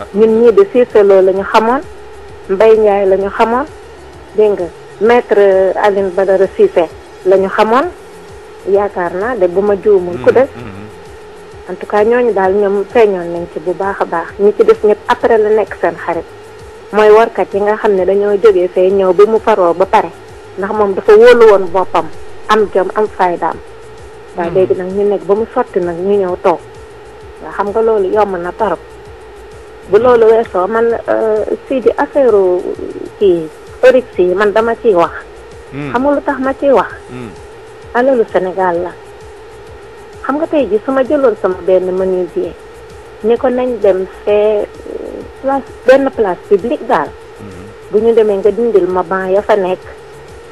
ah. ñun ñii de Cissé Lo la ñu xamoon Mbaye Ndiaye la ñu xamoon dégg nga maître euh, Aline Badara Cissé la ñu xamoon yaakaar naa de bu ma juumul ku def en tout cas ñooñu daal ñoom feeñoon nañ ci bu baax a baax ñi ci des ñëpp après la nekk seen xarit mooy warkat yi nga xam ne dañoo jógee fee ñëw ba mu faroo ba pare ndax moom dafa wóolu woon boppam am jom am faydaam waaw hmm. léegi nag ñu nekk ba mu sotti nag ñu ñëw toog waaw xam nga loolu yomb na torop bu loolu weesoo man euh, si di affaire kii orix yi man dama ciy wax. Hmm. xam lu tax ma ciy wax. Hmm. alalu senegal la. xam nga tey jii su ma jëloon sama benn menuisier ne ko nañ dem fee euh, place benn place publique daal mhm. bu ñu demee nga dindil ma ban ya fa nekk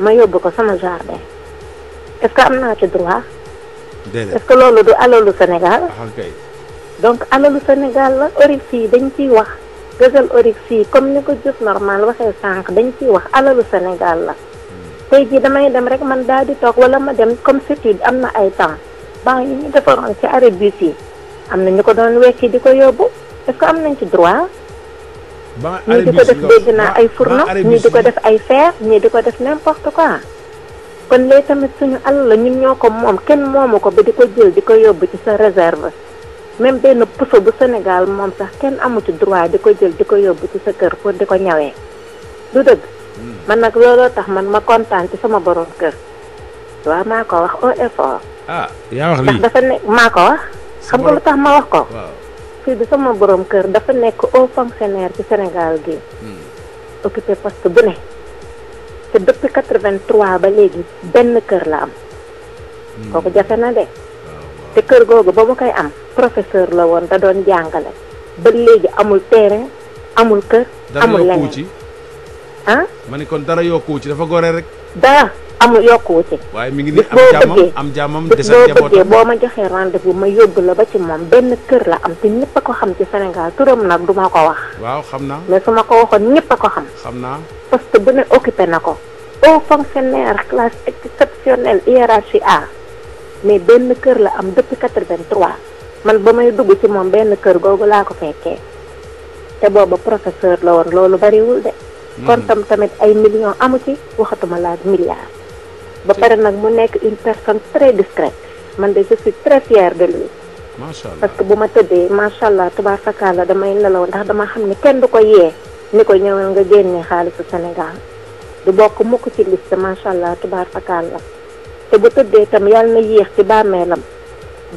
ma yóbbu ko sama jardin est que am naa ci droit est-ce que loolu du alalu Sénégal ah, donc alalu Sénégal la orix yi dañ ciy wax gazelle orix yi comme ni ko jëf normal waxee sànq dañ ciy wax alalu Sénégal la hmm. tey jii damay dem rek man daal di toog wala ma dem comme étude am na ay temps banque yi ñu defaroon ci arrêt bus yi am na ñu ko doon wecci di ko yóbbu est-ce am nañ ci droit. ban ñii di ko def dégg naa ay fourneau ñu di ko def ay fer ñii di ko def n'importe quoi. kon léegi tamit suñu àll la ñun ñoo ko moom kenn moomu ko ba di ko jël di ko yóbbu ci sa réserve même benn puso bu Sénégal moom sax kenn amu ci droit di ko jël di ko yóbbu ci sa kër pour di ko ñawee du dëgg. Hmm. man nag looloo tax man ma kontaan ci sama boroom kër. waaw maa ko wax au effort. ah yaa wax lii dafa ne maa ko wax. xam nga lu tax ma wax ko. fii du sama boroom kër dafa nekk haut fonctionnaire ci Sénégal gi hmm. occupé poste bu ne. te depuis 83 ba léegi benn kër la am. Hmm. kooku jafe na de. te kër googu ba mu koy am professeur la woon da doon jàngale. ba léegi amul terrain amul kër. amul leneen dara ci ah. ma ne kon dara yokkuwu ci dafa gore rek. dara amul yokkuwu ci. waaye mi ngi am jàmmam boo bëggee boo ma joxee rendez-vous ma yóbbu la ba ci moom benn kër la am te ñëpp a ko xam ci Sénégal turam nag du ma ko wax. waaw xam naa. mais su ma ko waxoon ñëpp a ko xam. xam naa parce que bu ne occupé na ko. au fonctionnaire classe exceptionnelle hiérarchie A mais benn kër la am depuis quatre-vingt-trois man ba may dugg ci moom benn kër googu laa ko fekkee te booba professeur la woon loolu bariwul de. Hmm. kon tam tamit ay millions amu ci waxatuma laaj milliards. ba pare nag mu nekk une personne très discrète man de je suis très fière de lui. parce que bu ma tëddee macha allah tubaab fakkaar la damay nelaw ndax dama xam ne kenn du ko yee ni ko ñëwal nga génnee xaalisu Sénégal du bokk mukk ci liste macha allah tubaab fakkaar la te bu tëddee tam yàlla na yéex ci bàmmeelam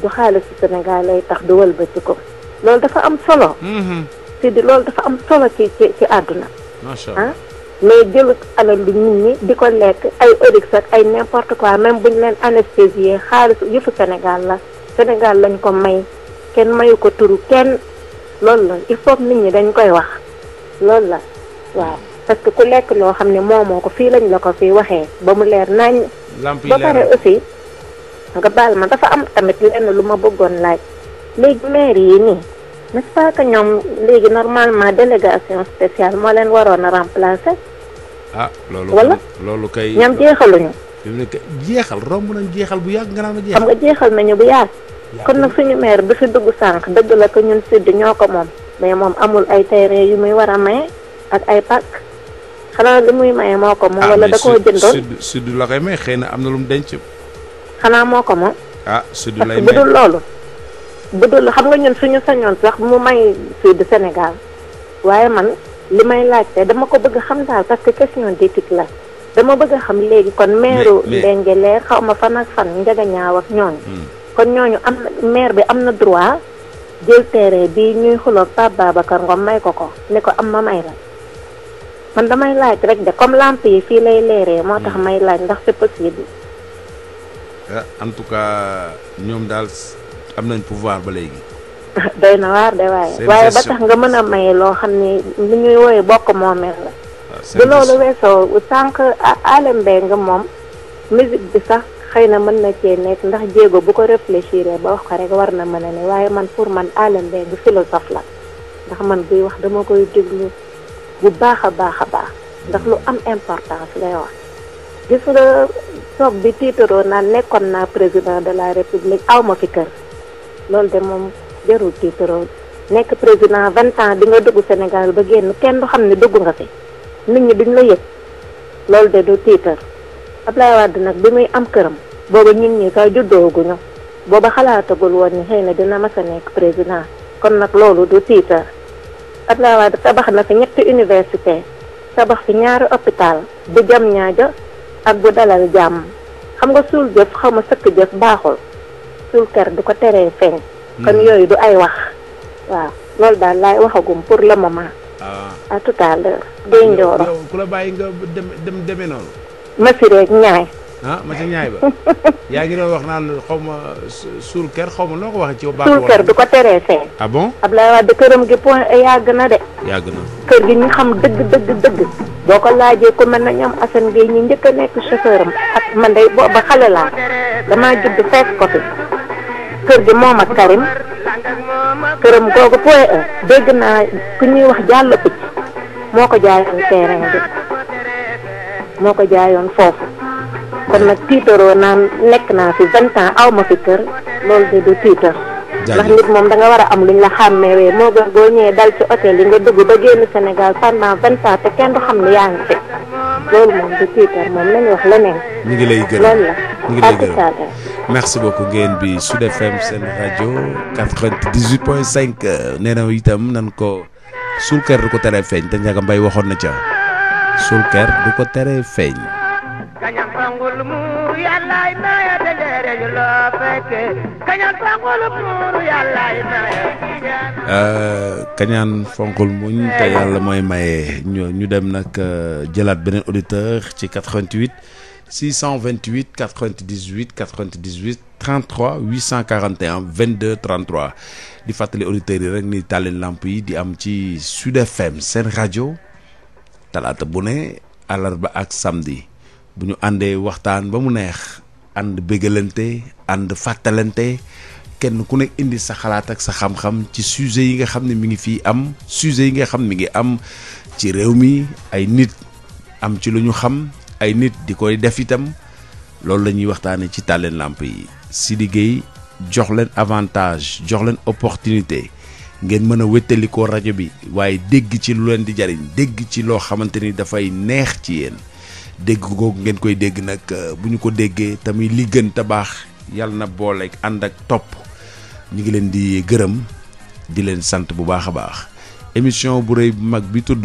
du xaalisu Sénégal lay tax du wëlbati ko loolu dafa am solo. Mhm. Sidi loolu dafa am solo ci ci ci àdduna. macha ah? mais jëlut alal bi nit ñi di ko lekk ay orix ak ay n'importe quoi même bu ñu leen anesthésier xaalis yëfu Sénégal la Sénégal lañ ko may kenn mayu ko turu kenn loolu la il faut nit ñi dañ koy wax loolu la waaw parce que ku lekk loo xam ne moomoo ko fii lañ la ko fii waxee ba mu leer nañ ba pare aussi nga baal ma dafa am tamit lenn lu ma bëggoon laaj léegi maire yi nii n'est-ce pas que ñoom léegi normalement délégation spéciale moo leen waroon a remplacer. a ah, loolu wala loolu kay. ñoom jeexaluñu. jeexal romb nañ jeexal bu yàgg nga naan jeexal. xam nga jeexal nañu bu yàgg. kon nag suñu maire ba fi dugg sànq dëgg la ko ñun sud ñoo ko moom. mais moom amul ay terrain yu muy war a maye ak ay pàkk xanaa lu muy maye moo ko moom. Ah, wala da koo jëndoon sud sud la koy maye xëy na am na lu mu denc. xanaa moo ko moom. ah sud bu dul loolu. bu dul xam nga ñun suñu sañoon sax mu may sud Sénégal waaye man li may laajte dama ko bëgg xam daal parce que question d'éthique la dama bëgg a xam léegi kon meeru leer xaw ma fan ak fan njagañaaw ak ñooñu hmm. kon ñooñu am maire bi am na droit jël terrain bi ñuy xuloog Pape Babacar Ngom may ko ko ne ko am ma may la man damay laaj rek de comme lampe yi fii lay leeree moo tax hmm. may laaj ndax c'est possible euh, en tout cas ñoom daal am nañ pouvoir ba léegi. doy na waar de waaye. waaye ba tax nga mën a maye loo xam ni li ñuy woowee bokk moomeel la. bu ah, loolu weesoo sànq Alioune nga moom musique bi sax xëy na mën na cee nekk ndax jéego bu ko réfléchir ba wax ko rek war na mën a ne waaye man pour man Alioune Mbengue bu philosophe la ndax man buy wax dama koy déglu bu baax a baax a baax ndax lu am importance lay wax gis nga toog bi tiitaroo naan nekkoon naa président de la république aw ma loolu de moom jarul tiitaroo nekk président vingt ans di nga dugg Sénégal ba génn kenn du xam ne dugg nga fi nit ñi duñ la yëg loolu de du ab tiitar Ablaye di nag bi muy am këram booba ñun ñi kay juddooguñu booba xalaatagul woon ni xëy na dina mas a nekk président kon nag loolu du tiitar Ablaye Wade tabax na fi ñetti université tabax fi ñaari hôpital bu jam ñaaja ak bu dalal jàmm xam nga suul jëf xaw ma sëkk jëf baaxul masul ker du ko teree feeñ. kon hmm. yooyu du ay wax. waaw loolu daal laay waxagum pour le moment. waaw ah. tout à l'heure. Guèye Ndioro ku la bàyyi nga dem dem demee noonu. Massiré ak Ñaay. Ah, ma ca ñaay ba yaa ngi doon wax naan xaw ma suul kër xaw ma noo ko waxee ci baax suul kër du ko teree feeñ ah bon Abdoulaye Wade këram gi point yàgg na de yàgg na kër gi ñu xam dëgg dëgg dëgg boo ko laajee ku mel na ñoom Assane Gueye ñi njëkk a nekk chauffeur am ak man day booba xale laa damaa judd fees ko fi kër gi moom ak Karim këram googu point un e. dégg naa ku ñuy wax jàll picc moo ko jaayoon terrain bi moo ko jaayoon foofu kon nag tiitaroo naan nekk naa fi vingt ans aw ma fi kër loolu de du tiitar ndax nit moom da nga war a am luñ la xàmmewee moo gën boo ñëwee dal ci hôtel yi nga dugg ba génn Sénégal pendant vingt ans te kenn du xam ne yaa ngi fi loolu moom du tiitar moom lañ wax leneen. ñu ngi lay gën mu ngi lay gërëm merci beaucoup ngeen bi su FM seen rajo 98 point 5 nee na itam nan ko suul kër du ko teree feeñ te Ndiaga bay waxoon na ca suul kër du ko teree feeñ. buur yàllaay naaya te léeréju loo fekke kañaan fonkul buur euh, kañaan fonkul muñ te eh. mooy maye ñu dem nag euh, jëlaat beneen auditeur ci 88 628 98 98 33 841 22 33 di fàttali auditeurs yi rek ni tàlleen lamp yi di am ci Sud FM seen rajo talaata bu ne àllarba ak samedi bu ñu àndee waxtaan ba mu neex ànd bégalante ànd fàttalante kenn ku nekk indi sa xalaat ak sa xam-xam ci sujet yi nga xam ne mi ngi fii am sujet yi nga xam mi ngi am ci réew mi ay nit am ci lu ñu xam ay nit di koy def itam loolu la ñuy waxtaanee ci Tàlleen làmp yi Sidy Gueye jox avantage jox leen opportunité ngeen mën a ko rajo bi waaye dégg ci lu leen di jariñ dégg ci loo xamante ni dafay neex ci yéen dégg kooku ngeen koy dégg nag euh, bu ñu ko déggee tamit li gën te baax yàlla na booleeg ànd ak topp ñu ngi leen di gërëm di leen sant bu baax a baax émission bu rëy bu mag bi tudd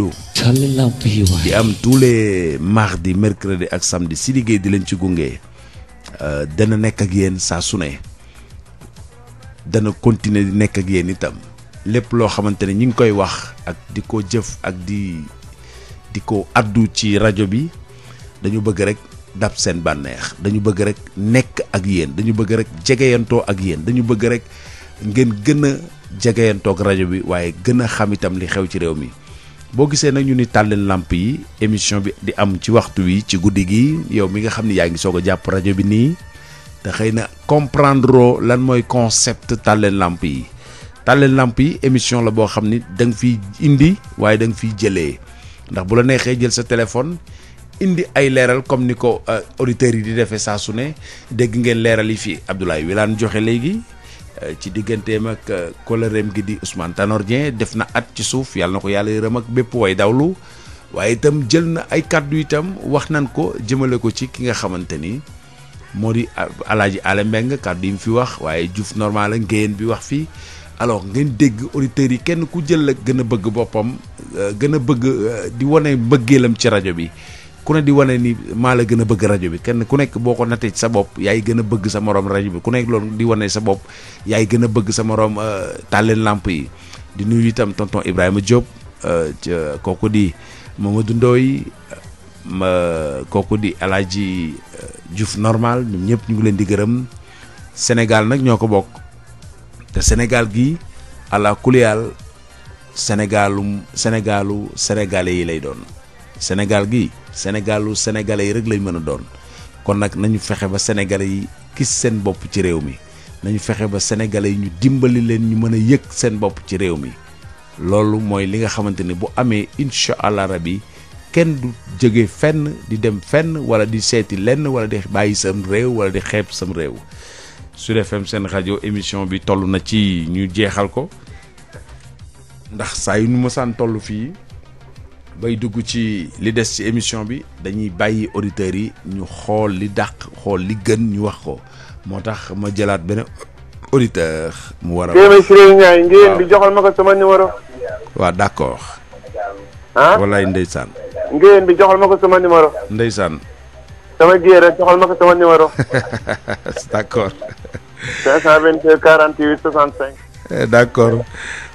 di am tous les di mercredi ak samdi si liggéey di leen ci gunge euh, dana nekk ak yéen saa su dana continuer di nekk ak yéen itam lépp loo xamante ne ñu ngi koy wax ak di ko jëf ak di di ko addu ci rajo bi dañu bëgg rek dab seen bànneex dañu bëgg rek nekk ak yéen dañu bëgg rek jegeyantoo ak yéen dañu bëgg rek ngeen gën a jegeyantoog rajo bi waaye gën a xam itam li xew ci réew mi boo gisee nag ñu ni tàll làmp yi émission bi di am ci waxtu wi ci guddi gi yow mi nga xam ni yaa ngi soog a jàpp rajo bi nii te xëy na comprendre lan mooy concept tàll leen làmp yi tàll làmp yi émission la boo xam ni da nga fiy indi waaye da nga fiy jëlee ndax bu la neexee jël sa téléphone indi ay leeral comme ni ko euh, auditeurs yi di defee saa su ne dégg ngeen leeral yi fii Abdoulaye wilaan joxe léegi euh, ci digganteem ak euh, kóllëreem gi di Ousmane Tanor def na at ci suuf yàlla ko yàlla yërëm ak bépp way dawlu waaye itam jël na ay kàddu itam wax nan ko jëmale ko ci ki nga xamante ni moo di alaaji Aly Mbengue kàddu yi mu fi wax waaye Diouf normal la ngéyeen bi wax fii alors ngeen dégg auditeurs yi kenn ku jël la gën a bëgg boppam gën a bëgg di wane mbëggeelam ci rajo bi ku ne di wane ni maa la gën a bëgg rajo bi kenn ku nekk boo ko nattee ci sa bopp yaay gën a bëgg sa morom rajo bi ku nekk loolu di wane sa bopp yaay gën a bëgg sa morom euh, tàlleen làmp yi di nuyu itam tonton Ibrahima Diop euh, ca kooku di Mamadou Ndoye ma kooku di El Hadj euh, Diouf normal ñoom ñëpp ñu ngi leen di gërëm Sénégal nag ñoo ko bokk te Sénégal gi àla kuliyal Sénégalum Sénégalu Sénégalais yi lay doon Sénégal gi Sénégalu sénégalais yi rek lañ mën a doon kon nag nañu fexe ba sénégalais yi gis seen bopp ci réew mi nañu fexe ba sénégalais yi ñu dimbali leen ñu mën a yëg seen bopp ci réew mi loolu mooy li nga xamante ne bu amee incha allah rabi kenn du jóge fenn di dem fenn wala di seeti lenn wala di bàyyi sam réew wala di xeeb sam réew Sud FM seen rajo émission bi toll na ci ñu jeexal ko ndax saa yu ñu mësaan toll fii. bay dugg ci li des ci émission bi dañuy bàyyi auditeurs yi ñu xool li dàq xool li gën ñu wax ko moo tax ma jëlaat benn auditeur mu war a. téeméer Siré bi joxal ma ko sama numéro. waaw d' accord. ah walaay ndeysaan. ngeen bi joxal ma ko sama numéro. ndeysaan. sama géer rek joxal ma ko sama numéro. d' accord. 522 48 65. d' accord.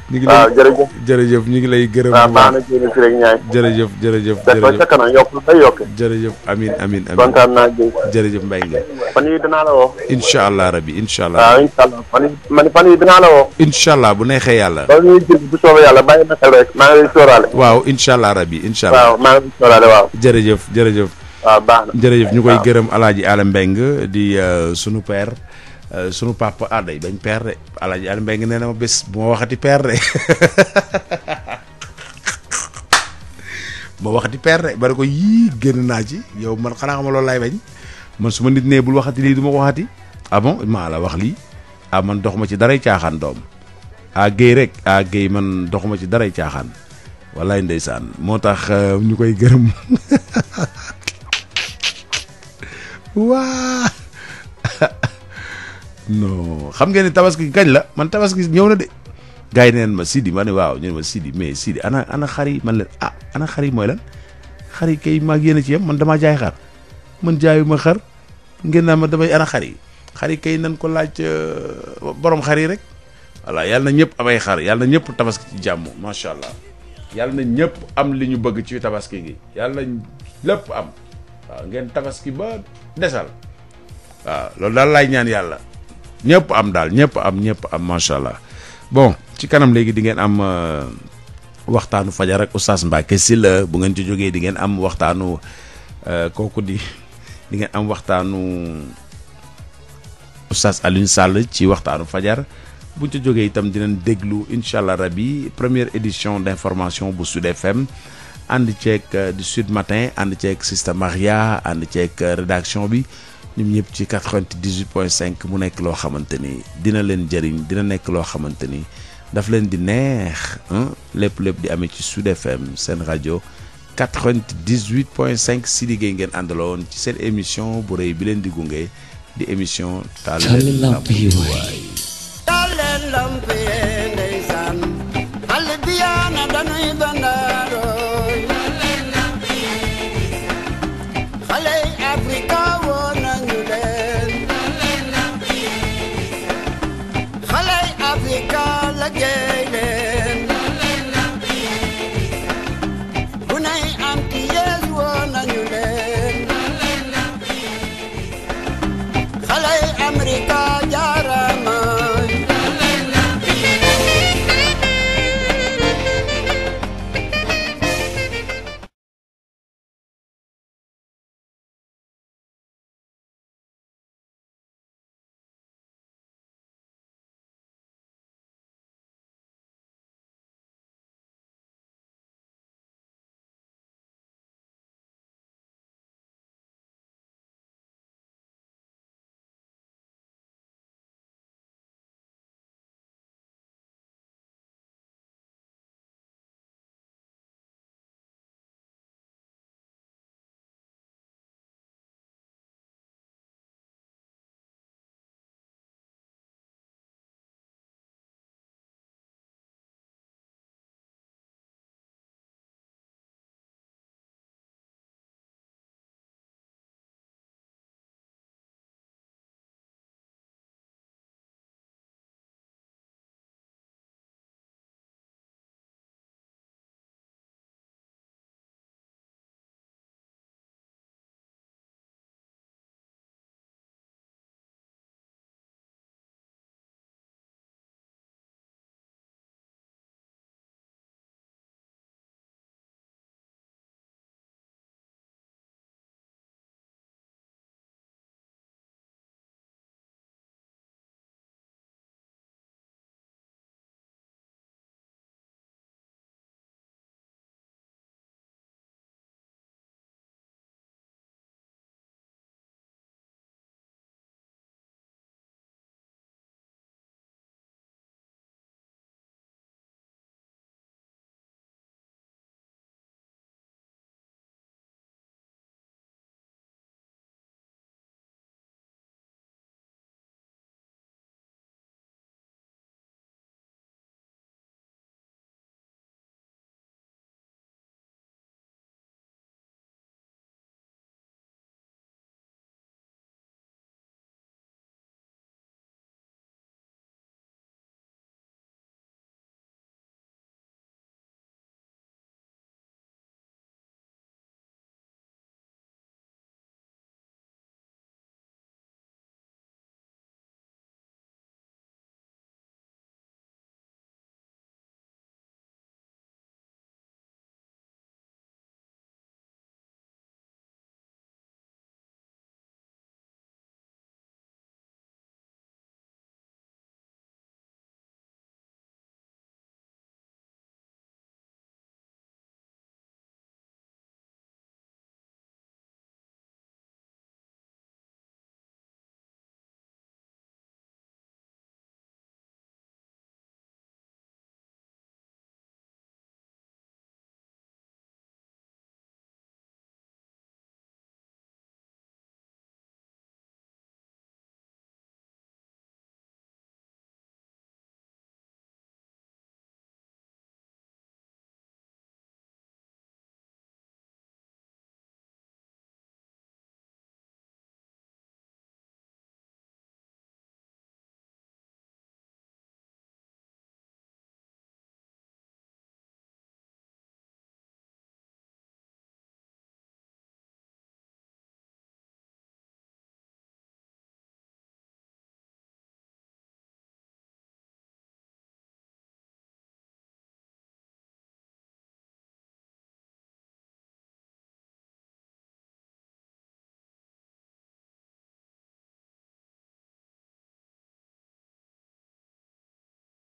ñu ngi ah, lay jërëjëf ñu ngi lay gërëm ah, bu baax jërëjëf jërëjëf jërëjëf jërëjëf amin amin jërëjëf mbay ngi fan la woo incha allah rabi incha ah, incha allah fan yi fan yi la woo incha allah bu neexee yàlla yàlla bàyyi na rek maa waaw incha allah rabi incha allah waaw maa ngi jërëjëf jërëjëf waaw jërëjëf ñu koy gërëm alaaji Alam Mbeng di euh, sunu père Euh, sunu papa ah day bañ père de El Hadj Aliou Mbengue nee na ma bés bu ma waxati père de ma waxati père de bari ko yii génn naa ci yow man xanaa xam loolu laay bañ man su ma nit nee bul waxati lii du ma ko waxati ah maa la wax lii ah man doxuma ci daray caaxaan doom ah géey rek ah géey man doxuma ci daray caaxaan wallaay ndeysaan moo tax euh, ñu koy gërëm waa. non xam ngeen ne tabaski kañ la man tabaski ñëw na de gars yi neen ma Sidi ma ne waaw ñu ne ma Sidi mais siidi ana ana xar yi man leen ah ana xar yi mooy lan xar yi kay maag yéen ci yem man dama jaay xar man jaayuma xar ngeen naa ma damay ana xari yi xar kay nan ko laaj euh, borom xar yi rek voilà yàlla na ñëpp amay xar yàlla na ñëpp tabaski ci jàmm macha allah yàlla na ñëpp am li ñu bëgg ci tabaski gi yàlla na lépp am waaw ngeen tabaski ba desal waaw loolu daal lay ñaan yàlla. ñëpp am daal ñëpp am ñëpp am macha allah bon ci kanam léegi di ngeen am euh, waxtaanu fajar ak oustaz Mbacke la bu ngeen ci jógee dingeen am waxtaanu euh, kooku di di am waxtaanu oustaz Sall ci waxtaanu fajar buñ ci jógee itam dinañ déglu incha allah rabi première édition d' information bu Sud FM. ànd ceeg euh, du Sud Matin ànd ceeg Sista Maria ànd ceeg rédaction bi ñoom ñëpp ci 98 point 5 mu nekk loo xamante ni dina leen jëriñ dina nekk loo xamante ni daf leen di neex lépp lépp di amee ci Sud FM seen rajo 98 point 5 si liggéey ngeen àndaloon ci seen émission bu rëy bi leen di gunge di émission. taal leen lamp yi waay